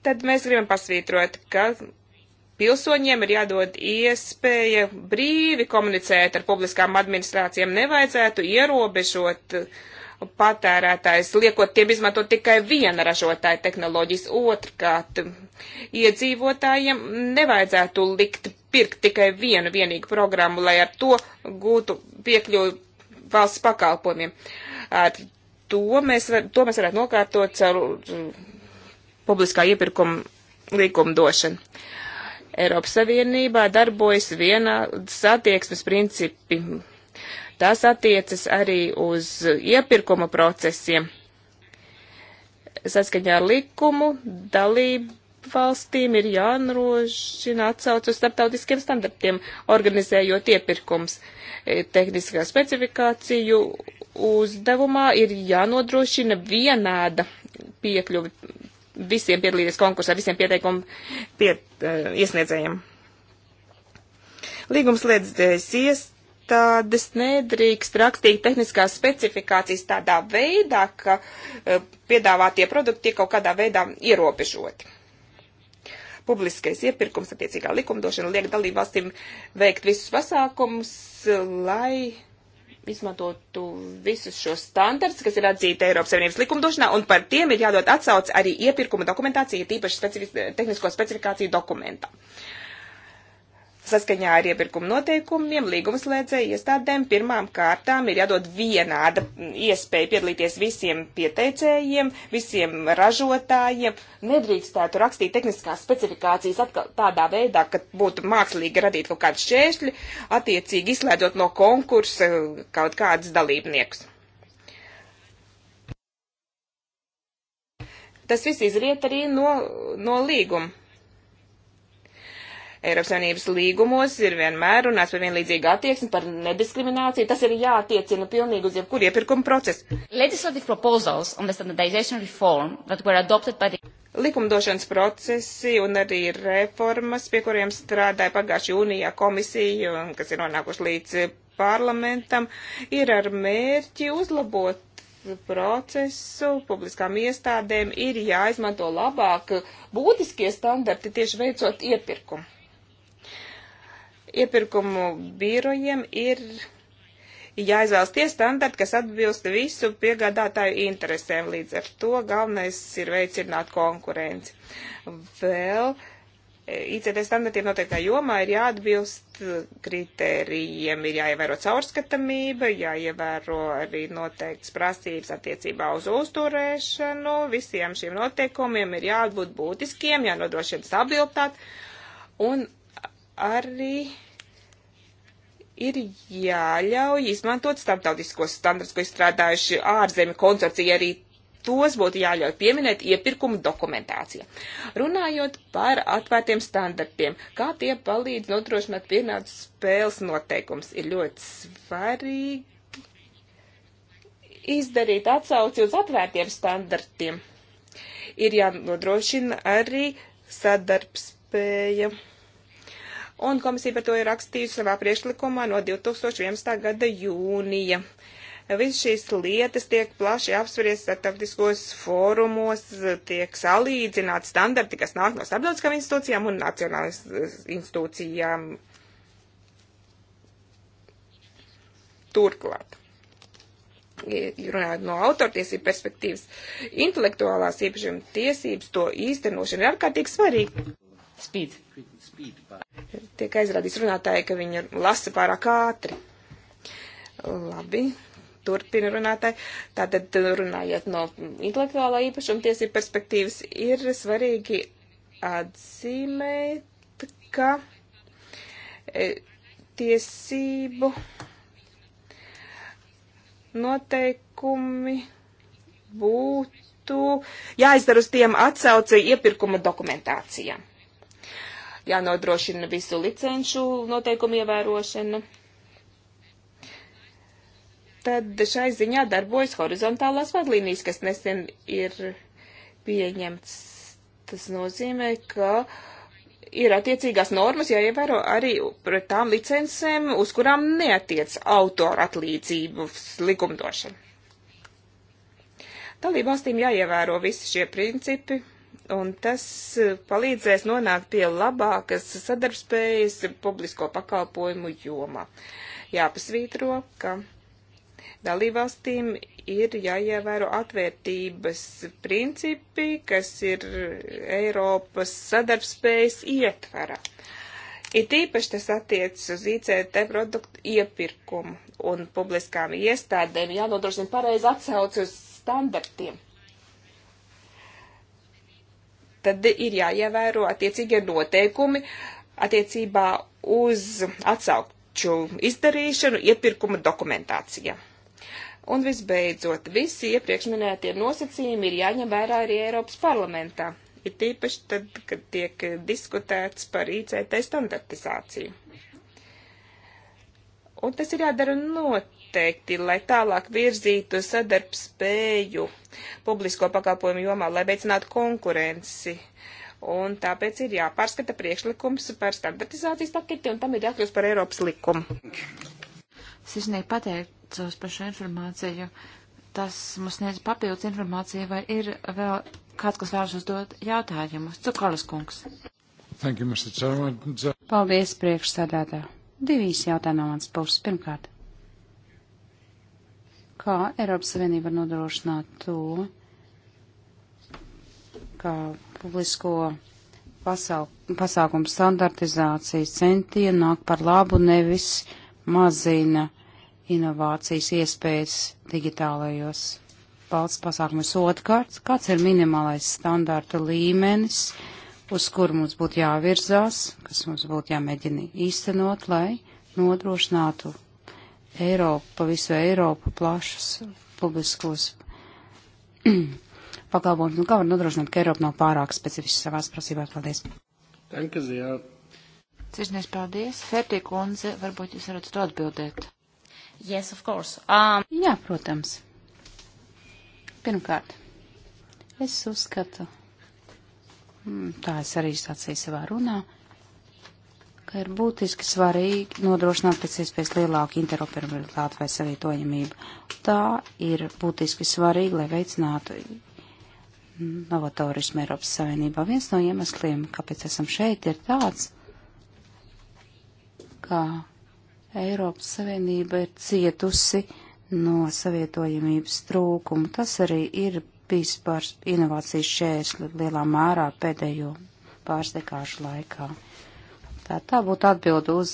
Tad mēs gribam pasvītrot, ka pilsoņiem ir jādod iespēja brīvi komunicēt ar publiskām administrācijām. Nevajadzētu ierobežot patērētājs, liekot tiem izmantot tikai viena ražotāja tehnoloģijas. Otrkārt, iedzīvotājiem nevajadzētu likt pirkt tikai vienu vienīgu programmu, lai ar to gūtu piekļuvi valsts pakalpojumiem. Ar to mēs, var, to mēs varētu nokārtot caur uh, publiskā iepirkuma likumdošanu. Uh, Eiropas Savienībā darbojas vienādas attieksmes principi. Tās attiecas arī uz iepirkuma procesiem. Saskaņā ar likumu dalību valstīm ir jānorošina atsauc uz starptautiskiem standartiem, organizējot iepirkums. E, Tehniskā specifikāciju uzdevumā ir jānodrošina vienāda piekļuvi visiem piedalīties konkursā, visiem pieteikumu pie, uh, eh, iesniedzējiem. Līgums liedzējas iestādes nedrīkst rakstīt tehniskās specifikācijas tādā veidā, ka uh, piedāvātie produkti tiek kaut kādā veidā ierobežoti. Publiskais iepirkums attiecīgā likumdošana liek dalībvalstīm veikt visus pasākumus, lai izmantotu visus šos standarts, kas ir atzīti Eiropas Savienības likumdošanā, un par tiem ir jādod atsauce arī iepirkuma dokumentācija, tīpaši specifi tehnisko specifikāciju dokumentā. Uh, Saskaņā ar iepirkuma noteikumiem līgumslēdzēju iestādēm pirmām kārtām ir jādod vienāda iespēja piedalīties visiem pieteicējiem, visiem ražotājiem. Nedrīkstētu rakstīt tehniskās specifikācijas atkal tādā veidā, ka būtu mākslīgi radīt kaut kādu šķēršļi, attiecīgi izslēdzot no konkursa kaut kādus dalībniekus. Tas viss izriet arī no, no līguma Eiropas Savienības līgumos ir vienmēr runāts par vienlīdzīgu attieksmi, par nediskrimināciju. Tas ir jātiecina pilnīgi uz jebkuru iepirkuma procesu. The... Likumdošanas procesi un arī reformas, pie kuriem strādāja pagājušajā jūnijā komisija, un kas ir nonākuši līdz parlamentam, ir ar mērķi uzlabot procesu, publiskām iestādēm ir jāizmanto labāk būtiskie standarti tieši veicot iepirkumu. Iepirkumu birojiem ir jāizvēlas tie standarti, kas atbilst visu piegādātāju interesēm. Līdz ar to galvenais ir veicināt konkurenci. Vēl e, ICT standartiem noteiktā jomā ir jāatbilst kritērijiem, ir jāievēro caurskatamība, jāievēro arī noteikts prasības attiecībā uz uzturēšanu, visiem šiem noteikumiem ir jābūt būtiskiem, jānodrošina stabilitāte, un arī ir jāļauj izmantot starptautiskos standartus, ko izstrādājuši ārzemi konsorcija arī. Tos būtu jāļauj pieminēt iepirkuma dokumentācija. Runājot par atvērtiem standartiem, kā tie palīdz nodrošināt vienādus spēles noteikums, ir ļoti svarīgi izdarīt atsauci uz atvērtiem standartiem. Ir jānodrošina arī sadarbspēja un komisija par to ir rakstījusi savā priekšlikumā no 2011. gada jūnija. Viss šīs lietas tiek plaši apspriestas starptautiskos fórumos, tiek salīdzināti standarti, kas nāk no starptautiskām institūcijām un nacionālajām eh, institūcijām. Turklāt, runājot no autortiesību perspektīvas, intelektuālās īpašuma tiesības to īstenošana ir ārkārtīgi svarīga. Spīd. Tiek aizrādīts runātāji, ka viņa lasa pārāk ātri. Labi, turpina runātāji. Tātad, runājot no intelektuālā īpašuma tiesību perspektīvas, ir svarīgi atzīmēt, ka e, tiesību noteikumi būtu jāizdara uz tiem atsauci iepirkuma dokumentācijām jānodrošina visu licenšu noteikumu ievērošana. Tad šai ziņā darbojas horizontālās vadlīnijas, kas nesen ir pieņemts. Tas nozīmē, ka ir attiecīgās normas jāievēro arī pret tām licencēm, uz kurām neatiec autora atlīdzības likumdošana. Dalībvalstīm jāievēro visi šie principi, un tas e, palīdzēs nonākt pie labākas sadarbspējas publisko pakalpojumu jomā. Jāpasvītro, ka dalībvalstīm ir jāievēro atvērtības principi, kas ir Eiropas sadarbspējas ietvara. It īpaši tas attiecas uz ICT produktu iepirkumu un publiskām iestādēm jānodrošina pareizi atsauci uz standartiem tad ir jāievēro attiecīgie noteikumi attiecībā uz atsaukču izdarīšanu iepirkuma dokumentācijā. Un visbeidzot, visi iepriekš minētie nosacījumi ir jāņem vērā arī Eiropas parlamentā, ir tīpaši tad, kad tiek diskutēts par ICT standartizāciju. Un tas ir jādara not noteikti, lai tālāk virzītu sadarbspēju publisko pakalpojumu jomā, lai veicinātu konkurenci. Un tāpēc ir jāpārskata priekšlikums par standartizācijas paketi, un tam ir jākļūst par Eiropas likumu. Sirsnīgi pateicos par šo informāciju. Tas mums sniedz papildus informāciju, vai ir vēl kāds, kas vēlas uzdot jautājumus. Cukalas kungs. Thank you, Mr. Chairman. Paldies, priekšsēdētāji. Divīs jautājumi no manas puses. Pirmkārt, kā Eiropas Savienība var nodrošināt to, kā publisko pasākumu standartizācijas centieni nāk par labu, nevis mazina inovācijas iespējas digitālajos valsts pasākumus. Otkārt, kāds ir minimālais standārta līmenis, uz kur mums būtu jāvirzās, kas mums būtu jāmēģina īstenot, lai nodrošinātu Eiropu, pa visu Eiropu plašus publiskos pakalpojumus. Nu, kā var nodrošināt, ka Eiropa nav pārāk specifiski savās prasībās? Paldies! Danke sehr. Cišnieks, paldies. Fertie kundze, varbūt jūs varat to atbildēt. Yes, of course. Um... Jā, protams. Pirmkārt, es uzskatu, hmm, tā es arī stācīju savā runā, uh, ka ir būtiski svarīgi nodrošināt pēc iespējas lielāku interoperabilitāti vai savietojamību. Tā ir būtiski svarīga, lai veicinātu novatorismu Eiropas Savienībā. Viens no iemesliem, kāpēc esam šeit, ir tāds, ka Eiropas Savienība ir cietusi no savietojamības trūkuma. Tas arī ir bijis pār inovācijas šķērsli lielā mērā pēdējo pāris dekāšu laikā. Tā, tā būtu atbilde uz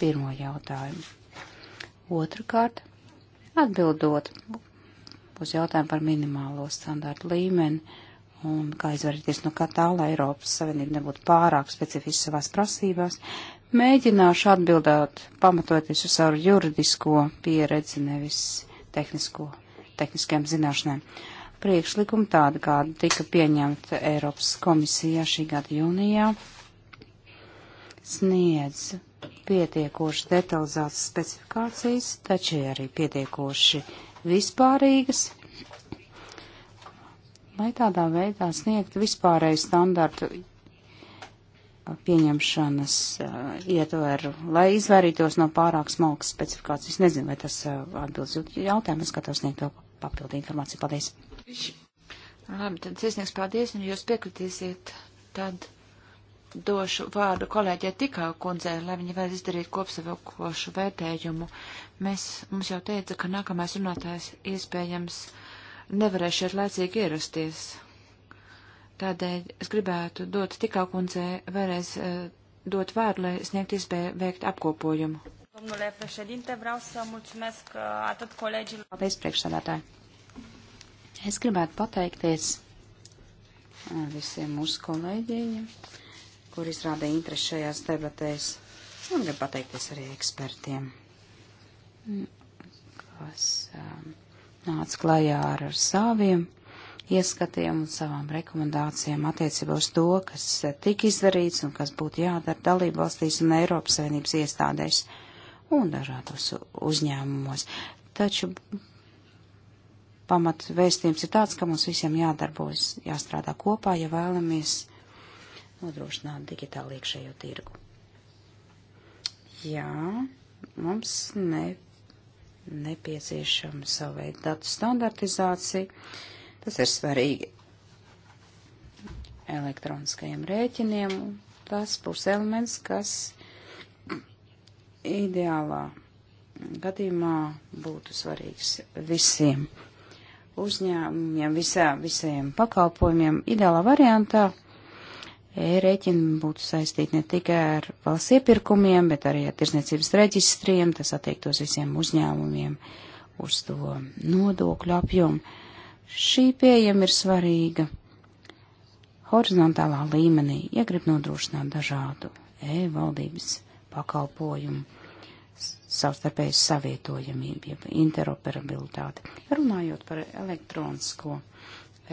pirmo jautājumu. Otrakārt, atbildot uz jautājumu par minimālo standārtu līmeni un kā izvairīties no kā tā, lai Eiropas Savienība nebūtu pārāk specifiski savās prasībās, mēģināšu atbildēt pamatoties uz savu juridisko pieredzi, nevis tehnisko, tehniskajām zināšanām. Priekšlikumi tādi, kādi tika pieņemti Eiropas komisijā šī gada jūnijā, sniedz pietiekoši detalizētas specifikācijas, taču arī pietiekoši vispārīgas, lai tādā veidā sniegtu vispārēju standartu pieņemšanas uh, ietveru, lai izvairītos no pārāk smalkas specifikācijas. Nezinu, vai tas uh, atbilst jautājumu, es skatos sniegt vēl papildu informāciju. Paldies! Labi, tad ciesnieks, paldies, un jūs piekritīsiet tad došu vārdu kolēģē tikā kundzē, lai viņi vēl izdarītu kopsavilkošu vērtējumu. Mēs, mums jau teica, ka nākamais runātājs iespējams nevarēs šeit laicīgi ierasties. Tādēļ es gribētu dot tikā kundzē vēlreiz eh, dot vārdu, lai sniegt iespēju veikt apkopojumu. Domnule președinte, vreau să mulțumesc eh, atât colegilor. Paldies, priekšsādātāji. Es gribētu pateikties eh, visiem mūsu kolēģiem kur izrādīja interesi šajās debatēs. Un gribu pateikties arī ekspertiem, kas um, nāca klajā ar saviem ieskatiem un savām rekomendācijām attiecībā uz to, kas eh, tika izdarīts un kas būtu jādara dalību valstīs un Eiropas Savienības iestādēs un dažādos uzņēmumos. Taču pamat vēstījums ir tāds, ka mums visiem jādarbojas, jāstrādā kopā, ja vēlamies nodrošināt digitālu iekšējo tirgu. Jā, mums ne, nepieciešama savu veidu datu standartizācija. Tas ir svarīgi elektroniskajiem rēķiniem. Tas būs elements, kas ideālā gadījumā būtu svarīgs visiem uzņēmumiem, visā, visiem pakalpojumiem. Ideālā variantā E-rēķini būtu saistīti ne tikai ar valsts iepirkumiem, bet arī ar tirsniecības reģistriem, tas attiektos visiem uzņēmumiem uz to nodokļu apjomu. Šī pieejama ir svarīga horizontālā līmenī, ja grib nodrošināt dažādu e-valdības pakalpojumu savstarpēju savietojamību, jeb interoperabilitāti. Runājot par elektronisko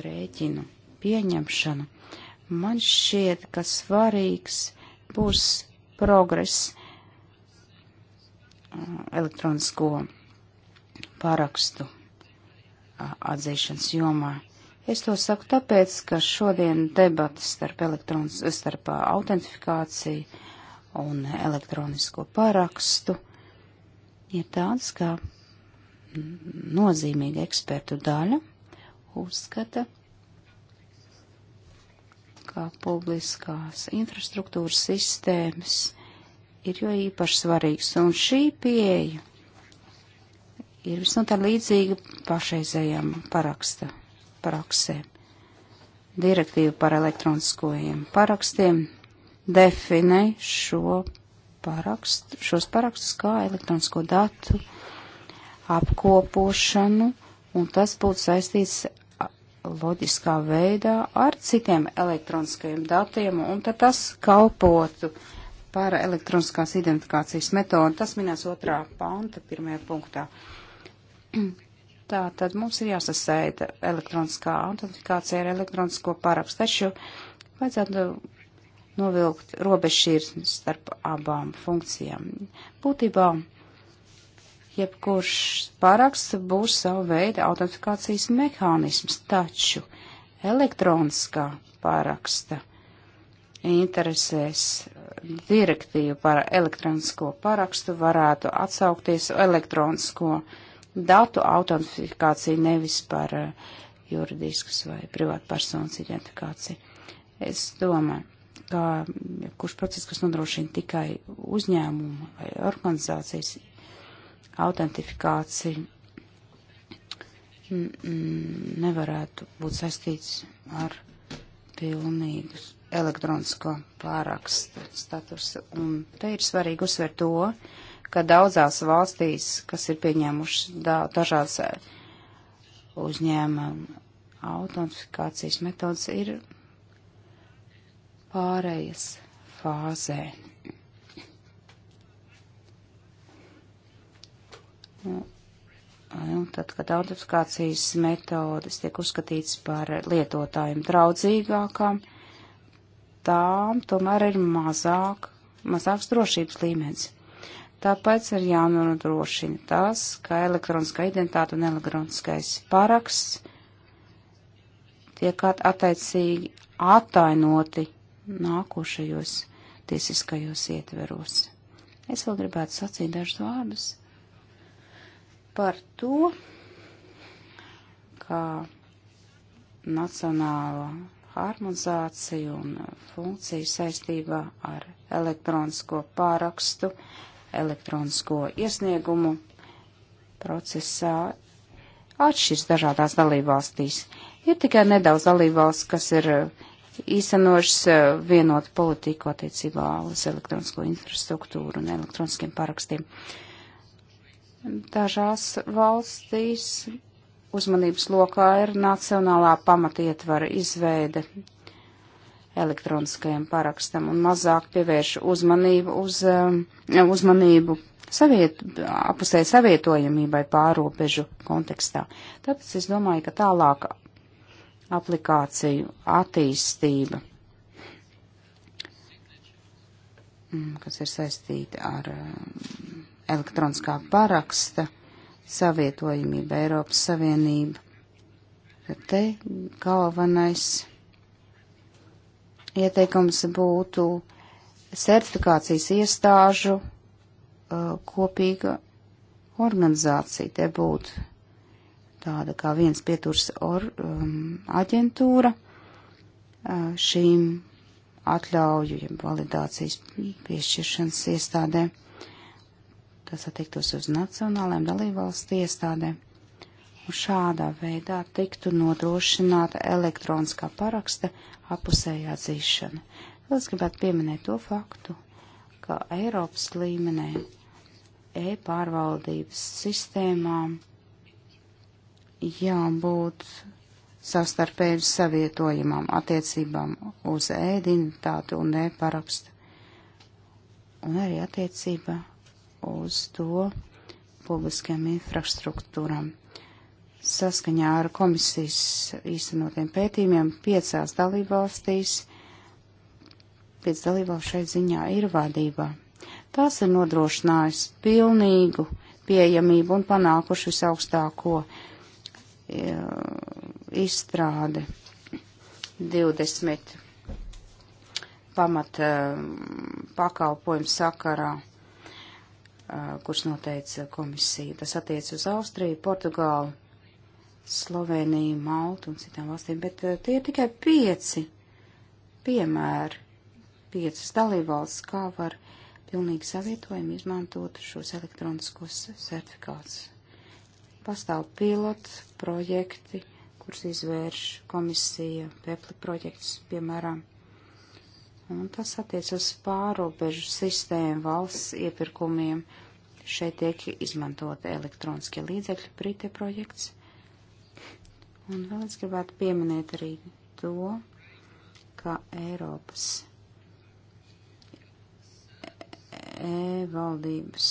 rēķinu pieņemšanu, Man šķiet, ka svarīgs būs progress uh, elektronisko parakstu uh, atzīšanas jomā. Es to saku tāpēc, ka šodien debatas starp, starp uh, autentifikāciju un elektronisko parakstu ir tāds, ka nozīmīga ekspertu daļa uzskata, ka publiskās infrastruktūras sistēmas ir jo īpaši svarīgs, un šī pieeja ir visnotaļ līdzīga pašreizējām paraksta praksēm. Direktīva par elektroniskojiem parakstiem definē šo parakstu, šos parakstus kā elektronisko datu apkopošanu, un tas būtu saistīts loģiskā veidā ar citiem elektroniskajiem datiem, un tad tas kalpotu par elektroniskās identifikācijas metodu. Tas minēs otrā panta, pirmajā punktā. Tā tad mums ir jāsasaita elektroniskā autentifikācija ar elektronisko parakstu, taču vajadzētu novilkt robežšķirtnes starp abām funkcijām. Būtībā jebkurš paraksts būs savu veidu autentifikācijas mehānisms, taču elektroniskā paraksta interesēs direktīvu par elektronisko parakstu varētu atsaukties elektronisko datu autentifikāciju, nevis par eh, juridiskas vai privātpersonas identifikāciju. Es domāju, ka kurš process, kas nodrošina tikai uzņēmumu vai organizācijas autentifikācija nevarētu būt saistīts ar pilnīgu elektronisko pārakstu statusu. Un te ir svarīgi uzsvērt to, ka daudzās valstīs, kas ir pieņēmušas dažādas eh, uzņēmuma autentifikācijas metodas, ir pārējas fāzē. Un nu, nu, tad, kad autentifikācijas metodas tiek uzskatītas par lietotājiem draudzīgākām, tām tomēr ir mazāk, mazāks drošības līmenis. Tāpēc ir jānodrošina tas, ka elektroniskā identitāte un elektroniskais paraksts tiek attiecīgi attainoti nākošajos tiesiskajos ietveros. Es vēl gribētu sacīt dažus vārdus par to, kā nacionāla harmonizācija un funkcija saistībā ar elektronisko pārakstu, elektronisko iesniegumu procesā atšķirs dažādās dalībvalstīs. Ir tikai nedaudz dalībvalsts, kas ir uh, īstenošas uh, vienotu politiku attiecībā uz elektronisko infrastruktūru un elektroniskiem parakstiem. Uh, Dažās valstīs uzmanības lokā ir nacionālā pamatiettvara izveide elektroniskajam parakstam un mazāk pievērš uzmanību uz um, uzmanību saviet, apusē savietojamībai pārobežu kontekstā. Tāpēc es domāju, ka tālāk aplikāciju attīstība, mm, kas ir saistīta ar um, elektroniskā paraksta savietojamība Eiropas Savienība. Tad te galvenais ieteikums būtu certifikācijas iestāžu uh, kopīga organizācija. Te būtu tāda kā viens pieturs or, um, aģentūra uh, šīm atļauju, ja validācijas piešķiršanas iestādēm tas attiektos uz nacionālajiem dalībvalstu iestādēm. Un šādā veidā tiktu nodrošināta elektroniskā paraksta apusējā atzīšana. Vēl es gribētu pieminēt to faktu, ka Eiropas līmenē e-pārvaldības sistēmām jābūt savstarpēji savietojamām attiecībām uz ēdinitāti un e-parakstu, un arī attiecība uz to publiskajām infrastruktūrām. Saskaņā ar komisijas īstenotiem pētījumiem piecās dalībvalstīs, piec dalībvalsts šai ziņā ir vadībā. Tās ir nodrošinājis pilnīgu pieejamību un panākuši visaugstāko e, izstrādi 20 pamata e, pakalpojumu sakarā kurš noteica komisija. Tas attiec uz Austriju, Portugālu, Sloveniju, Maltu un citām valstīm, bet tie ir tikai pieci piemēri, piecas dalībvalsts, kā var pilnīgi savietojami izmantot šos elektroniskos certifikātus. Pastāv pilotu projekti, kurus izvērš komisija, PEPLI projekts, piemēram, Un tas attiec uz pārobežu sistēmu valsts iepirkumiem. Šeit tiek izmantot elektroniskie līdzekļi prite projekts. Un vēl es gribētu pieminēt arī to, ka Eiropas e-valdības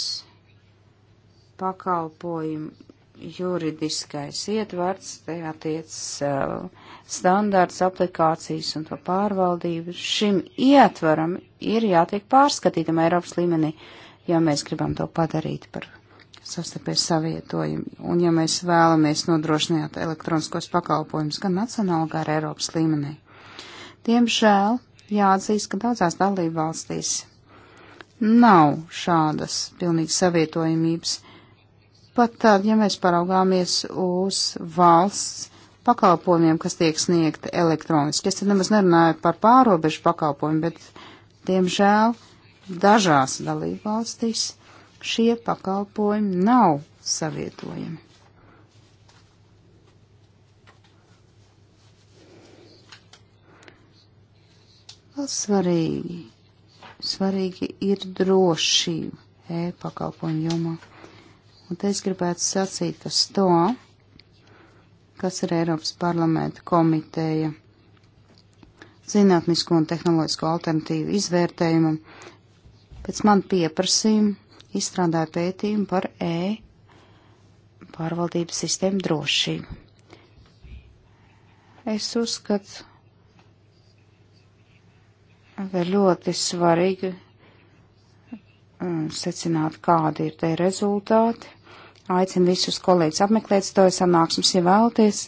pakalpojumu juridiskais ietvarts, te attiec uh, standārts, aplikācijas un to pārvaldību. Šim ietvaram ir jātiek pārskatītam Eiropas līmenī, ja mēs gribam to padarīt par sastapēju savietojumu. Un ja mēs vēlamies nodrošināt elektroniskos pakalpojumus gan nacionāli, gan Eiropas līmenī. Diemžēl jāatzīst, ka daudzās dalību valstīs nav šādas pilnīgi savietojumības. Pat tad, ja mēs paraugāmies uz valsts pakalpojumiem, kas tiek sniegti elektroniski. Es te nemaz nerunāju par pārobežu pakalpojumu, bet, diemžēl, dažās dalībvalstīs šie pakalpojumi nav savietojami. Vēl svarīgi, svarīgi ir drošība e-pakalpojumu jomā. Un te es gribētu sacīt uz to, kas ir Eiropas parlamenta komiteja zinātnisko un tehnoloģisko alternatīvu izvērtējumam. Pēc man pieprasījuma izstrādāja pētījumu par E pārvaldības sistēmu drošību. Es uzskatu, ka ļoti svarīgi um, secināt, kādi ir te rezultāti aicinu visus kolēģus apmeklēt stoja sanāksmes, ja vēlaties.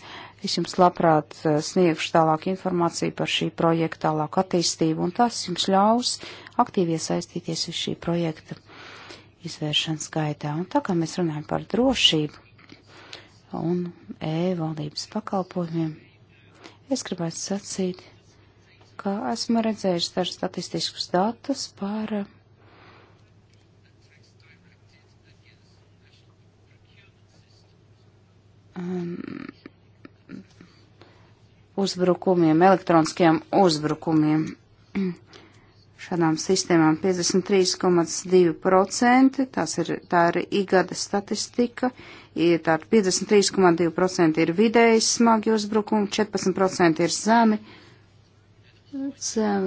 Es jums labprāt eh, sniegšu tālāk informāciju par šī projekta tālāku attīstību, un tas jums ļaus aktīvi iesaistīties uz šī projekta izvēršanas gaitā. Un tā kā mēs runājam par drošību un e-valdības pakalpojumiem, es gribētu sacīt, ka esmu redzējis dažus statistiskus datus par uh, um, uzbrukumiem, elektroniskiem uzbrukumiem. Šādām sistēmām 53,2%, tās ir, tā ir igada statistika, tātad 53,2% ir vidēji smagi uzbrukumi, 14% ir zemi, zem,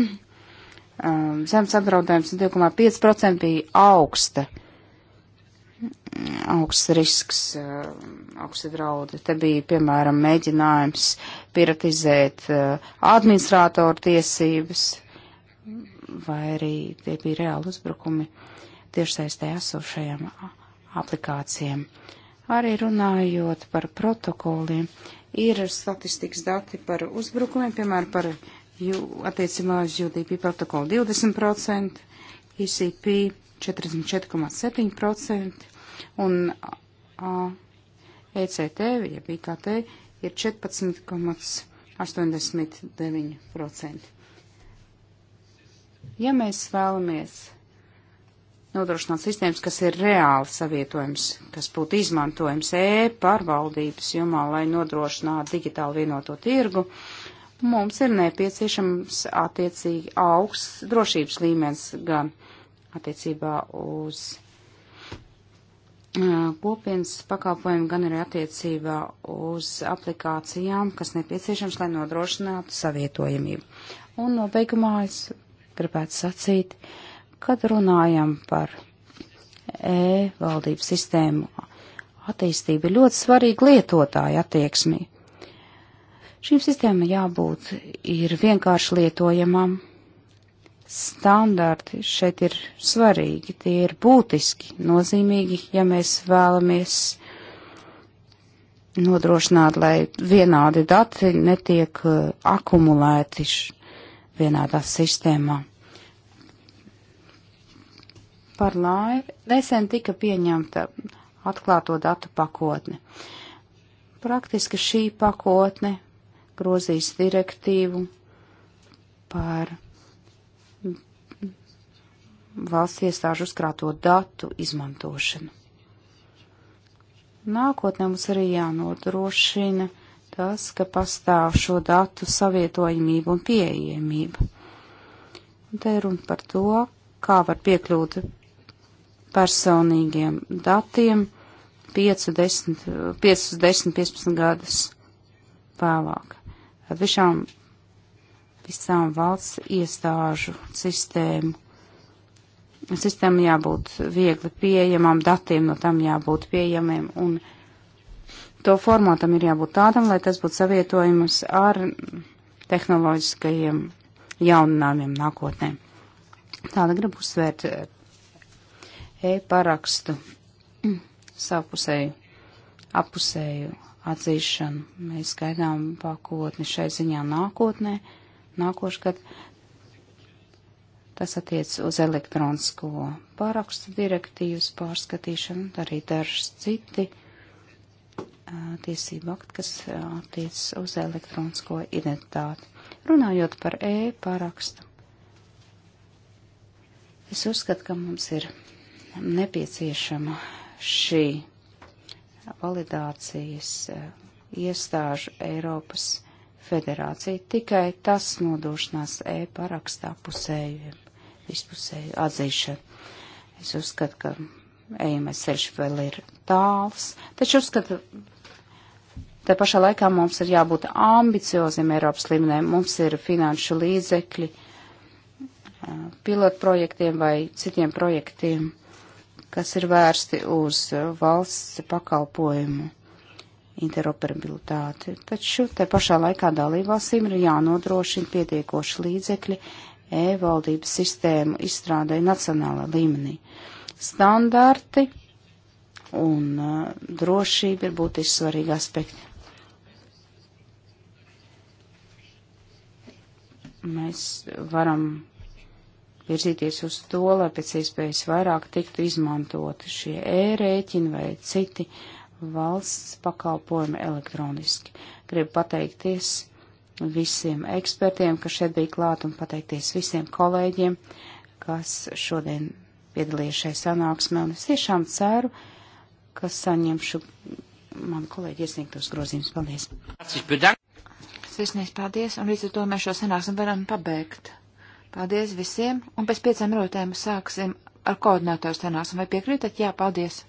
um, zemes apdraudējums un 2,5% bija augsta. Uh, augsts risks, eh, augsti draudi. Te bija, piemēram, mēģinājums piratizēt eh, administrātoru tiesības, vai arī tie bija reāli uzbrukumi tiešsaistē esošajām aplikācijām. Arī runājot par protokoliem, ir statistikas dati par uzbrukumiem, piemēram, par attiecībā uz UDP protokolu 20%, ICP 44,7% un ECT, ja bija KT, ir 14,89%. Ja mēs vēlamies nodrošināt sistēmas, kas ir reāli savietojams, kas būtu izmantojams e-pārvaldības jomā, lai nodrošinātu digitāli vienoto tirgu, uh, mums ir nepieciešams attiecīgi augsts drošības līmenis gan attiecībā uz kopienas pakalpojumu, gan arī attiecībā uz aplikācijām, kas nepieciešams, lai nodrošinātu savietojamību. Un nobeigumā es gribētu sacīt, kad runājam par e-valdības sistēmu, attīstība ir ļoti svarīga lietotāja attieksmība Šīm sistēmām jābūt ir vienkārši lietojamām. Standarti šeit ir svarīgi, tie ir būtiski, nozīmīgi, ja mēs vēlamies nodrošināt, lai vienādi dati netiek uh, akumulēti vienādā sistēmā. Par laivu nesen tika pieņemta atklāto datu pakotne. Praktiski šī pakotne grozīs direktīvu par valsts iestāžu uzkrāto datu izmantošanu. Nākotnē mums arī jānodrošina tas, ka pastāv šo datu savietojamība un pieejamība. Un te ir runa par to, kā var piekļūt personīgiem datiem 5, 10, 5, 10 15 gadus vēlāk. Tad visām, visām valsts iestāžu sistēmu. Sistēma jābūt viegli pieejamam, datiem no tam jābūt pieejamiem un to formātam ir jābūt tādam, lai tas būtu savietojums ar tehnoloģiskajiem jauninājumiem nākotnē. Tāda gribu uzsvērt e-parakstu savpusēju, apusēju atzīšanu. Mēs gaidām pakotni šai ziņā nākotnē, nākošgad. Tas attiec uz elektronisko pārakstu direktīvas pārskatīšanu, arī dažs citi tiesību akti, kas attiec uz elektronisko identitāti. Runājot par e-pārakstu, es uzskatu, ka mums ir nepieciešama šī validācijas eh, iestāžu Eiropas federācija. Tikai tas nodrošinās e-parakstā pusēju, vispusēju atzīšanu. Es uzskatu, ka ejamais ceļš vēl ir tāls, taču uzskatu, te pašā laikā mums ir jābūt ambicioziem Eiropas līmenē, mums ir finanšu līdzekļi eh, pilotprojektiem vai citiem projektiem kas ir vērsti uz uh, valsts pakalpojumu interoperabilitāti. Taču te pašā laikā dalībvalstīm ir jānodrošina pietiekoši līdzekļi e-valdības sistēmu izstrādē nacionālā līmenī. Standarti un uh, drošība ir būtiski svarīgi aspekti. Mēs varam virzīties uz to, lai pēc iespējas vairāk tiktu izmantoti šie e-rēķini vai citi valsts pakalpojumi elektroniski. Gribu pateikties visiem ekspertiem, kas šeit bija klāt, un pateikties visiem kolēģiem, kas šodien piedalījies šajā sanāksmē, un es tiešām ceru, ka saņemšu manu kolēģi iesniegtos grozījumus. Paldies! Sirsnīgs paldies, un līdz ar to mēs šo sanāksmi varam pabeigt. Paldies visiem, un pēc piecām minūtēm sāksim ar koordinātoru stenāsim. Vai piekrītat? Jā, paldies!